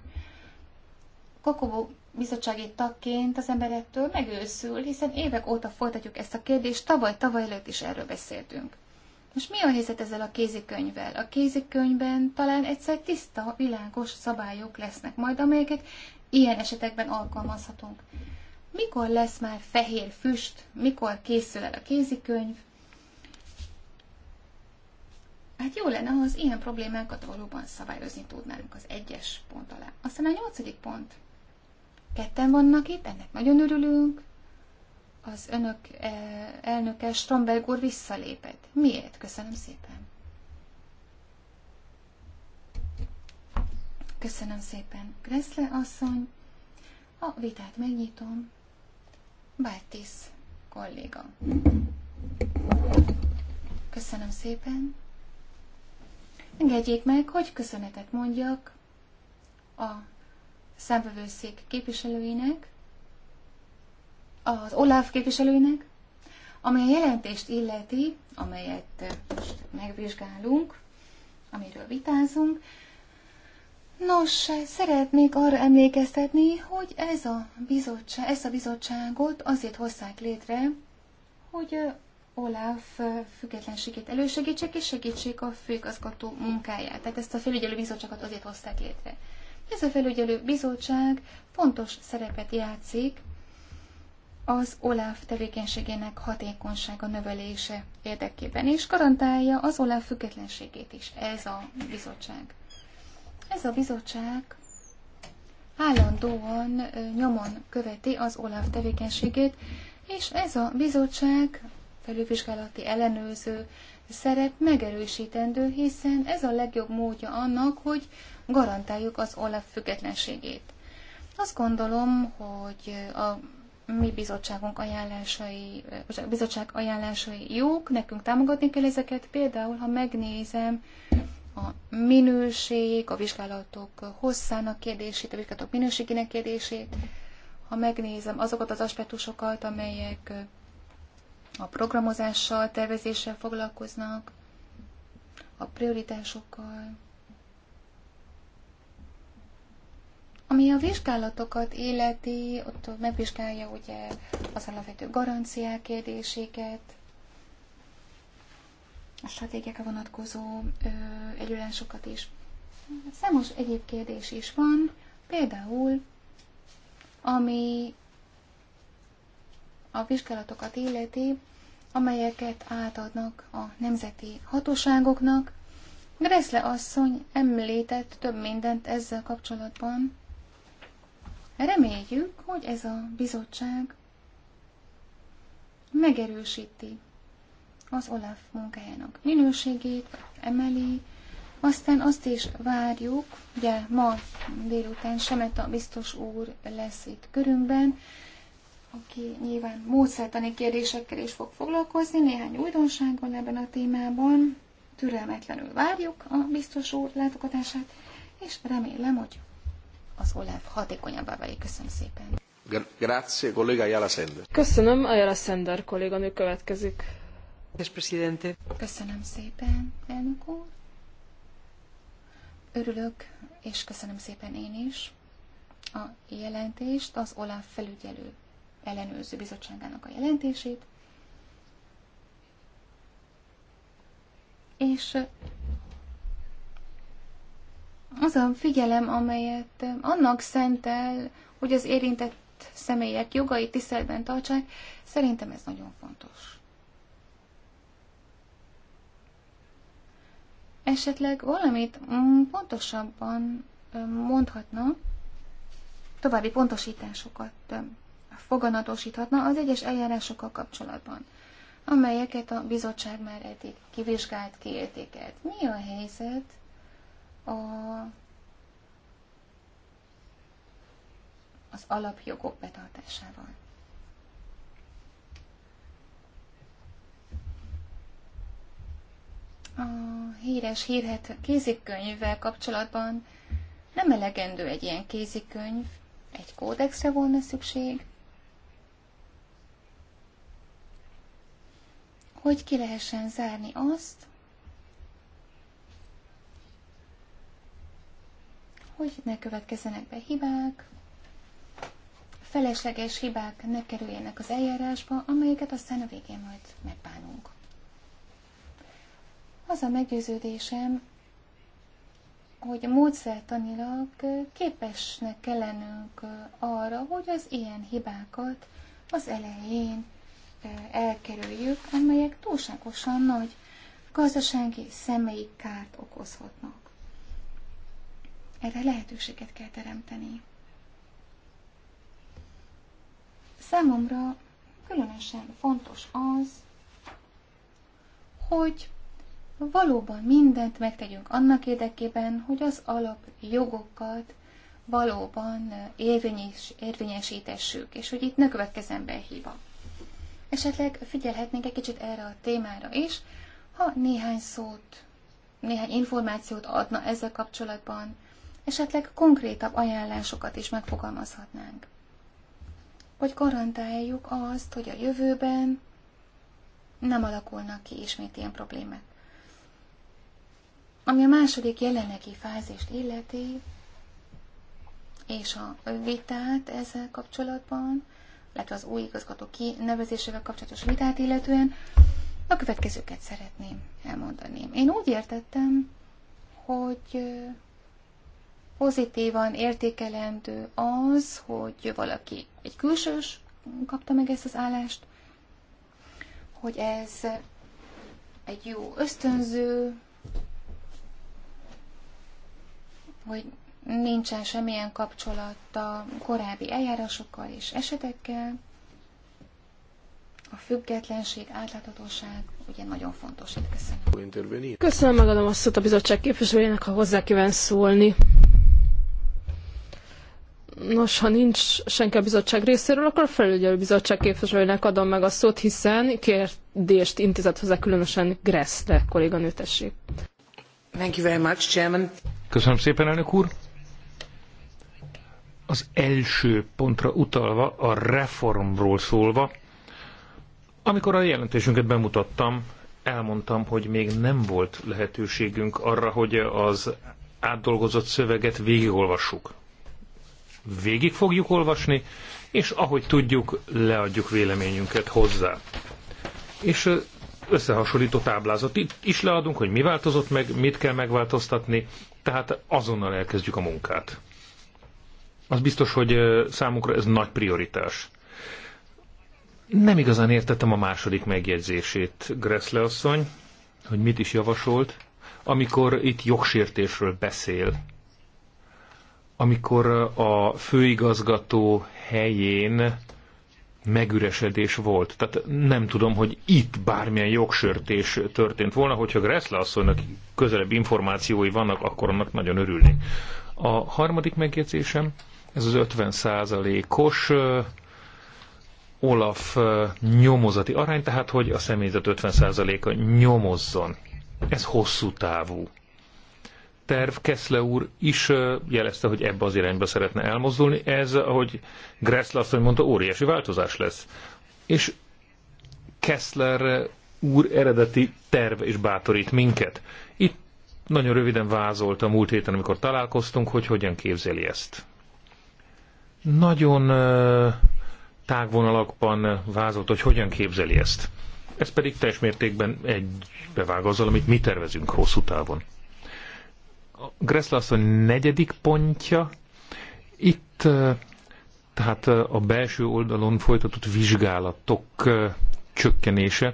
Kokobo bizottsági tagként az emberektől megőszül, hiszen évek óta folytatjuk ezt a kérdést, tavaly-tavaly előtt is erről beszéltünk. Most mi a helyzet ezzel a kézikönyvvel? A kézikönyvben talán egyszer tiszta, világos szabályok lesznek majd, amelyeket ilyen esetekben alkalmazhatunk. Mikor lesz már fehér füst, mikor készül el a kézikönyv? Hát jó lenne, ha az ilyen problémákat valóban szabályozni tudnánk az egyes pont alá. Aztán a nyolcadik pont. Ketten vannak itt, ennek nagyon örülünk, az önök eh, elnöke Stromberg úr visszalépett. Miért? Köszönöm szépen. Köszönöm szépen, Kreszle asszony. A vitát megnyitom. Bártis kolléga. Köszönöm szépen. Engedjék meg, hogy köszönetet mondjak a számvevőszék képviselőinek, az Olaf képviselőnek, amely a jelentést illeti, amelyet most megvizsgálunk, amiről vitázunk. Nos, szeretnék arra emlékeztetni, hogy ez a bizottság, ezt a bizottságot azért hozták létre, hogy Olaf függetlenségét elősegítsék és segítsék a főigazgató munkáját. Tehát ezt a felügyelő bizottságot azért hozták létre. Ez a felügyelő bizottság fontos szerepet játszik az OLAF tevékenységének hatékonysága növelése érdekében, és garantálja az OLAF függetlenségét is ez a bizottság. Ez a bizottság állandóan nyomon követi az OLAF tevékenységét, és ez a bizottság felülvizsgálati ellenőrző szerep megerősítendő, hiszen ez a legjobb módja annak, hogy garantáljuk az OLAF függetlenségét. Azt gondolom, hogy a mi bizottságunk ajánlásai, bizottság ajánlásai jók, nekünk támogatni kell ezeket. Például, ha megnézem a minőség, a vizsgálatok hosszának kérdését, a vizsgálatok minőségének kérdését, ha megnézem azokat az aspektusokat, amelyek a programozással, tervezéssel foglalkoznak, a prioritásokkal, Ami a vizsgálatokat illeti, ott megvizsgálja ugye az alapvető garanciák kérdéséket, a stratégiákra vonatkozó együlásokat is. Számos egyéb kérdés is van, például ami a vizsgálatokat illeti, amelyeket átadnak a nemzeti hatóságoknak. Gressle asszony említett több mindent ezzel kapcsolatban. Reméljük, hogy ez a bizottság megerősíti az Olaf munkájának minőségét, emeli, aztán azt is várjuk, ugye ma délután Semeta biztos úr lesz itt körünkben, aki nyilván módszertani kérdésekkel is fog foglalkozni, néhány újdonság van ebben a témában, türelmetlenül várjuk a biztos úr látogatását, és remélem, hogy az OLAF hatékonyabbá válik. Köszönöm szépen. Grazie, kolléga Jala Sender. Köszönöm, a Jala Sender kolléganő következik. Köszönöm szépen, elnök úr. Örülök, és köszönöm szépen én is a jelentést, az OLAF felügyelő ellenőrző bizottságának a jelentését, és az a figyelem, amelyet annak szentel, hogy az érintett személyek jogait tiszteletben tartsák, szerintem ez nagyon fontos. Esetleg valamit mm, pontosabban mondhatna, további pontosításokat foganatosíthatna az egyes eljárásokkal kapcsolatban, amelyeket a bizottság már eddig kivizsgált, kiértékelt. Mi a helyzet a, az alapjogok betartásával. A híres hírhet kézikönyvvel kapcsolatban nem elegendő egy ilyen kézikönyv, egy kódexre volna szükség, hogy ki lehessen zárni azt, hogy ne következzenek be hibák, felesleges hibák ne kerüljenek az eljárásba, amelyeket aztán a végén majd megbánunk. Az a meggyőződésem, hogy módszertanilag képesnek kell lennünk arra, hogy az ilyen hibákat az elején elkerüljük, amelyek túlságosan nagy gazdasági személyi kárt okozhatnak. Erre lehetőséget kell teremteni. Számomra különösen fontos az, hogy valóban mindent megtegyünk annak érdekében, hogy az alapjogokat valóban érvényes, érvényesítessük, és hogy itt ne következzen be hiba. Esetleg figyelhetnénk egy kicsit erre a témára is, ha néhány szót, néhány információt adna ezzel kapcsolatban esetleg konkrétabb ajánlásokat is megfogalmazhatnánk. Hogy garantáljuk azt, hogy a jövőben nem alakulnak ki ismét ilyen problémák. Ami a második jelenlegi fázist illeti, és a vitát ezzel kapcsolatban, illetve az új igazgató kinevezésével kapcsolatos vitát illetően, a következőket szeretném elmondani. Én úgy értettem, hogy pozitívan értékelendő az, hogy valaki egy külsős kapta meg ezt az állást, hogy ez egy jó ösztönző, hogy nincsen semmilyen kapcsolat a korábbi eljárásokkal és esetekkel. A függetlenség, átláthatóság ugye nagyon fontos. köszönöm. Köszönöm, megadom a szót a bizottság képviselőjének, ha hozzá kíván szólni. Nos, ha nincs senki a bizottság részéről, akkor a felügyelő bizottság képviselőnek adom meg a szót, hiszen kérdést intézett hozzá különösen Gressle kolléganő, tessék. Thank you very much, Chairman. Köszönöm szépen, elnök úr. Az első pontra utalva, a reformról szólva, amikor a jelentésünket bemutattam, elmondtam, hogy még nem volt lehetőségünk arra, hogy az átdolgozott szöveget végigolvassuk végig fogjuk olvasni, és ahogy tudjuk, leadjuk véleményünket hozzá. És összehasonlító táblázat is leadunk, hogy mi változott meg, mit kell megváltoztatni, tehát azonnal elkezdjük a munkát. Az biztos, hogy számunkra ez nagy prioritás. Nem igazán értettem a második megjegyzését, Gressle asszony, hogy mit is javasolt, amikor itt jogsértésről beszél amikor a főigazgató helyén megüresedés volt. Tehát nem tudom, hogy itt bármilyen jogsörtés történt volna, hogyha Gressle asszonynak közelebb információi vannak, akkor annak nagyon örülnék. A harmadik megjegyzésem, ez az 50 os Olaf nyomozati arány, tehát hogy a személyzet 50 a nyomozzon. Ez hosszú távú terv. Keszle úr is jelezte, hogy ebbe az irányba szeretne elmozdulni. Ez, ahogy Gressler azt mondta, óriási változás lesz. És Kessler úr eredeti terv is bátorít minket. Itt nagyon röviden a múlt héten, amikor találkoztunk, hogy hogyan képzeli ezt. Nagyon tágvonalakban vázolt, hogy hogyan képzeli ezt. Ez pedig teljes mértékben egybevág azzal, amit mi tervezünk hosszú távon. Gressler asszony negyedik pontja. Itt tehát a belső oldalon folytatott vizsgálatok csökkenése.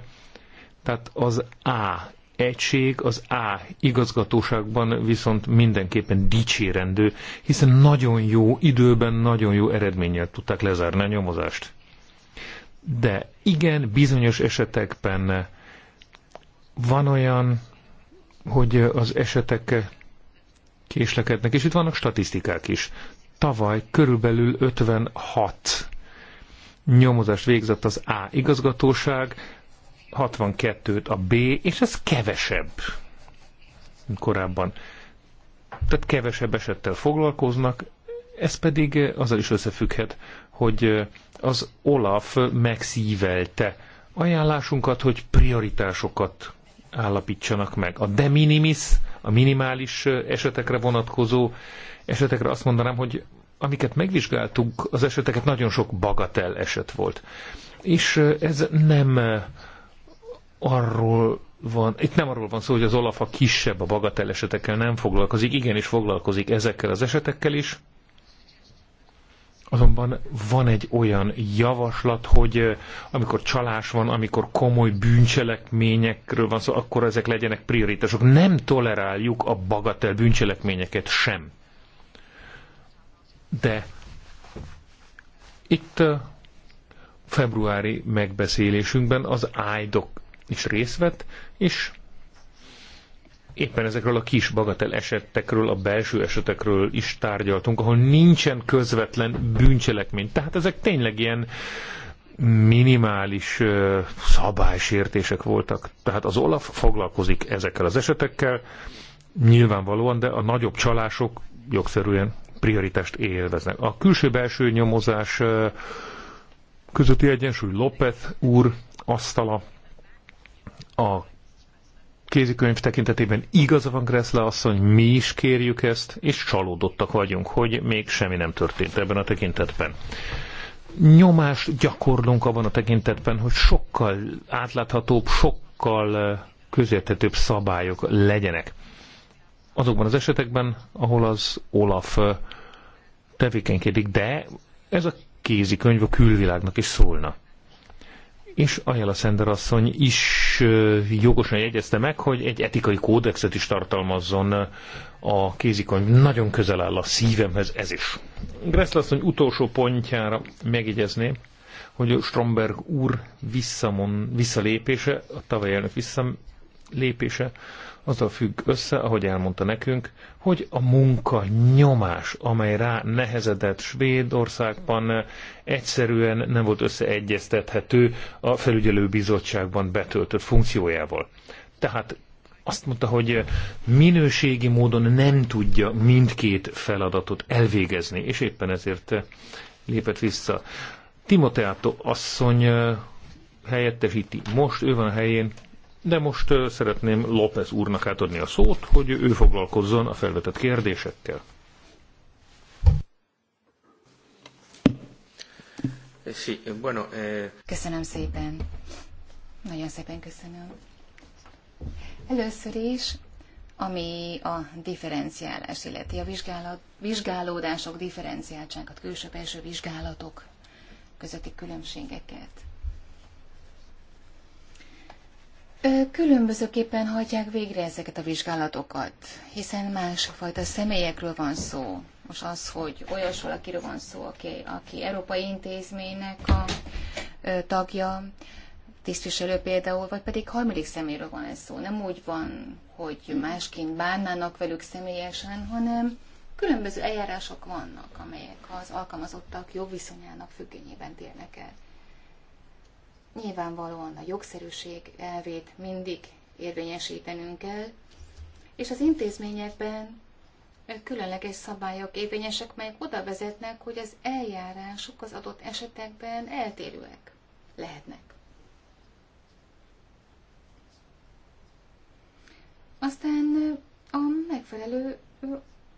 Tehát az A egység, az A igazgatóságban viszont mindenképpen dicsérendő, hiszen nagyon jó időben, nagyon jó eredménnyel tudták lezárni a nyomozást. De igen, bizonyos esetekben van olyan, hogy az esetek késlekednek, és itt vannak statisztikák is. Tavaly körülbelül 56 nyomozást végzett az A igazgatóság, 62-t a B, és ez kevesebb, mint korábban. Tehát kevesebb esettel foglalkoznak, ez pedig azzal is összefügghet, hogy az Olaf megszívelte ajánlásunkat, hogy prioritásokat állapítsanak meg. A de minimis a minimális esetekre vonatkozó esetekre azt mondanám, hogy amiket megvizsgáltunk, az eseteket nagyon sok bagatel eset volt. És ez nem arról van, itt nem arról van szó, hogy az olafa kisebb a bagatel esetekkel nem foglalkozik, igenis foglalkozik ezekkel az esetekkel is, Azonban van egy olyan javaslat, hogy amikor csalás van, amikor komoly bűncselekményekről van szó, akkor ezek legyenek prioritások. Nem toleráljuk a bagatel bűncselekményeket sem. De itt februári megbeszélésünkben az ájdok is részt vett, és éppen ezekről a kis bagatel esetekről, a belső esetekről is tárgyaltunk, ahol nincsen közvetlen bűncselekmény. Tehát ezek tényleg ilyen minimális szabálysértések voltak. Tehát az Olaf foglalkozik ezekkel az esetekkel, nyilvánvalóan, de a nagyobb csalások jogszerűen prioritást élveznek. A külső-belső nyomozás közötti egyensúly López úr asztala, a kézikönyv tekintetében igaza van Gressle asszony, mi is kérjük ezt, és csalódottak vagyunk, hogy még semmi nem történt ebben a tekintetben. Nyomást gyakorlunk abban a tekintetben, hogy sokkal átláthatóbb, sokkal eh, közérthetőbb szabályok legyenek. Azokban az esetekben, ahol az Olaf eh, tevékenykedik, de ez a kézikönyv a külvilágnak is szólna. És Ajala Szender asszony is jogosan jegyezte meg, hogy egy etikai kódexet is tartalmazzon a kézikony Nagyon közel áll a szívemhez ez is. Gressz asszony utolsó pontjára megjegyezné, hogy Stromberg úr visszamon, visszalépése, a tavaly elnök visszalépése azzal függ össze, ahogy elmondta nekünk, hogy a munka nyomás, amely rá nehezedett Svédországban, egyszerűen nem volt összeegyeztethető a felügyelőbizottságban betöltött funkciójával. Tehát azt mondta, hogy minőségi módon nem tudja mindkét feladatot elvégezni, és éppen ezért lépett vissza. Timoteátó asszony helyettesíti most, ő van a helyén, de most szeretném López úrnak átadni a szót, hogy ő foglalkozzon a felvetett kérdésekkel. Eh, eh, eh, köszönöm szépen. Nagyon szépen köszönöm. Először is, ami a differenciálás illeti, a vizsgálat, vizsgálódások differenciáltságot, külső-belső vizsgálatok közötti különbségeket. Különbözőképpen hagyják végre ezeket a vizsgálatokat, hiszen másfajta személyekről van szó. Most az, hogy olyas valakiről van szó, aki, aki európai intézménynek a tagja, tisztviselő például, vagy pedig harmadik személyről van ez szó. Nem úgy van, hogy másként bánnának velük személyesen, hanem különböző eljárások vannak, amelyek az alkalmazottak jó viszonyának függvényében térnek el. Nyilvánvalóan a jogszerűség elvét mindig érvényesítenünk kell, és az intézményekben különleges szabályok érvényesek, melyek oda vezetnek, hogy az eljárások az adott esetekben eltérőek lehetnek. Aztán a megfelelő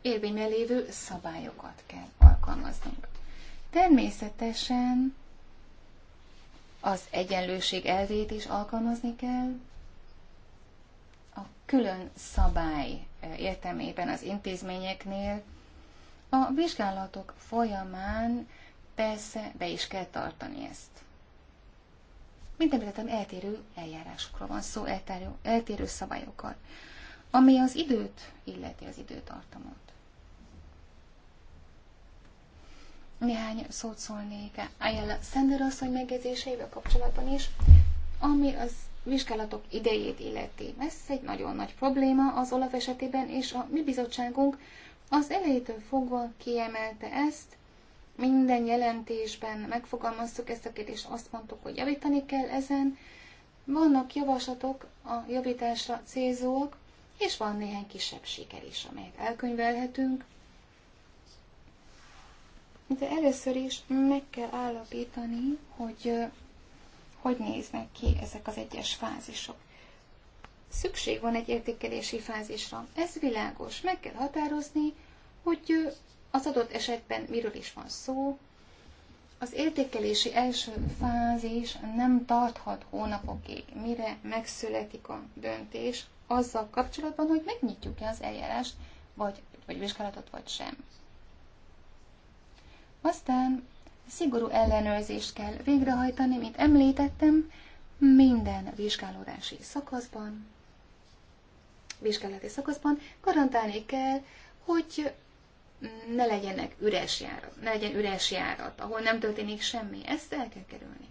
érvényben lévő szabályokat kell alkalmaznunk. Természetesen az egyenlőség elvét is alkalmazni kell. A külön szabály e, értelmében az intézményeknél a vizsgálatok folyamán persze be is kell tartani ezt. Mint említettem, eltérő eljárásokról van szó, eltérő, eltérő szabályokkal. Ami az időt illeti az időtartamot. Néhány szót szólnék Ayala Szender asszony megjegyzéseivel kapcsolatban is, ami az vizsgálatok idejét illeti. Ez egy nagyon nagy probléma az Olaf esetében, és a mi bizottságunk az elejétől fogva kiemelte ezt, minden jelentésben megfogalmaztuk ezt a kérdést, azt mondtuk, hogy javítani kell ezen. Vannak javaslatok a javításra célzóak, és van néhány kisebb siker is, amelyet elkönyvelhetünk. De először is meg kell állapítani, hogy hogy néznek ki ezek az egyes fázisok. Szükség van egy értékelési fázisra. Ez világos. Meg kell határozni, hogy az adott esetben miről is van szó. Az értékelési első fázis nem tarthat hónapokig, mire megszületik a döntés azzal kapcsolatban, hogy megnyitjuk-e az eljárást, vagy, vagy vizsgálatot, vagy sem. Aztán szigorú ellenőrzést kell végrehajtani, mint említettem, minden vizsgálódási szakaszban, vizsgálati szakaszban garantálni kell, hogy ne legyenek üres járat, ne legyen üres járat, ahol nem történik semmi. Ezt el kell kerülni.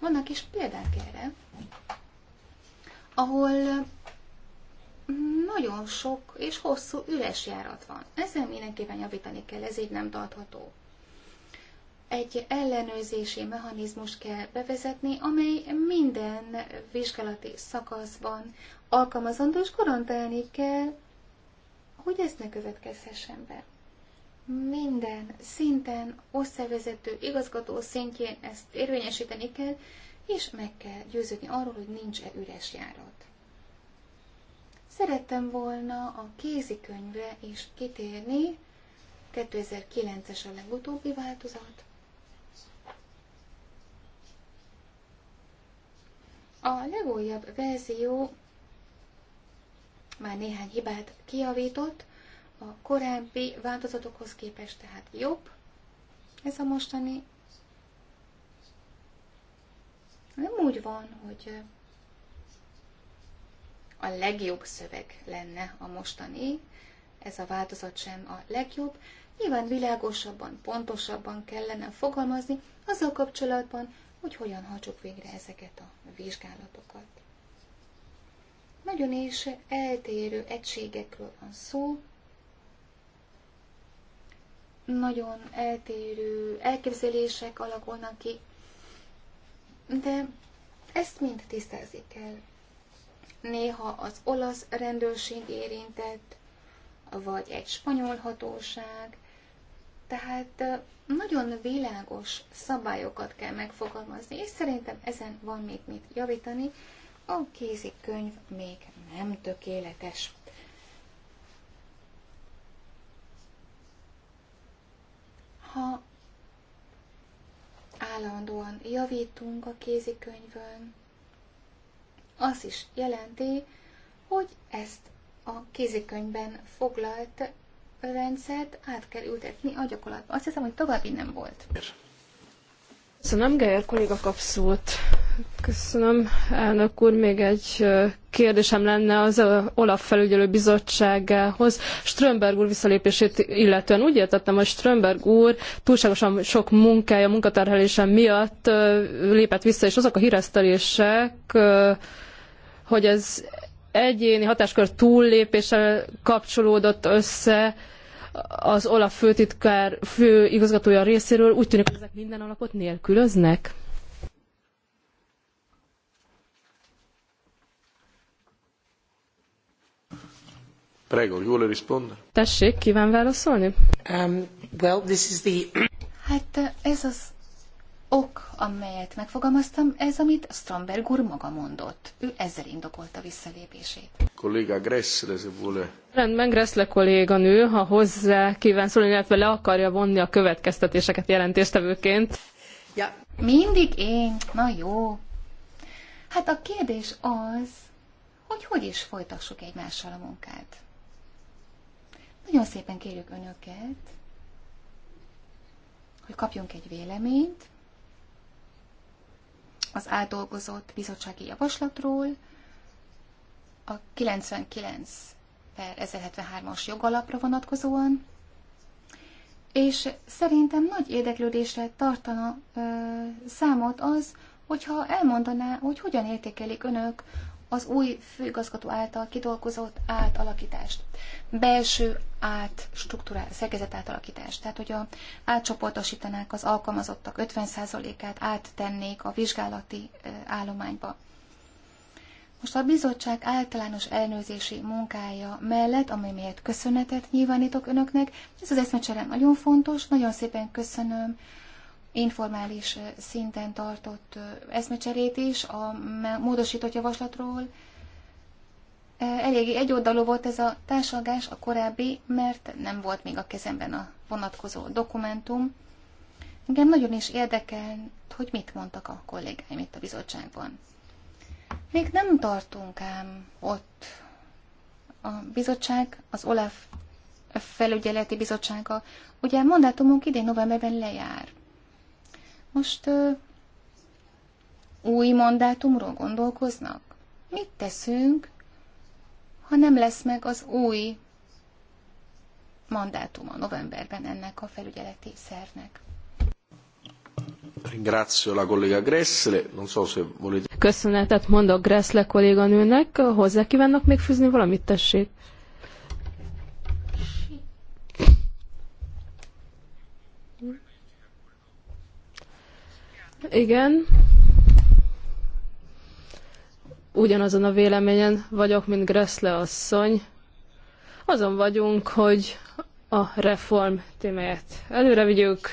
Vannak is példák erre, ahol nagyon sok és hosszú üres járat van. Ezzel mindenképpen javítani kell, ez így nem tartható. Egy ellenőrzési mechanizmus kell bevezetni, amely minden vizsgálati szakaszban alkalmazandó, és garantálni kell, hogy ez ne következhessen be. Minden szinten, osztályvezető, igazgató szintjén ezt érvényesíteni kell, és meg kell győződni arról, hogy nincs-e üres járat. Szerettem volna a kézikönyvre is kitérni, 2009-es a legutóbbi változat. A legújabb verzió már néhány hibát kiavított, a korábbi változatokhoz képest tehát jobb. Ez a mostani nem úgy van, hogy a legjobb szöveg lenne a mostani, ez a változat sem a legjobb. Nyilván világosabban, pontosabban kellene fogalmazni azzal kapcsolatban, hogy hogyan hagyjuk végre ezeket a vizsgálatokat. Nagyon is eltérő egységekről van szó, nagyon eltérő elképzelések alakulnak ki, de ezt mind tisztázni kell néha az olasz rendőrség érintett, vagy egy spanyol hatóság. Tehát nagyon világos szabályokat kell megfogalmazni, és szerintem ezen van még mit javítani. A kézikönyv még nem tökéletes. Ha állandóan javítunk a kézikönyvön, azt is jelenti, hogy ezt a kézikönyvben foglalt rendszert át kell ültetni a gyakorlatba. Azt hiszem, hogy további nem volt. Köszönöm, Geyer kolléga kap szót. Köszönöm, elnök úr. Még egy kérdésem lenne az Olaf felügyelő bizottságához. Strömberg úr visszalépését illetően úgy értettem, hogy Strömberg úr túlságosan sok munkája, munkaterhelése miatt lépett vissza, és azok a híresztelések, hogy az egyéni hatáskör túllépése kapcsolódott össze az Olaf főtitkár főigazgatója részéről. Úgy tűnik, hogy ezek minden alapot nélkülöznek. Prego, vuole rispondere? Tessék, kíván válaszolni? Um, well, this is the... Hát ez az ok, amelyet megfogalmaztam, ez, amit Stromberg úr maga mondott. Ő ezzel indokolta visszalépését. Kolléga Gressle, se vuole. Rendben, Gressle kolléganő, ha hozzá kíván szólni, illetve le akarja vonni a következtetéseket jelentéstevőként. Ja. Mindig én. Na jó. Hát a kérdés az, hogy hogy is folytassuk egymással a munkát. Nagyon szépen kérjük önöket, hogy kapjunk egy véleményt, az átdolgozott bizottsági javaslatról, a 99 per 1073-as jogalapra vonatkozóan, és szerintem nagy érdeklődésre tartana ö, számot az, hogyha elmondaná, hogy hogyan értékelik önök az új főigazgató által kidolgozott átalakítást, belső át struktúrál, szerkezet átalakítást, tehát hogy a, átcsoportosítanák az alkalmazottak 50%-át, áttennék a vizsgálati állományba. Most a bizottság általános elnőzési munkája mellett, amely miért köszönetet nyilvánítok önöknek, ez az eszmecsere nagyon fontos, nagyon szépen köszönöm informális szinten tartott eszmecserét is a módosított javaslatról. Eléggé egyoldalú volt ez a társalgás, a korábbi, mert nem volt még a kezemben a vonatkozó dokumentum. Engem nagyon is érdekel, hogy mit mondtak a kollégáim itt a bizottságban. Még nem tartunk ám ott. A bizottság, az OLAF felügyeleti bizottsága, ugye a mandátumunk idén novemberben lejár. Most ö, új mandátumról gondolkoznak? Mit teszünk, ha nem lesz meg az új a novemberben ennek a felügyeleti szervnek? Köszönetet mondok Gressle kolléganőnek. Hozzá kívánnak még fűzni valamit, tessék? Igen. Ugyanazon a véleményen vagyok, mint Gressle asszony. Azon vagyunk, hogy a reform témáját előre vigyük.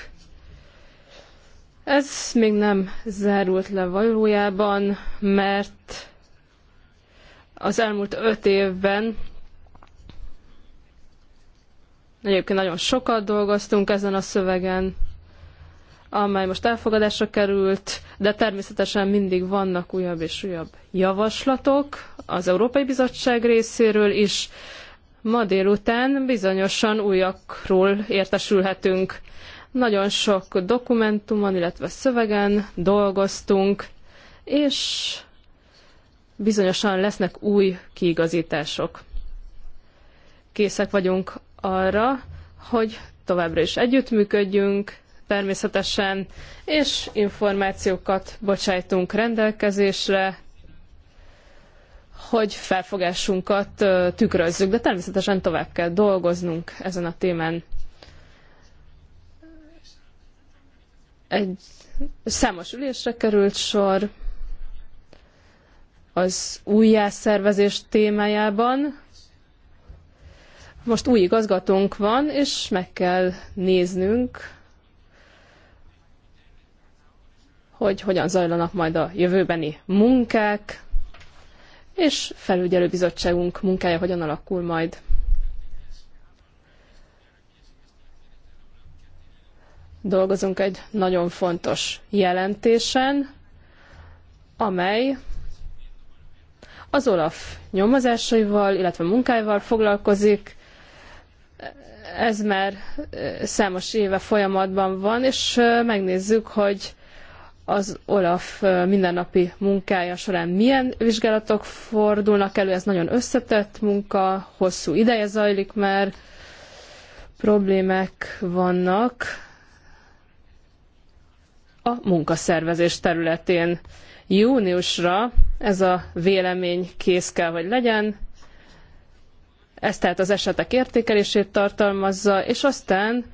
Ez még nem zárult le valójában, mert az elmúlt öt évben egyébként nagyon sokat dolgoztunk ezen a szövegen, amely most elfogadásra került, de természetesen mindig vannak újabb és újabb javaslatok az Európai Bizottság részéről is. Ma délután bizonyosan újakról értesülhetünk. Nagyon sok dokumentumon, illetve szövegen dolgoztunk, és bizonyosan lesznek új kiigazítások. Készek vagyunk arra, hogy továbbra is együttműködjünk, természetesen, és információkat bocsájtunk rendelkezésre, hogy felfogásunkat tükrözzük, de természetesen tovább kell dolgoznunk ezen a témán. Egy számos ülésre került sor az újjászervezés témájában. Most új igazgatónk van, és meg kell néznünk, hogy hogyan zajlanak majd a jövőbeni munkák, és felügyelőbizottságunk munkája hogyan alakul majd. Dolgozunk egy nagyon fontos jelentésen, amely az Olaf nyomozásaival, illetve munkáival foglalkozik. Ez már eh, számos éve folyamatban van, és eh, megnézzük, hogy az Olaf mindennapi munkája során milyen vizsgálatok fordulnak elő. Ez nagyon összetett munka, hosszú ideje zajlik már, problémák vannak a munkaszervezés területén. Júniusra ez a vélemény kész kell, hogy legyen, ez tehát az esetek értékelését tartalmazza, és aztán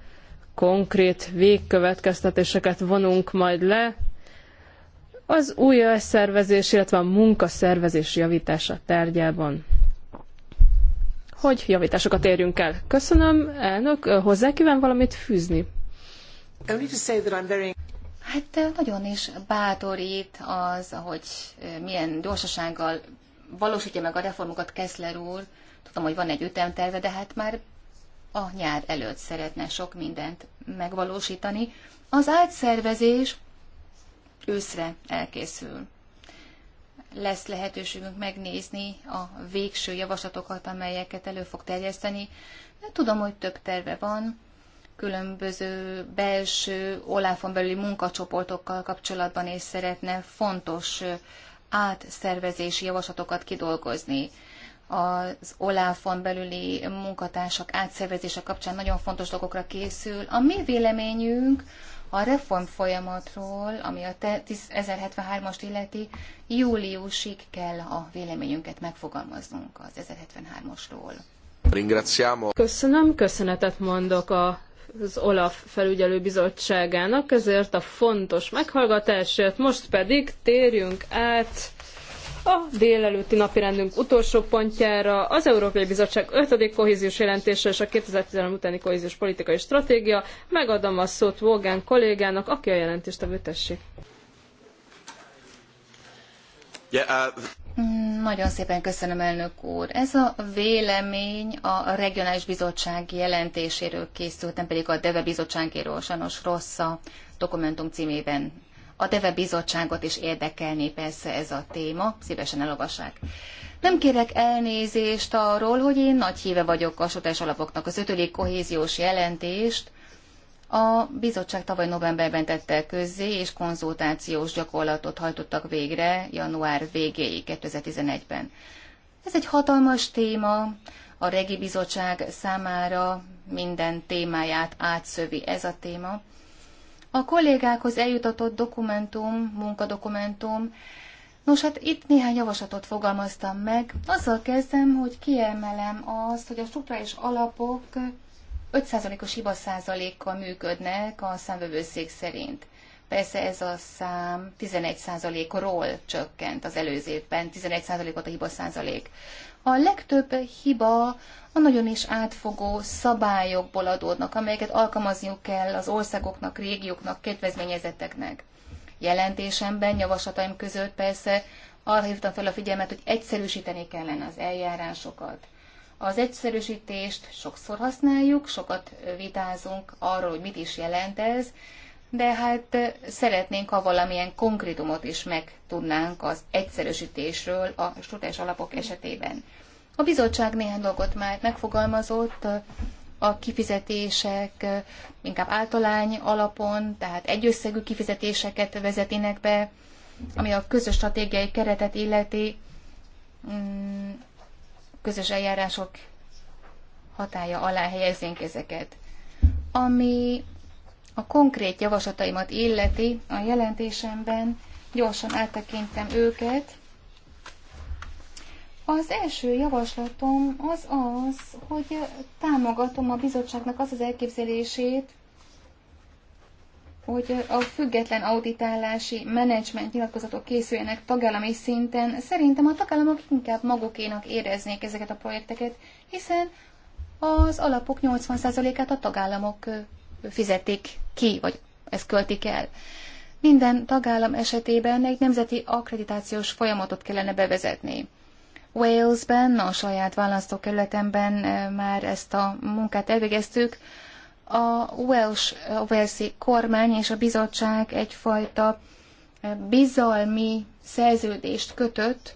konkrét végkövetkeztetéseket vonunk majd le az új szervezés, illetve a munkaszervezés javítása tárgyában. Hogy javításokat érjünk el? Köszönöm, elnök. Hozzá kíván valamit fűzni? Hát eh, nagyon is bátorít az, hogy eh, milyen gyorsasággal valósítja meg a reformokat Kessler úr. Tudom, hogy van egy ütemterve, de hát már a nyár előtt szeretne sok mindent megvalósítani. Az átszervezés őszre elkészül. Lesz lehetőségünk megnézni a végső javaslatokat, amelyeket elő fog terjeszteni. De tudom, hogy több terve van, különböző belső oláfon belüli munkacsoportokkal kapcsolatban és szeretne fontos átszervezési javaslatokat kidolgozni. Az oláfon belüli munkatársak átszervezése kapcsán nagyon fontos dolgokra készül. A mi véleményünk a reform folyamatról, ami a 1073-ast illeti, júliusig kell a véleményünket megfogalmaznunk az 1073 asról Köszönöm, köszönetet mondok a az Olaf felügyelőbizottságának ezért a fontos meghallgatásért. Most pedig térjünk át a délelőtti napirendünk utolsó pontjára, az Európai Bizottság 5. kohéziós jelentése és a 2013 utáni kohéziós politikai stratégia. Megadom a szót Volgán kollégának, aki a jelentést a tessék. Yeah, uh... Nagyon szépen köszönöm, elnök úr. Ez a vélemény a regionális bizottság jelentéséről készült, nem pedig a DEVE bizottságéről, sajnos rossz a dokumentum címében a DEVE bizottságot is érdekelné persze ez a téma, szívesen elolvassák. Nem kérek elnézést arról, hogy én nagy híve vagyok a sotás alapoknak. Az ötödik kohéziós jelentést a bizottság tavaly novemberben tette közzé, és konzultációs gyakorlatot hajtottak végre január végéig 2011-ben. Ez egy hatalmas téma, a Regi Bizottság számára minden témáját átszövi ez a téma. A kollégákhoz eljutatott dokumentum, munkadokumentum, Nos, hát itt néhány javaslatot fogalmaztam meg. Azzal kezdem, hogy kiemelem azt, hogy a struktúrális alapok 5%-os hiba százalékkal működnek a számvevőszék szerint. Persze ez a szám 11%-ról csökkent az előző évben, 11% ot a hiba százalék. A legtöbb hiba a nagyon is átfogó szabályokból adódnak, amelyeket alkalmazniuk kell az országoknak, régióknak, kedvezményezetteknek. Jelentésemben, javaslataim között persze arra hívtam fel a figyelmet, hogy egyszerűsíteni kellene az eljárásokat. Az egyszerűsítést sokszor használjuk, sokat vitázunk arról, hogy mit is jelent ez, de hát szeretnénk, ha valamilyen konkrétumot is megtudnánk az egyszerűsítésről a struktúrás alapok esetében. A bizottság néhány dolgot már megfogalmazott, a kifizetések inkább általány alapon, tehát egyösszegű kifizetéseket vezetének be, ami a közös stratégiai keretet illeti, mm, közös eljárások hatája alá helyeznénk ezeket. Ami a konkrét javaslataimat illeti a jelentésemben, gyorsan áttekintem őket. Az első javaslatom az az, hogy támogatom a bizottságnak az az elképzelését, hogy a független auditálási menedzsment nyilatkozatok készüljenek tagállami szinten. Szerintem a tagállamok inkább magukénak éreznék ezeket a projekteket, hiszen az alapok 80%-át a tagállamok fizetik ki, vagy ezt költik el. Minden tagállam esetében egy nemzeti akkreditációs folyamatot kellene bevezetni. Walesben, a saját választókerületemben eh, már ezt a munkát elvégeztük. A Welsh, a Walesi kormány és a bizottság egyfajta eh, bizalmi szerződést kötött.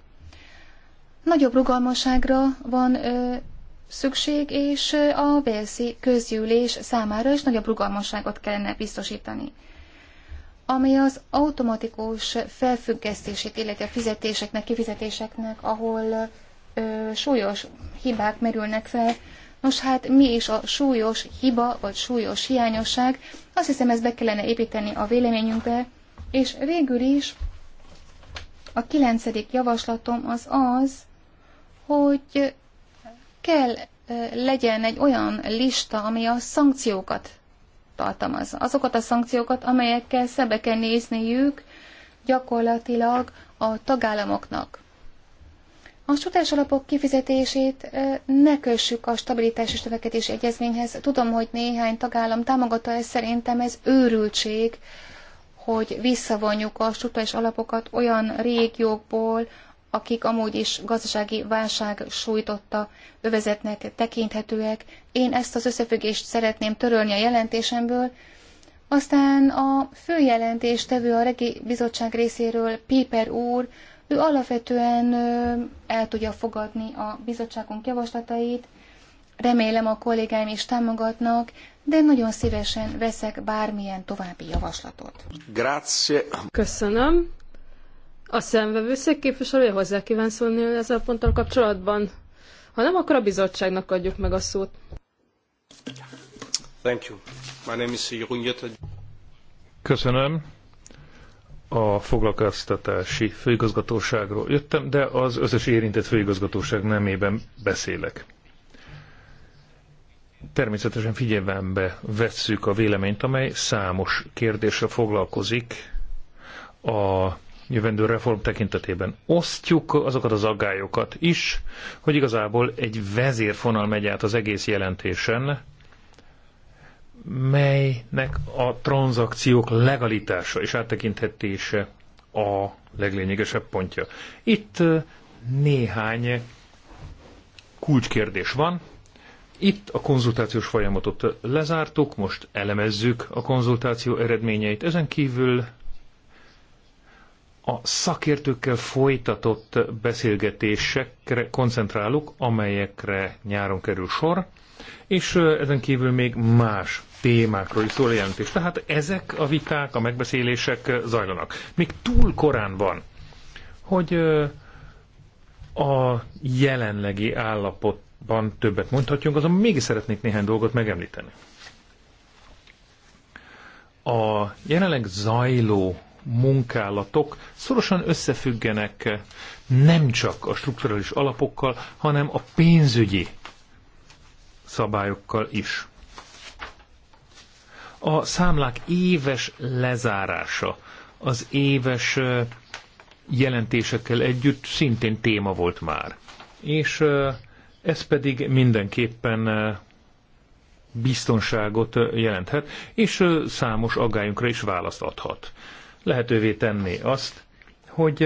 Nagyobb rugalmasságra van eh, szükség, és a Velszi közgyűlés számára is nagyobb rugalmasságot kellene biztosítani. Ami az automatikus felfüggesztését, illetve a fizetéseknek, kifizetéseknek, ahol ö, súlyos hibák merülnek fel, Nos hát mi is a súlyos hiba vagy súlyos hiányosság, azt hiszem ezt be kellene építeni a véleményünkbe, és végül is a kilencedik javaslatom az az, hogy kell legyen egy olyan lista, ami a szankciókat tartalmaz. Azokat a szankciókat, amelyekkel szebe kell nézniük gyakorlatilag a tagállamoknak. A csodás alapok kifizetését ne kössük a stabilitás és növekedés egyezményhez. Tudom, hogy néhány tagállam támogatta ezt, szerintem ez őrültség, hogy visszavonjuk a struktúrális alapokat olyan régiókból, akik amúgy is gazdasági válság sújtotta övezetnek tekinthetőek. Én ezt az összefüggést szeretném törölni a jelentésemből. Aztán a főjelentéstevő a regi bizottság részéről, Piper úr, ő alapvetően el tudja fogadni a bizottságunk javaslatait, remélem a kollégáim is támogatnak, de nagyon szívesen veszek bármilyen további javaslatot. Grazie. Köszönöm. A szemvevőszék képviselője hozzá kíván szólni ezzel a ponttal kapcsolatban? Ha nem, akkor a bizottságnak adjuk meg a szót. Thank you. My name is Köszönöm. A foglalkoztatási főigazgatóságról jöttem, de az összes érintett főigazgatóság nemében beszélek. Természetesen figyelembe vesszük a véleményt, amely számos kérdésre foglalkozik a jövendő reform tekintetében. Osztjuk azokat az aggályokat is, hogy igazából egy vezérfonal megy át az egész jelentésen, melynek a tranzakciók legalitása és áttekinthetése a leglényegesebb pontja. Itt néhány kulcskérdés van. Itt a konzultációs folyamatot lezártuk, most elemezzük a konzultáció eredményeit. Ezen kívül a szakértőkkel folytatott beszélgetésekre koncentrálok, amelyekre nyáron kerül sor, és ezen kívül még más témákról is szól a jelentés. Tehát ezek a viták, a megbeszélések zajlanak. Még túl korán van, hogy a jelenlegi állapotban többet mondhatjunk, azon mégis szeretnék néhány dolgot megemlíteni. A jelenleg zajló munkálatok szorosan összefüggenek nem csak a strukturális alapokkal, hanem a pénzügyi szabályokkal is. A számlák éves lezárása, az éves jelentésekkel együtt szintén téma volt már. És ez pedig mindenképpen biztonságot jelenthet, és számos aggályunkra is választ adhat lehetővé tenné azt, hogy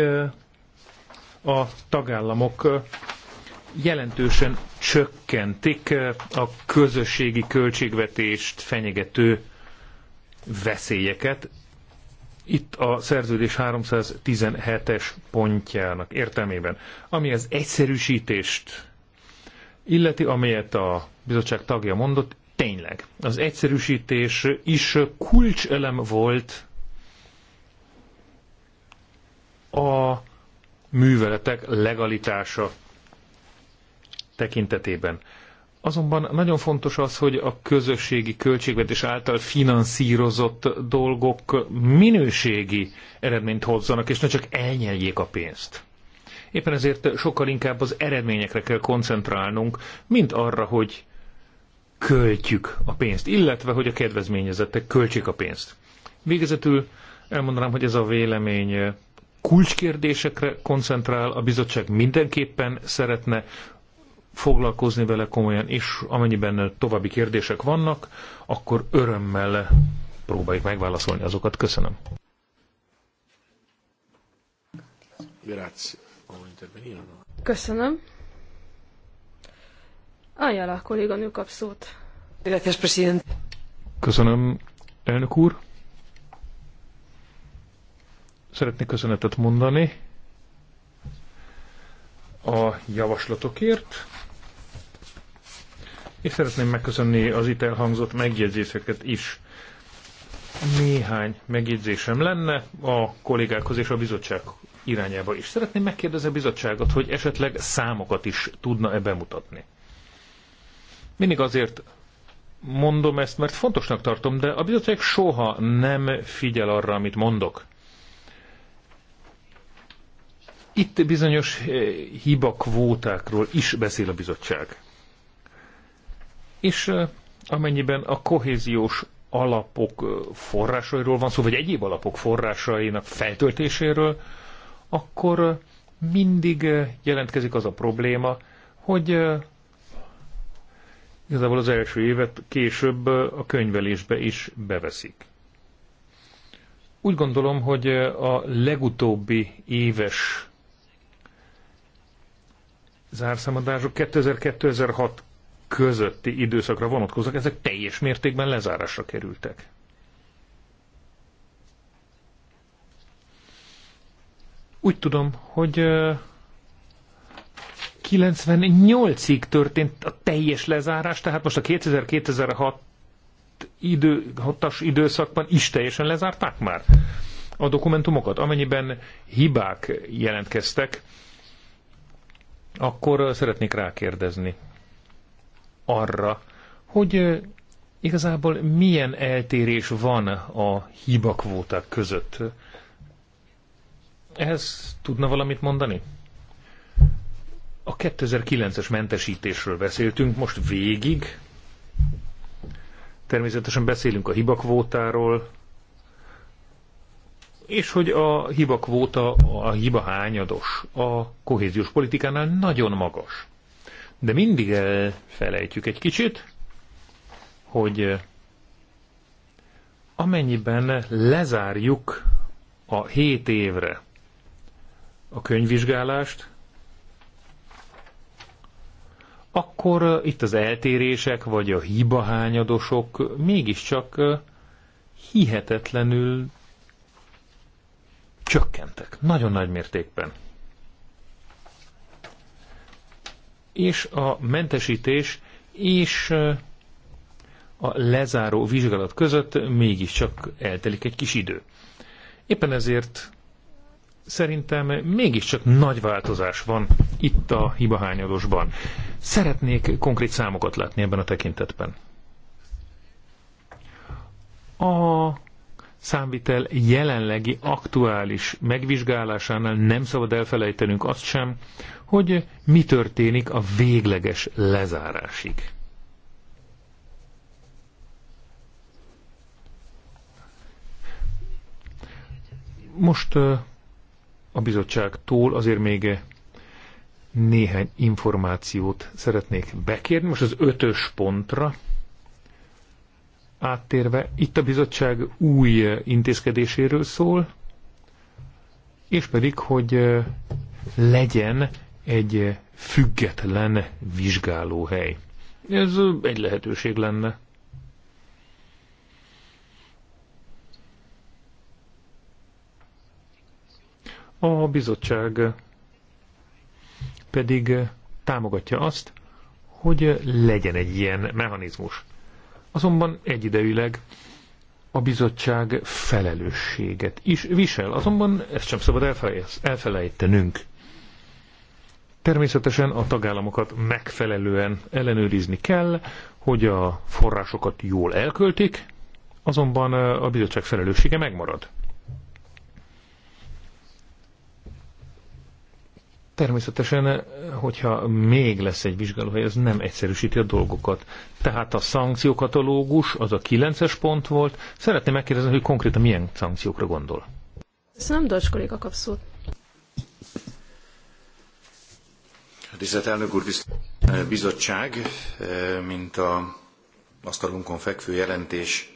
a tagállamok jelentősen csökkentik a közösségi költségvetést fenyegető veszélyeket. Itt a szerződés 317-es pontjának értelmében, ami az egyszerűsítést illeti, amelyet a bizottság tagja mondott, tényleg. Az egyszerűsítés is kulcselem volt a műveletek legalitása tekintetében. Azonban nagyon fontos az, hogy a közösségi költségvetés által finanszírozott dolgok minőségi eredményt hozzanak, és ne csak elnyeljék a pénzt. Éppen ezért sokkal inkább az eredményekre kell koncentrálnunk, mint arra, hogy költjük a pénzt, illetve hogy a kedvezményezettek költsék a pénzt. Végezetül elmondanám, hogy ez a vélemény kulcskérdésekre koncentrál, a bizottság mindenképpen szeretne foglalkozni vele komolyan, és amennyiben további kérdések vannak, akkor örömmel próbáljuk megválaszolni azokat. Köszönöm. Köszönöm. Ajánl a kolléganő kap szót. Köszönöm, elnök úr. Szeretnék köszönetet mondani a javaslatokért, és szeretném megköszönni az itt elhangzott megjegyzéseket is. Néhány megjegyzésem lenne a kollégákhoz és a bizottság irányába is. Szeretném megkérdezni a bizottságot, hogy esetleg számokat is tudna-e bemutatni. Mindig azért mondom ezt, mert fontosnak tartom, de a bizottság soha nem figyel arra, amit mondok. Itt bizonyos eh, hibakvótákról is beszél a bizottság. És eh, amennyiben a kohéziós alapok eh, forrásairól van szó, vagy egyéb alapok forrásainak feltöltéséről, akkor mindig jelentkezik az a probléma, hogy igazából az első évet később a könyvelésbe is beveszik. Úgy gondolom, hogy a legutóbbi éves zárszámadások 2000 2006 közötti időszakra vonatkoznak, ezek teljes mértékben lezárásra kerültek. Úgy tudom, hogy 98-ig történt a teljes lezárás, tehát most a 2000-2006 idő, időszakban is teljesen lezárták már a dokumentumokat. Amennyiben hibák jelentkeztek, akkor szeretnék rákérdezni arra, hogy igazából milyen eltérés van a hibakvóták között. Ehhez tudna valamit mondani? A 2009-es mentesítésről beszéltünk most végig. Természetesen beszélünk a hibakvótáról, és hogy a hiba kvóta, a hiba hányados a kohéziós politikánál nagyon magas. De mindig elfelejtjük egy kicsit, hogy eh, amennyiben lezárjuk a 7 évre a könyvvizsgálást, akkor eh, itt az eltérések vagy a hibahányadosok mégiscsak eh, hihetetlenül csökkentek, nagyon nagy mértékben. És a mentesítés és a lezáró vizsgálat között mégiscsak eltelik egy kis idő. Éppen ezért szerintem mégiscsak nagy változás van itt a hibahányadosban. Szeretnék konkrét számokat látni ebben a tekintetben. A számvitel jelenlegi aktuális megvizsgálásánál nem szabad elfelejtenünk azt sem, hogy mi történik a végleges lezárásig. Most a bizottságtól azért még néhány információt szeretnék bekérni. Most az ötös pontra áttérve, itt a bizottság új intézkedéséről szól, és pedig, hogy legyen egy független vizsgálóhely. Ez egy lehetőség lenne. A bizottság pedig támogatja azt, hogy legyen egy ilyen mechanizmus azonban egyidejűleg a bizottság felelősséget is visel, azonban ezt sem szabad elfelejtenünk. Természetesen a tagállamokat megfelelően ellenőrizni kell, hogy a forrásokat jól elköltik, azonban a bizottság felelőssége megmarad. Természetesen, hogyha még lesz egy vizsgálóhely, ez nem egyszerűsíti a dolgokat. Tehát a szankciókatalógus, az a 9-es pont volt. Szeretném megkérdezni, hogy konkrétan milyen szankciókra gondol. Köszönöm, Dolcs kolléga kap szót. Tisztelt elnök úr, bizottság, mint a asztalunkon fekvő jelentés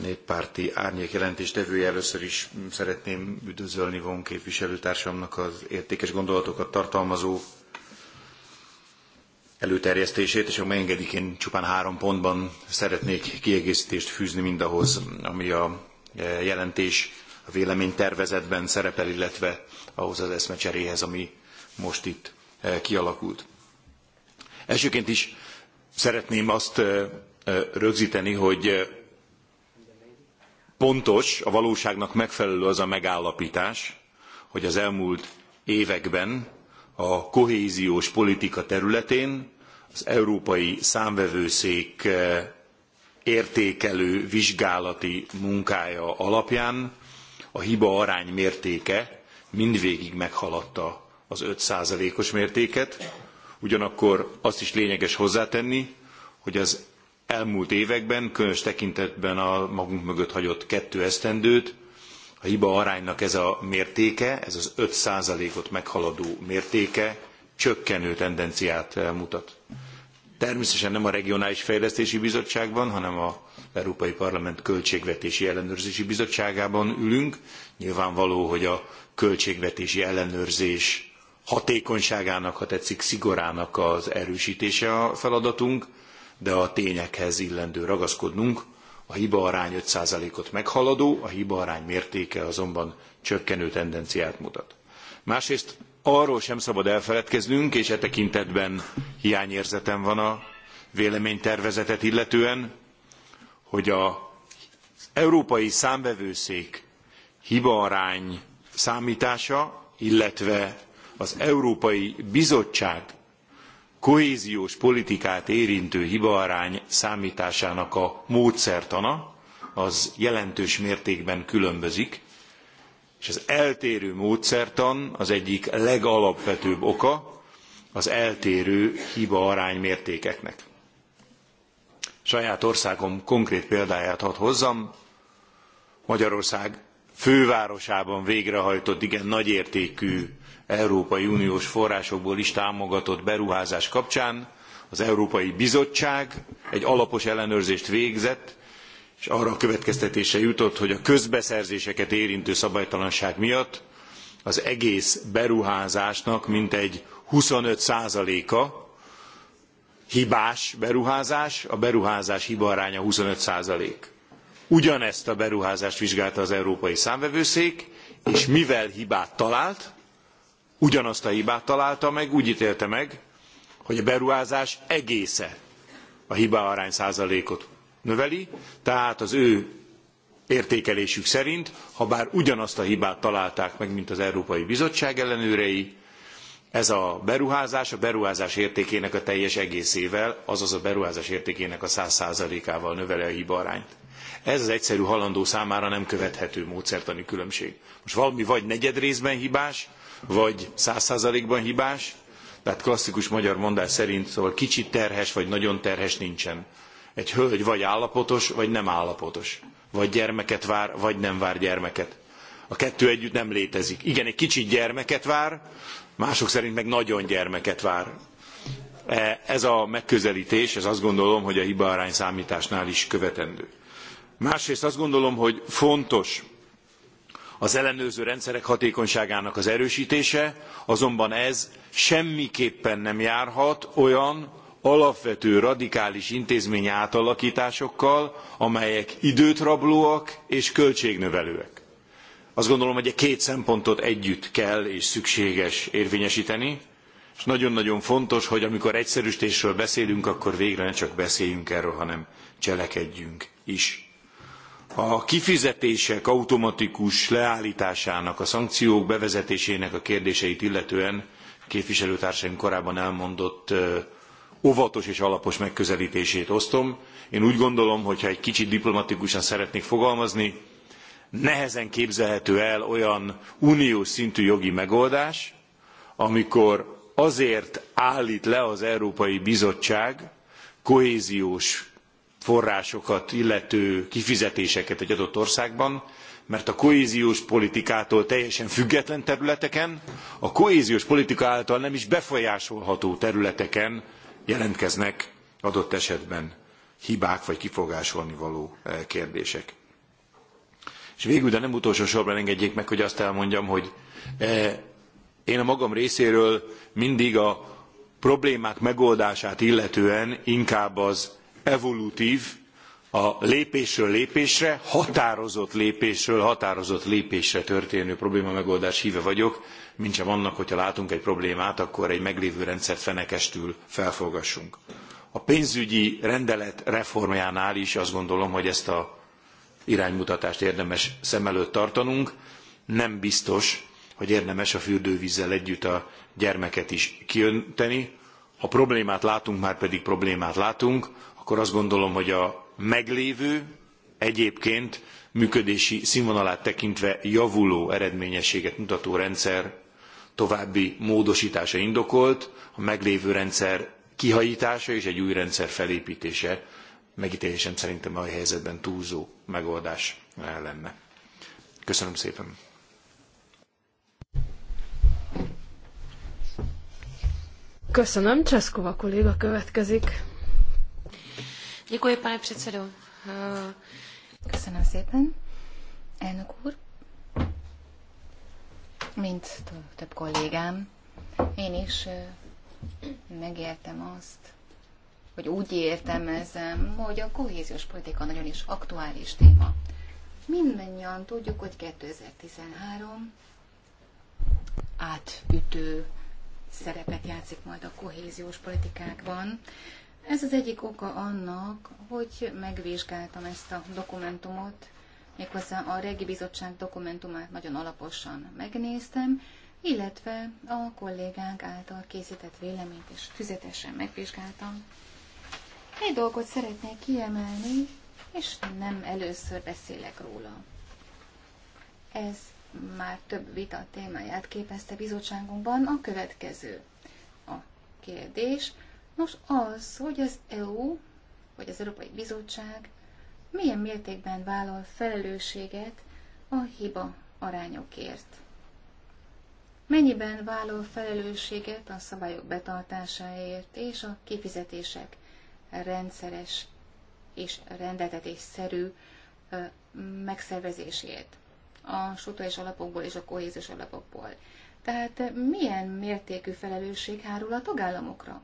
néppárti árnyék jelentéstevője. Először is szeretném üdvözölni von képviselőtársamnak az értékes gondolatokat tartalmazó előterjesztését, és ha megengedik, én csupán három pontban szeretnék kiegészítést fűzni mindahhoz, ami a jelentés a véleménytervezetben szerepel, illetve ahhoz az eszmecseréhez, ami most itt e, kialakult. Elsőként is szeretném azt e, e, rögzíteni, hogy Pontos, a valóságnak megfelelő az a megállapítás, hogy az elmúlt években a kohéziós politika területén az Európai Számvevőszék eh, értékelő vizsgálati munkája alapján a hiba arány mértéke mindvégig meghaladta az 5%-os mértéket. Ugyanakkor azt is lényeges hozzátenni, hogy az elmúlt években, különös tekintetben a magunk mögött hagyott kettő esztendőt, a hiba aránynak ez a mértéke, ez az 5%-ot meghaladó mértéke csökkenő tendenciát mutat. Természetesen nem a Regionális Fejlesztési Bizottságban, hanem az Európai Parlament Költségvetési Ellenőrzési Bizottságában ülünk. Nyilvánvaló, hogy a költségvetési ellenőrzés hatékonyságának, ha tetszik, szigorának az erősítése a feladatunk, de a tényekhez illendő ragaszkodnunk. A hiba arány 5%-ot meghaladó, a hiba arány mértéke azonban csökkenő tendenciát mutat. Másrészt arról sem szabad elfeledkeznünk, és e tekintetben hiányérzetem van a véleménytervezetet illetően, hogy az Európai Számvevőszék hibaarány számítása, illetve az Európai Bizottság kohéziós politikát érintő hibaarány számításának a módszertana az jelentős mértékben különbözik, és az eltérő módszertan az egyik legalapvetőbb oka az eltérő hibaarány mértékeknek. Saját országom konkrét példáját hadd hozzam. Magyarország fővárosában végrehajtott igen nagyértékű Európai Uniós forrásokból is támogatott beruházás kapcsán az Európai Bizottság egy alapos ellenőrzést végzett, és arra a következtetése jutott, hogy a közbeszerzéseket érintő szabálytalanság miatt az egész beruházásnak mintegy 25%-a hibás beruházás, a beruházás hibaaránya 25%. Ugyanezt a beruházást vizsgálta az Európai Számvevőszék, és mivel hibát talált, ugyanazt a hibát találta meg, úgy ítélte meg, hogy a beruházás egésze a hibaarány százalékot növeli, tehát az ő értékelésük szerint, ha bár ugyanazt a hibát találták meg, mint az Európai Bizottság ellenőrei, ez a beruházás a beruházás értékének a teljes egészével, azaz a beruházás értékének a 100 százalékával növeli a hibaarányt. Ez az egyszerű halandó számára nem követhető módszertani különbség. Most valami vagy negyed részben hibás, vagy száz százalékban hibás, tehát klasszikus magyar mondás szerint, szóval kicsit terhes vagy nagyon terhes nincsen. Egy hölgy vagy állapotos, vagy nem állapotos. Vagy gyermeket vár, vagy nem vár gyermeket. A kettő együtt nem létezik. Igen, egy kicsit gyermeket vár, mások szerint meg nagyon gyermeket vár. E, ez a megközelítés, ez azt gondolom, hogy a hibaarány számításnál is követendő. Másrészt azt gondolom, hogy fontos az ellenőrző rendszerek hatékonyságának az erősítése, azonban ez semmiképpen nem járhat olyan alapvető radikális intézmény átalakításokkal, amelyek időt rablóak és költségnövelőek. Azt gondolom, hogy a e két szempontot együtt kell és szükséges érvényesíteni, és nagyon-nagyon fontos, hogy amikor egyszerűsítésről beszélünk, akkor végre ne csak beszéljünk erről, hanem cselekedjünk is. A kifizetések automatikus leállításának, a szankciók bevezetésének a kérdéseit illetően képviselőtársaim korábban elmondott óvatos és alapos megközelítését osztom. Én úgy gondolom, hogy ha egy kicsit diplomatikusan szeretnék fogalmazni, nehezen képzelhető el olyan uniós szintű jogi megoldás, amikor azért állít le az Európai Bizottság kohéziós forrásokat illető kifizetéseket egy adott országban, mert a kohéziós politikától teljesen független területeken, a kohéziós politika által nem is befolyásolható területeken jelentkeznek adott esetben hibák vagy kifogásolni való eh, kérdések. És végül, de nem utolsó sorban engedjék meg, hogy azt elmondjam, hogy eh, én a magam részéről mindig a problémák megoldását illetően inkább az evolutv a lépésről lépésre, határozott lépésről határozott lépésre történő probléma megoldás híve vagyok, mintsem annak, hogyha látunk egy problémát, akkor egy meglévő rendszert fenekestül felfogassunk. A pénzügyi rendelet reformjánál is azt gondolom, hogy ezt a iránymutatást érdemes szem előtt tartanunk. Nem biztos, hogy érdemes a fürdővízzel együtt a gyermeket is kiönteni. Ha problémát látunk, már pedig problémát látunk, akkor azt gondolom, hogy a meglévő egyébként működési színvonalát tekintve javuló eredményességet mutató rendszer további módosítása indokolt, a meglévő rendszer kihajítása és egy új rendszer felépítése megítélésem szerintem a helyzetben túlzó megoldás lenne. Köszönöm szépen! Köszönöm, Cseszkova kolléga következik. Děkuji, pane předsedo. Köszönöm szépen. Elnök úr, mint több kollégám, én is megértem azt, hogy úgy értelmezem, hogy a kohéziós politika nagyon is aktuális téma. Mindennyian tudjuk, hogy 2013 átütő szerepet játszik majd a kohéziós politikákban. Ez az egyik oka annak, hogy megvizsgáltam ezt a dokumentumot, méghozzá a Regi Bizottság dokumentumát nagyon alaposan megnéztem, illetve a kollégánk által készített véleményt is tüzetesen megvizsgáltam. Egy dolgot szeretnék kiemelni, és nem először beszélek róla. Ez már több vita témáját képezte bizottságunkban a következő. A kérdés, Nos, az, hogy az EU, vagy az Európai Bizottság milyen mértékben vállal felelősséget a hiba arányokért. Mennyiben vállal felelősséget a szabályok betartásáért és a kifizetések rendszeres és rendeltetésszerű megszervezésért a struktúrális alapokból és a kohéziós alapokból. Tehát milyen mértékű felelősség hárul a tagállamokra?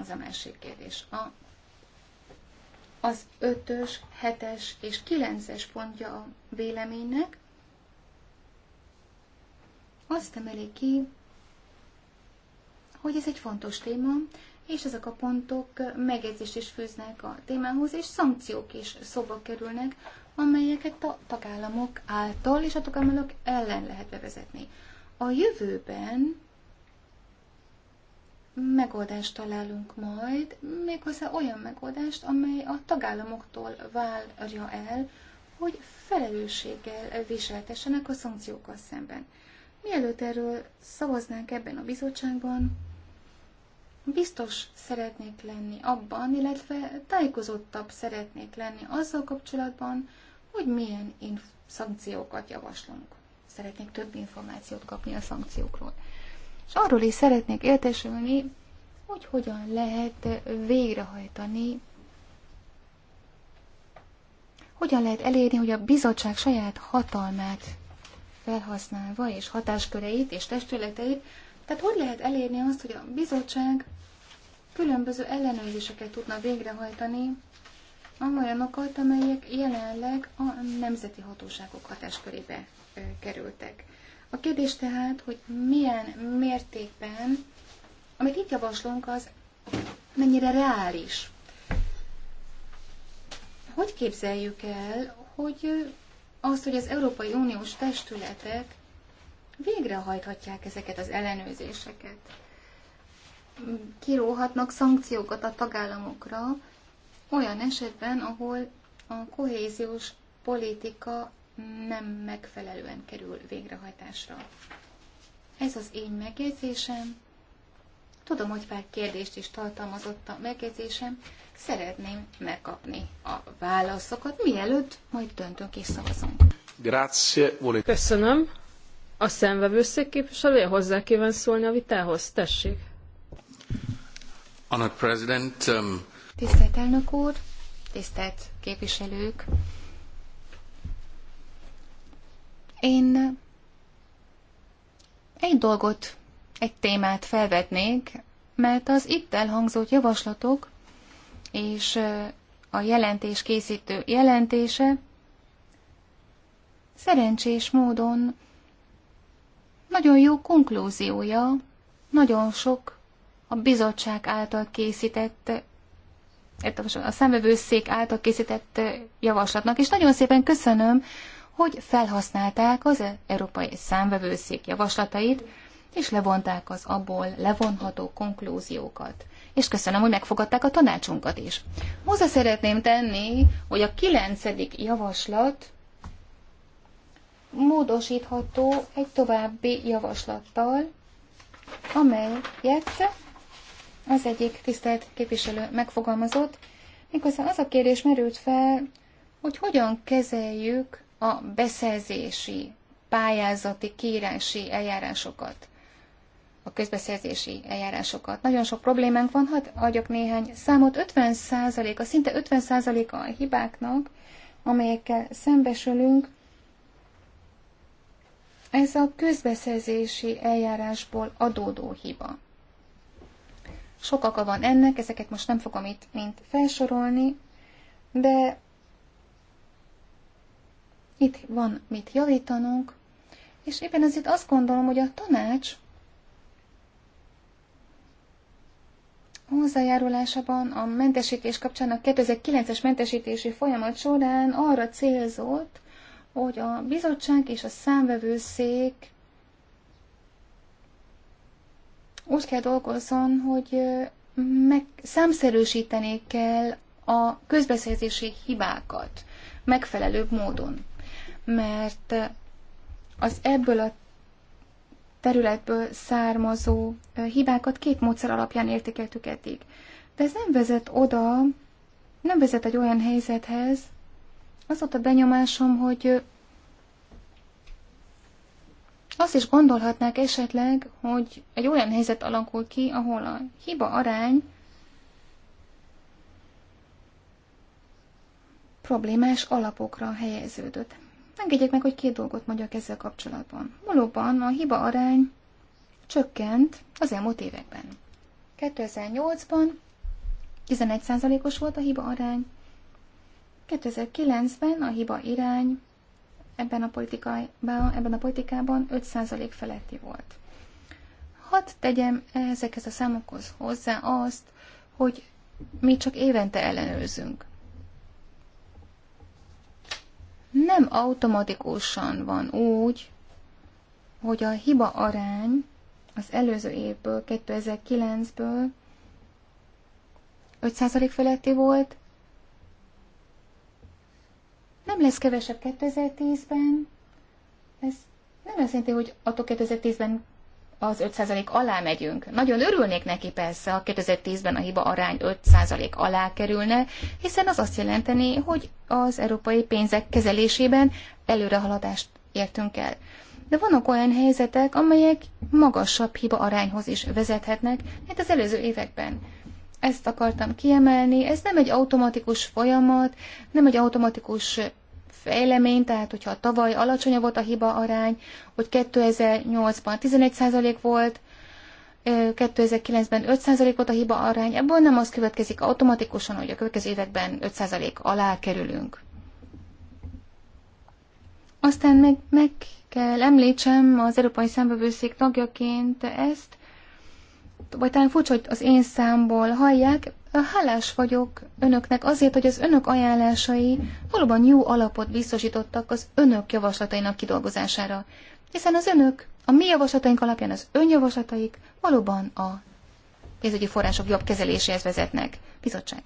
az a másik kérdés. A, az ötös, hetes és kilences pontja a véleménynek azt emeli ki, hogy ez egy fontos téma, és ezek a pontok megjegyzést is fűznek a témához, és szankciók is szóba kerülnek, amelyeket a tagállamok által és a tagállamok ellen lehet bevezetni. A jövőben megoldást találunk majd, méghozzá olyan megoldást, amely a tagállamoktól várja el, hogy felelősséggel viseltessenek a szankciókkal szemben. Mielőtt erről szavaznánk ebben a bizottságban, biztos szeretnék lenni abban, illetve tájékozottabb szeretnék lenni azzal kapcsolatban, hogy milyen szankciókat javaslunk. Szeretnék több információt kapni a szankciókról és arról is szeretnék értesülni, hogy hogyan lehet végrehajtani, hogyan lehet elérni, hogy a bizottság saját hatalmát felhasználva, és hatásköreit, és testületeit, tehát hogy lehet elérni azt, hogy a bizottság különböző ellenőrzéseket tudna végrehajtani, olyanokat, amelyek jelenleg a nemzeti hatóságok hatáskörébe kerültek. A kérdés tehát, hogy milyen mértékben, amit itt javaslunk, az mennyire reális. Hogy képzeljük el, hogy azt, hogy az Európai Uniós testületek végrehajthatják ezeket az ellenőrzéseket? Kiróhatnak szankciókat a tagállamokra olyan esetben, ahol a kohéziós politika nem megfelelően kerül végrehajtásra. Ez az én megjegyzésem. Tudom, hogy pár kérdést is tartalmazott a megjegyzésem. Szeretném megkapni a válaszokat, mielőtt majd döntünk és szavazunk. Köszönöm. A szemvevőszék képviselője hozzá kíván szólni a vitához. Tessék. Um, tisztelt elnök úr, tisztelt képviselők, én egy dolgot, egy témát felvetnék, mert az itt elhangzott javaslatok és a jelentés készítő jelentése szerencsés módon nagyon jó konklúziója, nagyon sok a bizottság által készített, a szemövőszék által készített javaslatnak, és nagyon szépen köszönöm hogy felhasználták az Európai Számvevőszék javaslatait, és levonták az abból levonható konklúziókat. És köszönöm, hogy megfogadták a tanácsunkat is. Hozzá szeretném tenni, hogy a kilencedik javaslat módosítható egy további javaslattal, amelyet az egyik tisztelt képviselő megfogalmazott, méghozzá az a kérdés merült fel, hogy hogyan kezeljük a beszerzési, pályázati, kérési eljárásokat, a közbeszerzési eljárásokat. Nagyon sok problémánk van, hadd adjak néhány számot. 50%-a, szinte 50%-a a hibáknak, amelyekkel szembesülünk, ez a közbeszerzési eljárásból adódó hiba. Sok oka van ennek, ezeket most nem fogom itt mint felsorolni, de itt van mit javítanunk, és éppen ezért azt gondolom, hogy a tanács hozzájárulásában a mentesítés kapcsán a 2009-es mentesítési folyamat során arra célzott, hogy a bizottság és a számvevőszék úgy kell dolgozzon, hogy meg számszerűsíteni kell a közbeszerzési hibákat megfelelőbb módon mert az ebből a területből származó hibákat két módszer alapján értékeltük eddig. De ez nem vezet oda, nem vezet egy olyan helyzethez, az ott a benyomásom, hogy azt is gondolhatnák esetleg, hogy egy olyan helyzet alakul ki, ahol a hiba arány problémás alapokra helyeződött. Engedjék meg, hogy két dolgot mondjak ezzel kapcsolatban. Valóban a hiba arány csökkent az elmúlt években. 2008-ban 11%-os volt a hiba arány, 2009-ben a hiba irány ebben a, politikában, ebben a politikában 5% feletti volt. Hadd tegyem ezekhez a számokhoz hozzá azt, hogy mi csak évente ellenőrzünk nem automatikusan van úgy, hogy a hiba arány az előző évből, 2009-ből 5% feletti volt, nem lesz kevesebb 2010-ben, ez nem azt jelenti, hogy attól 2010-ben az 5% alá megyünk. Nagyon örülnék neki persze, ha 2010-ben a hiba arány 5% alá kerülne, hiszen az azt jelenteni, hogy az európai pénzek kezelésében előrehaladást értünk el. De vannak olyan helyzetek, amelyek magasabb hiba arányhoz is vezethetnek, mint az előző években. Ezt akartam kiemelni, ez nem egy automatikus folyamat, nem egy automatikus fejlemény, tehát hogyha tavaly alacsonyabb volt a hiba arány, hogy 2008-ban 11% volt, 2009-ben 5% volt a hiba arány, ebből nem az következik automatikusan, hogy a következő években 5% alá kerülünk. Aztán meg, meg kell említsem az Európai Számbevőszék tagjaként ezt, vagy talán furcsa, hogy az én számból hallják, Hálás vagyok önöknek azért, hogy az önök ajánlásai valóban jó alapot biztosítottak az önök javaslatainak kidolgozására, hiszen az önök, a mi javaslataink alapján az önjavaslataik valóban a pénzügyi források jobb kezeléséhez vezetnek. Bizottság.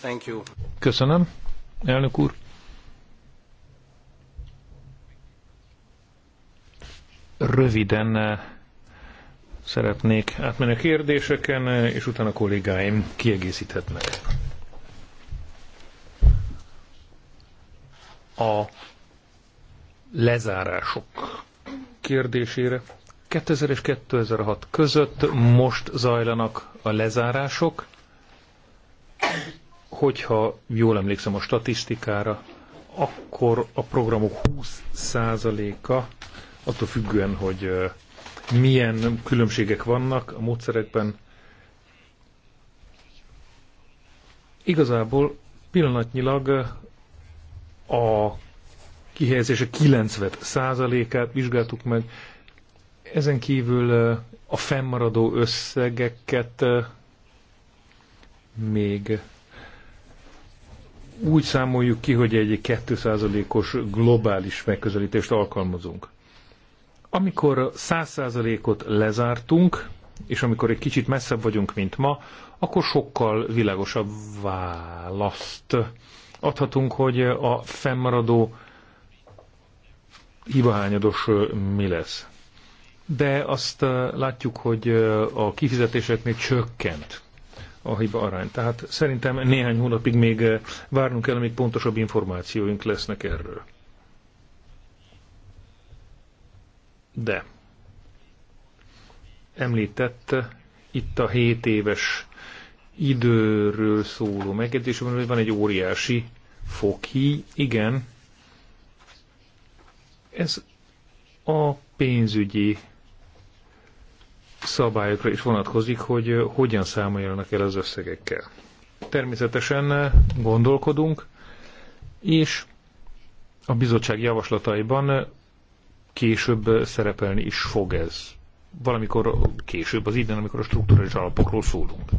Thank you. Köszönöm, elnök úr. Röviden szeretnék átmenni a kérdéseken, és utána a kollégáim kiegészíthetnek. A lezárások kérdésére. 2000 és 2006 között most zajlanak a lezárások. Hogyha jól emlékszem a statisztikára, akkor a programok 20%-a attól függően, hogy milyen különbségek vannak a módszerekben. Igazából pillanatnyilag a kihelyezése 90%-át vizsgáltuk meg, ezen kívül eh, a fennmaradó összegeket eh, még úgy számoljuk ki, hogy egy 2%-os globális megközelítést alkalmazunk. Amikor 100 százalékot lezártunk, és amikor egy kicsit messzebb vagyunk, mint ma, akkor sokkal világosabb választ adhatunk, hogy a fennmaradó hibahányados mi lesz. De azt látjuk, hogy a kifizetéseknél csökkent a hiba arány. Tehát szerintem néhány hónapig még várnunk kell, amíg pontosabb információink lesznek erről. de említette itt a 7 éves időről szóló megjegyzésben, hogy van egy óriási foki, Igen, ez a pénzügyi szabályokra is vonatkozik, hogy hogyan számoljanak el az összegekkel. Természetesen gondolkodunk, és a bizottság javaslataiban később szerepelni is fog ez. Valamikor később az idén, amikor a struktúrális alapokról szólunk.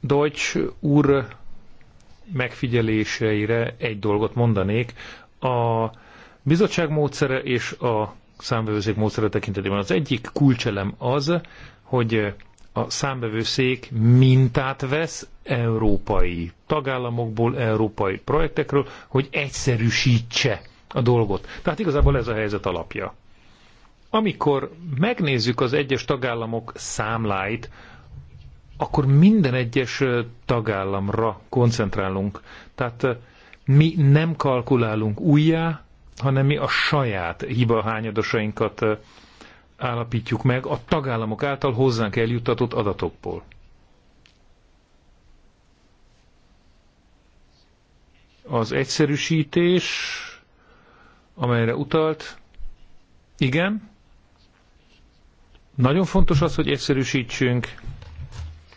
Deutsch úr megfigyeléseire egy dolgot mondanék. A bizottság módszere és a számbevőszék módszere tekintetében az egyik kulcselem az, hogy a számbevőszék mintát vesz európai tagállamokból, európai projektekről, hogy egyszerűsítse a dolgot. Tehát igazából ez a helyzet alapja. Amikor megnézzük az egyes tagállamok számláit, akkor minden egyes tagállamra koncentrálunk. Tehát mi nem kalkulálunk újjá, hanem mi a saját hibahányadosainkat állapítjuk meg a tagállamok által hozzánk eljuttatott adatokból. Az egyszerűsítés amelyre utalt. Igen. Nagyon fontos az, hogy egyszerűsítsünk,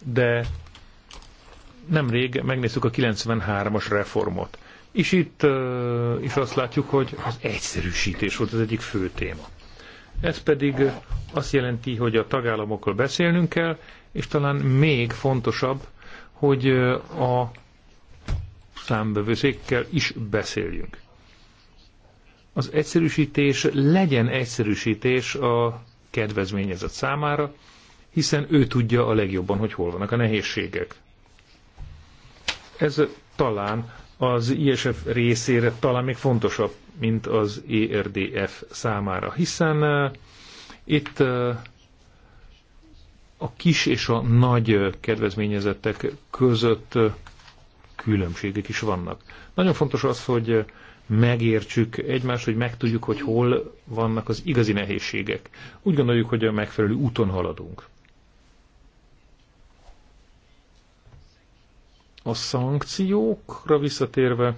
de nemrég megnéztük a 93-as reformot. És itt uh, is azt látjuk, hogy az egyszerűsítés volt az egyik fő téma. Ez pedig azt jelenti, hogy a tagállamokkal beszélnünk kell, és talán még fontosabb, hogy a számbevőszékkel is beszéljünk az egyszerűsítés legyen egyszerűsítés a kedvezményezett számára, hiszen ő tudja a legjobban, hogy hol vannak a nehézségek. Ez talán az ISF részére talán még fontosabb, mint az ERDF számára, hiszen uh, itt uh, a kis és a nagy kedvezményezettek között uh, különbségek is vannak. Nagyon fontos az, hogy uh, megértsük egymást, hogy megtudjuk, hogy hol vannak az igazi nehézségek. Úgy gondoljuk, hogy a megfelelő úton haladunk. A szankciókra visszatérve,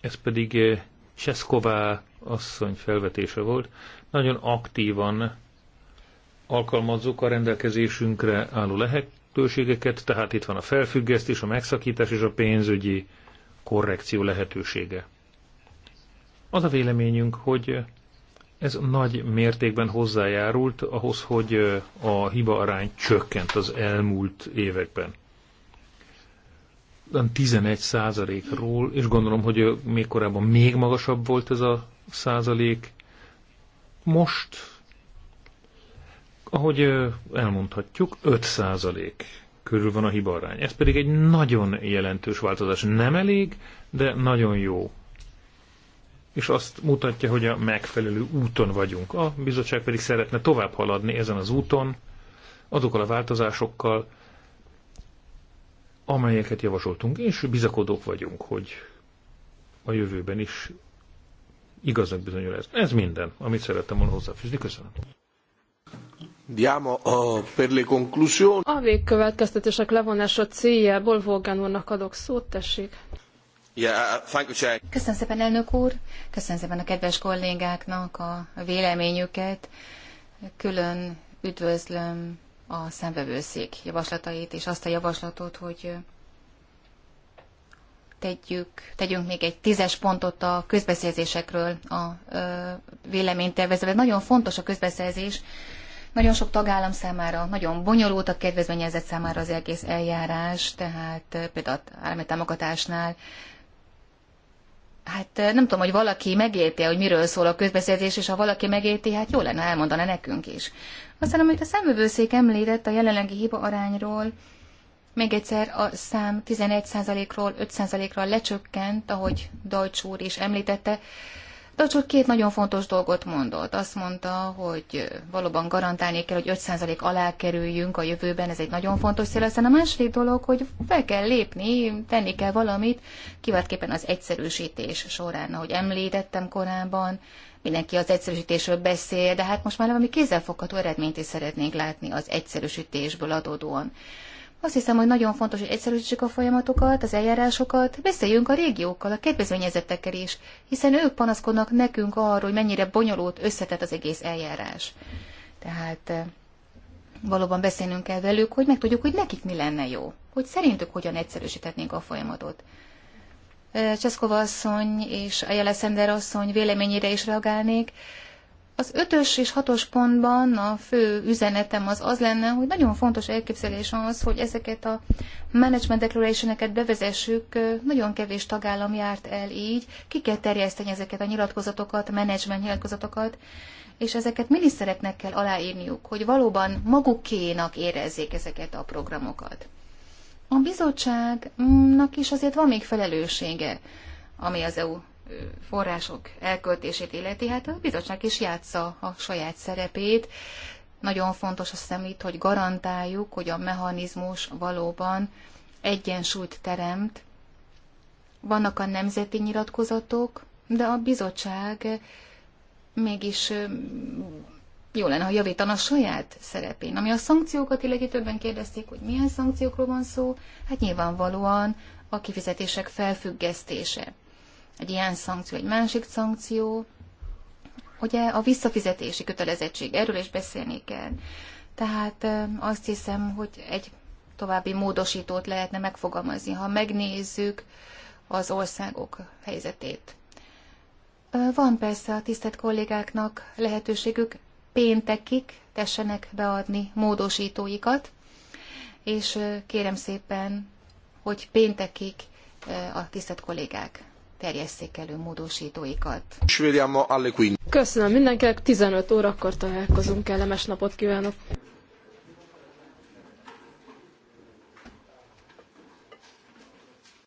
ez pedig Cseszková asszony felvetése volt, nagyon aktívan alkalmazzuk a rendelkezésünkre álló lehet, lehetőségeket, tehát itt van a felfüggesztés, a megszakítás és a pénzügyi korrekció lehetősége. Az a véleményünk, hogy ez nagy mértékben hozzájárult ahhoz, hogy a hiba arány csökkent az elmúlt években. 11 százalékról, és gondolom, hogy még korábban még magasabb volt ez a százalék. Most ahogy elmondhatjuk, 5% körül van a hibarány. Ez pedig egy nagyon jelentős változás. Nem elég, de nagyon jó. És azt mutatja, hogy a megfelelő úton vagyunk. A bizottság pedig szeretne tovább haladni ezen az úton, azokkal a változásokkal, amelyeket javasoltunk, és bizakodók vagyunk, hogy a jövőben is igaznak bizonyul ez. Ez minden, amit szerettem volna hozzáfűzni. Köszönöm. Diamo eh, per le conclusioni. A végkövetkeztetések levonása céljából Volgán úrnak adok szót, tessék. Yeah, uh, thank you, Köszönöm szépen, elnök úr. Köszönöm szépen a kedves kollégáknak a véleményüket. Külön üdvözlöm a szembevőszék javaslatait, és azt a javaslatot, hogy tegyük, tegyünk még egy tízes pontot a közbeszerzésekről a véleménytervezetben. Nagyon fontos a közbeszerzés, nagyon sok tagállam számára nagyon bonyolult a kedvezményezett számára az egész eljárás, tehát eh, például állami támogatásnál Hát eh, nem tudom, hogy valaki megérti, hogy miről szól a közbeszerzés, és ha valaki megérti, hát jó lenne elmondani nekünk is. Aztán, amit a szemövőszék említett a jelenlegi hiba arányról, még egyszer a szám 11%-ról 5%-ra lecsökkent, ahogy Deutsch úr is említette. De csak két nagyon fontos dolgot mondott. Azt mondta, hogy valóban garantálni kell, hogy 5% alá kerüljünk a jövőben, ez egy nagyon fontos cél. Aztán a második dolog, hogy fel kell lépni, tenni kell valamit, kiváltképpen az egyszerűsítés során, ahogy említettem korábban, mindenki az egyszerűsítésről beszél, de hát most már valami kézzelfogható eredményt is szeretnénk látni az egyszerűsítésből adódóan. Azt hiszem, hogy nagyon fontos, hogy egyszerűsítsük a folyamatokat, az eljárásokat, beszéljünk a régiókkal, a kedvezményezettekkel is, hiszen ők panaszkodnak nekünk arról, hogy mennyire bonyolult, összetett az egész eljárás. Tehát eh, valóban beszélnünk kell velük, hogy megtudjuk, hogy nekik mi lenne jó, hogy szerintük hogyan egyszerűsíthetnénk a folyamatot. Eh, Cseszkova asszony és Ajele Szender asszony véleményére is reagálnék. Az ötös és hatos pontban a fő üzenetem az az lenne, hogy nagyon fontos elképzelés az, hogy ezeket a management declarationeket bevezessük, nagyon kevés tagállam járt el így, ki kell terjeszteni ezeket a nyilatkozatokat, management nyilatkozatokat, és ezeket minisztereknek kell aláírniuk, hogy valóban magukénak érezzék ezeket a programokat. A bizottságnak is azért van még felelőssége, ami az EU források elköltését illeti, hát a bizottság is játsza a saját szerepét. Nagyon fontos azt hiszem itt, hogy garantáljuk, hogy a mechanizmus valóban egyensúlyt teremt. Vannak a nemzeti nyilatkozatok, de a bizottság mégis jó lenne, ha javítan a saját szerepén. Ami a szankciókat illeti, többen kérdezték, hogy milyen szankciókról van szó, hát nyilvánvalóan a kifizetések felfüggesztése egy ilyen szankció, egy másik szankció. Ugye a visszafizetési kötelezettség, erről is beszélni kell. Tehát azt hiszem, hogy egy további módosítót lehetne megfogalmazni, ha megnézzük az országok helyzetét. Van persze a tisztelt kollégáknak lehetőségük péntekig tessenek beadni módosítóikat, és kérem szépen, hogy péntekig a tisztelt kollégák terjesszék módosítóikat. Köszönöm mindenkinek, 15 órakor találkozunk, kellemes napot kívánok!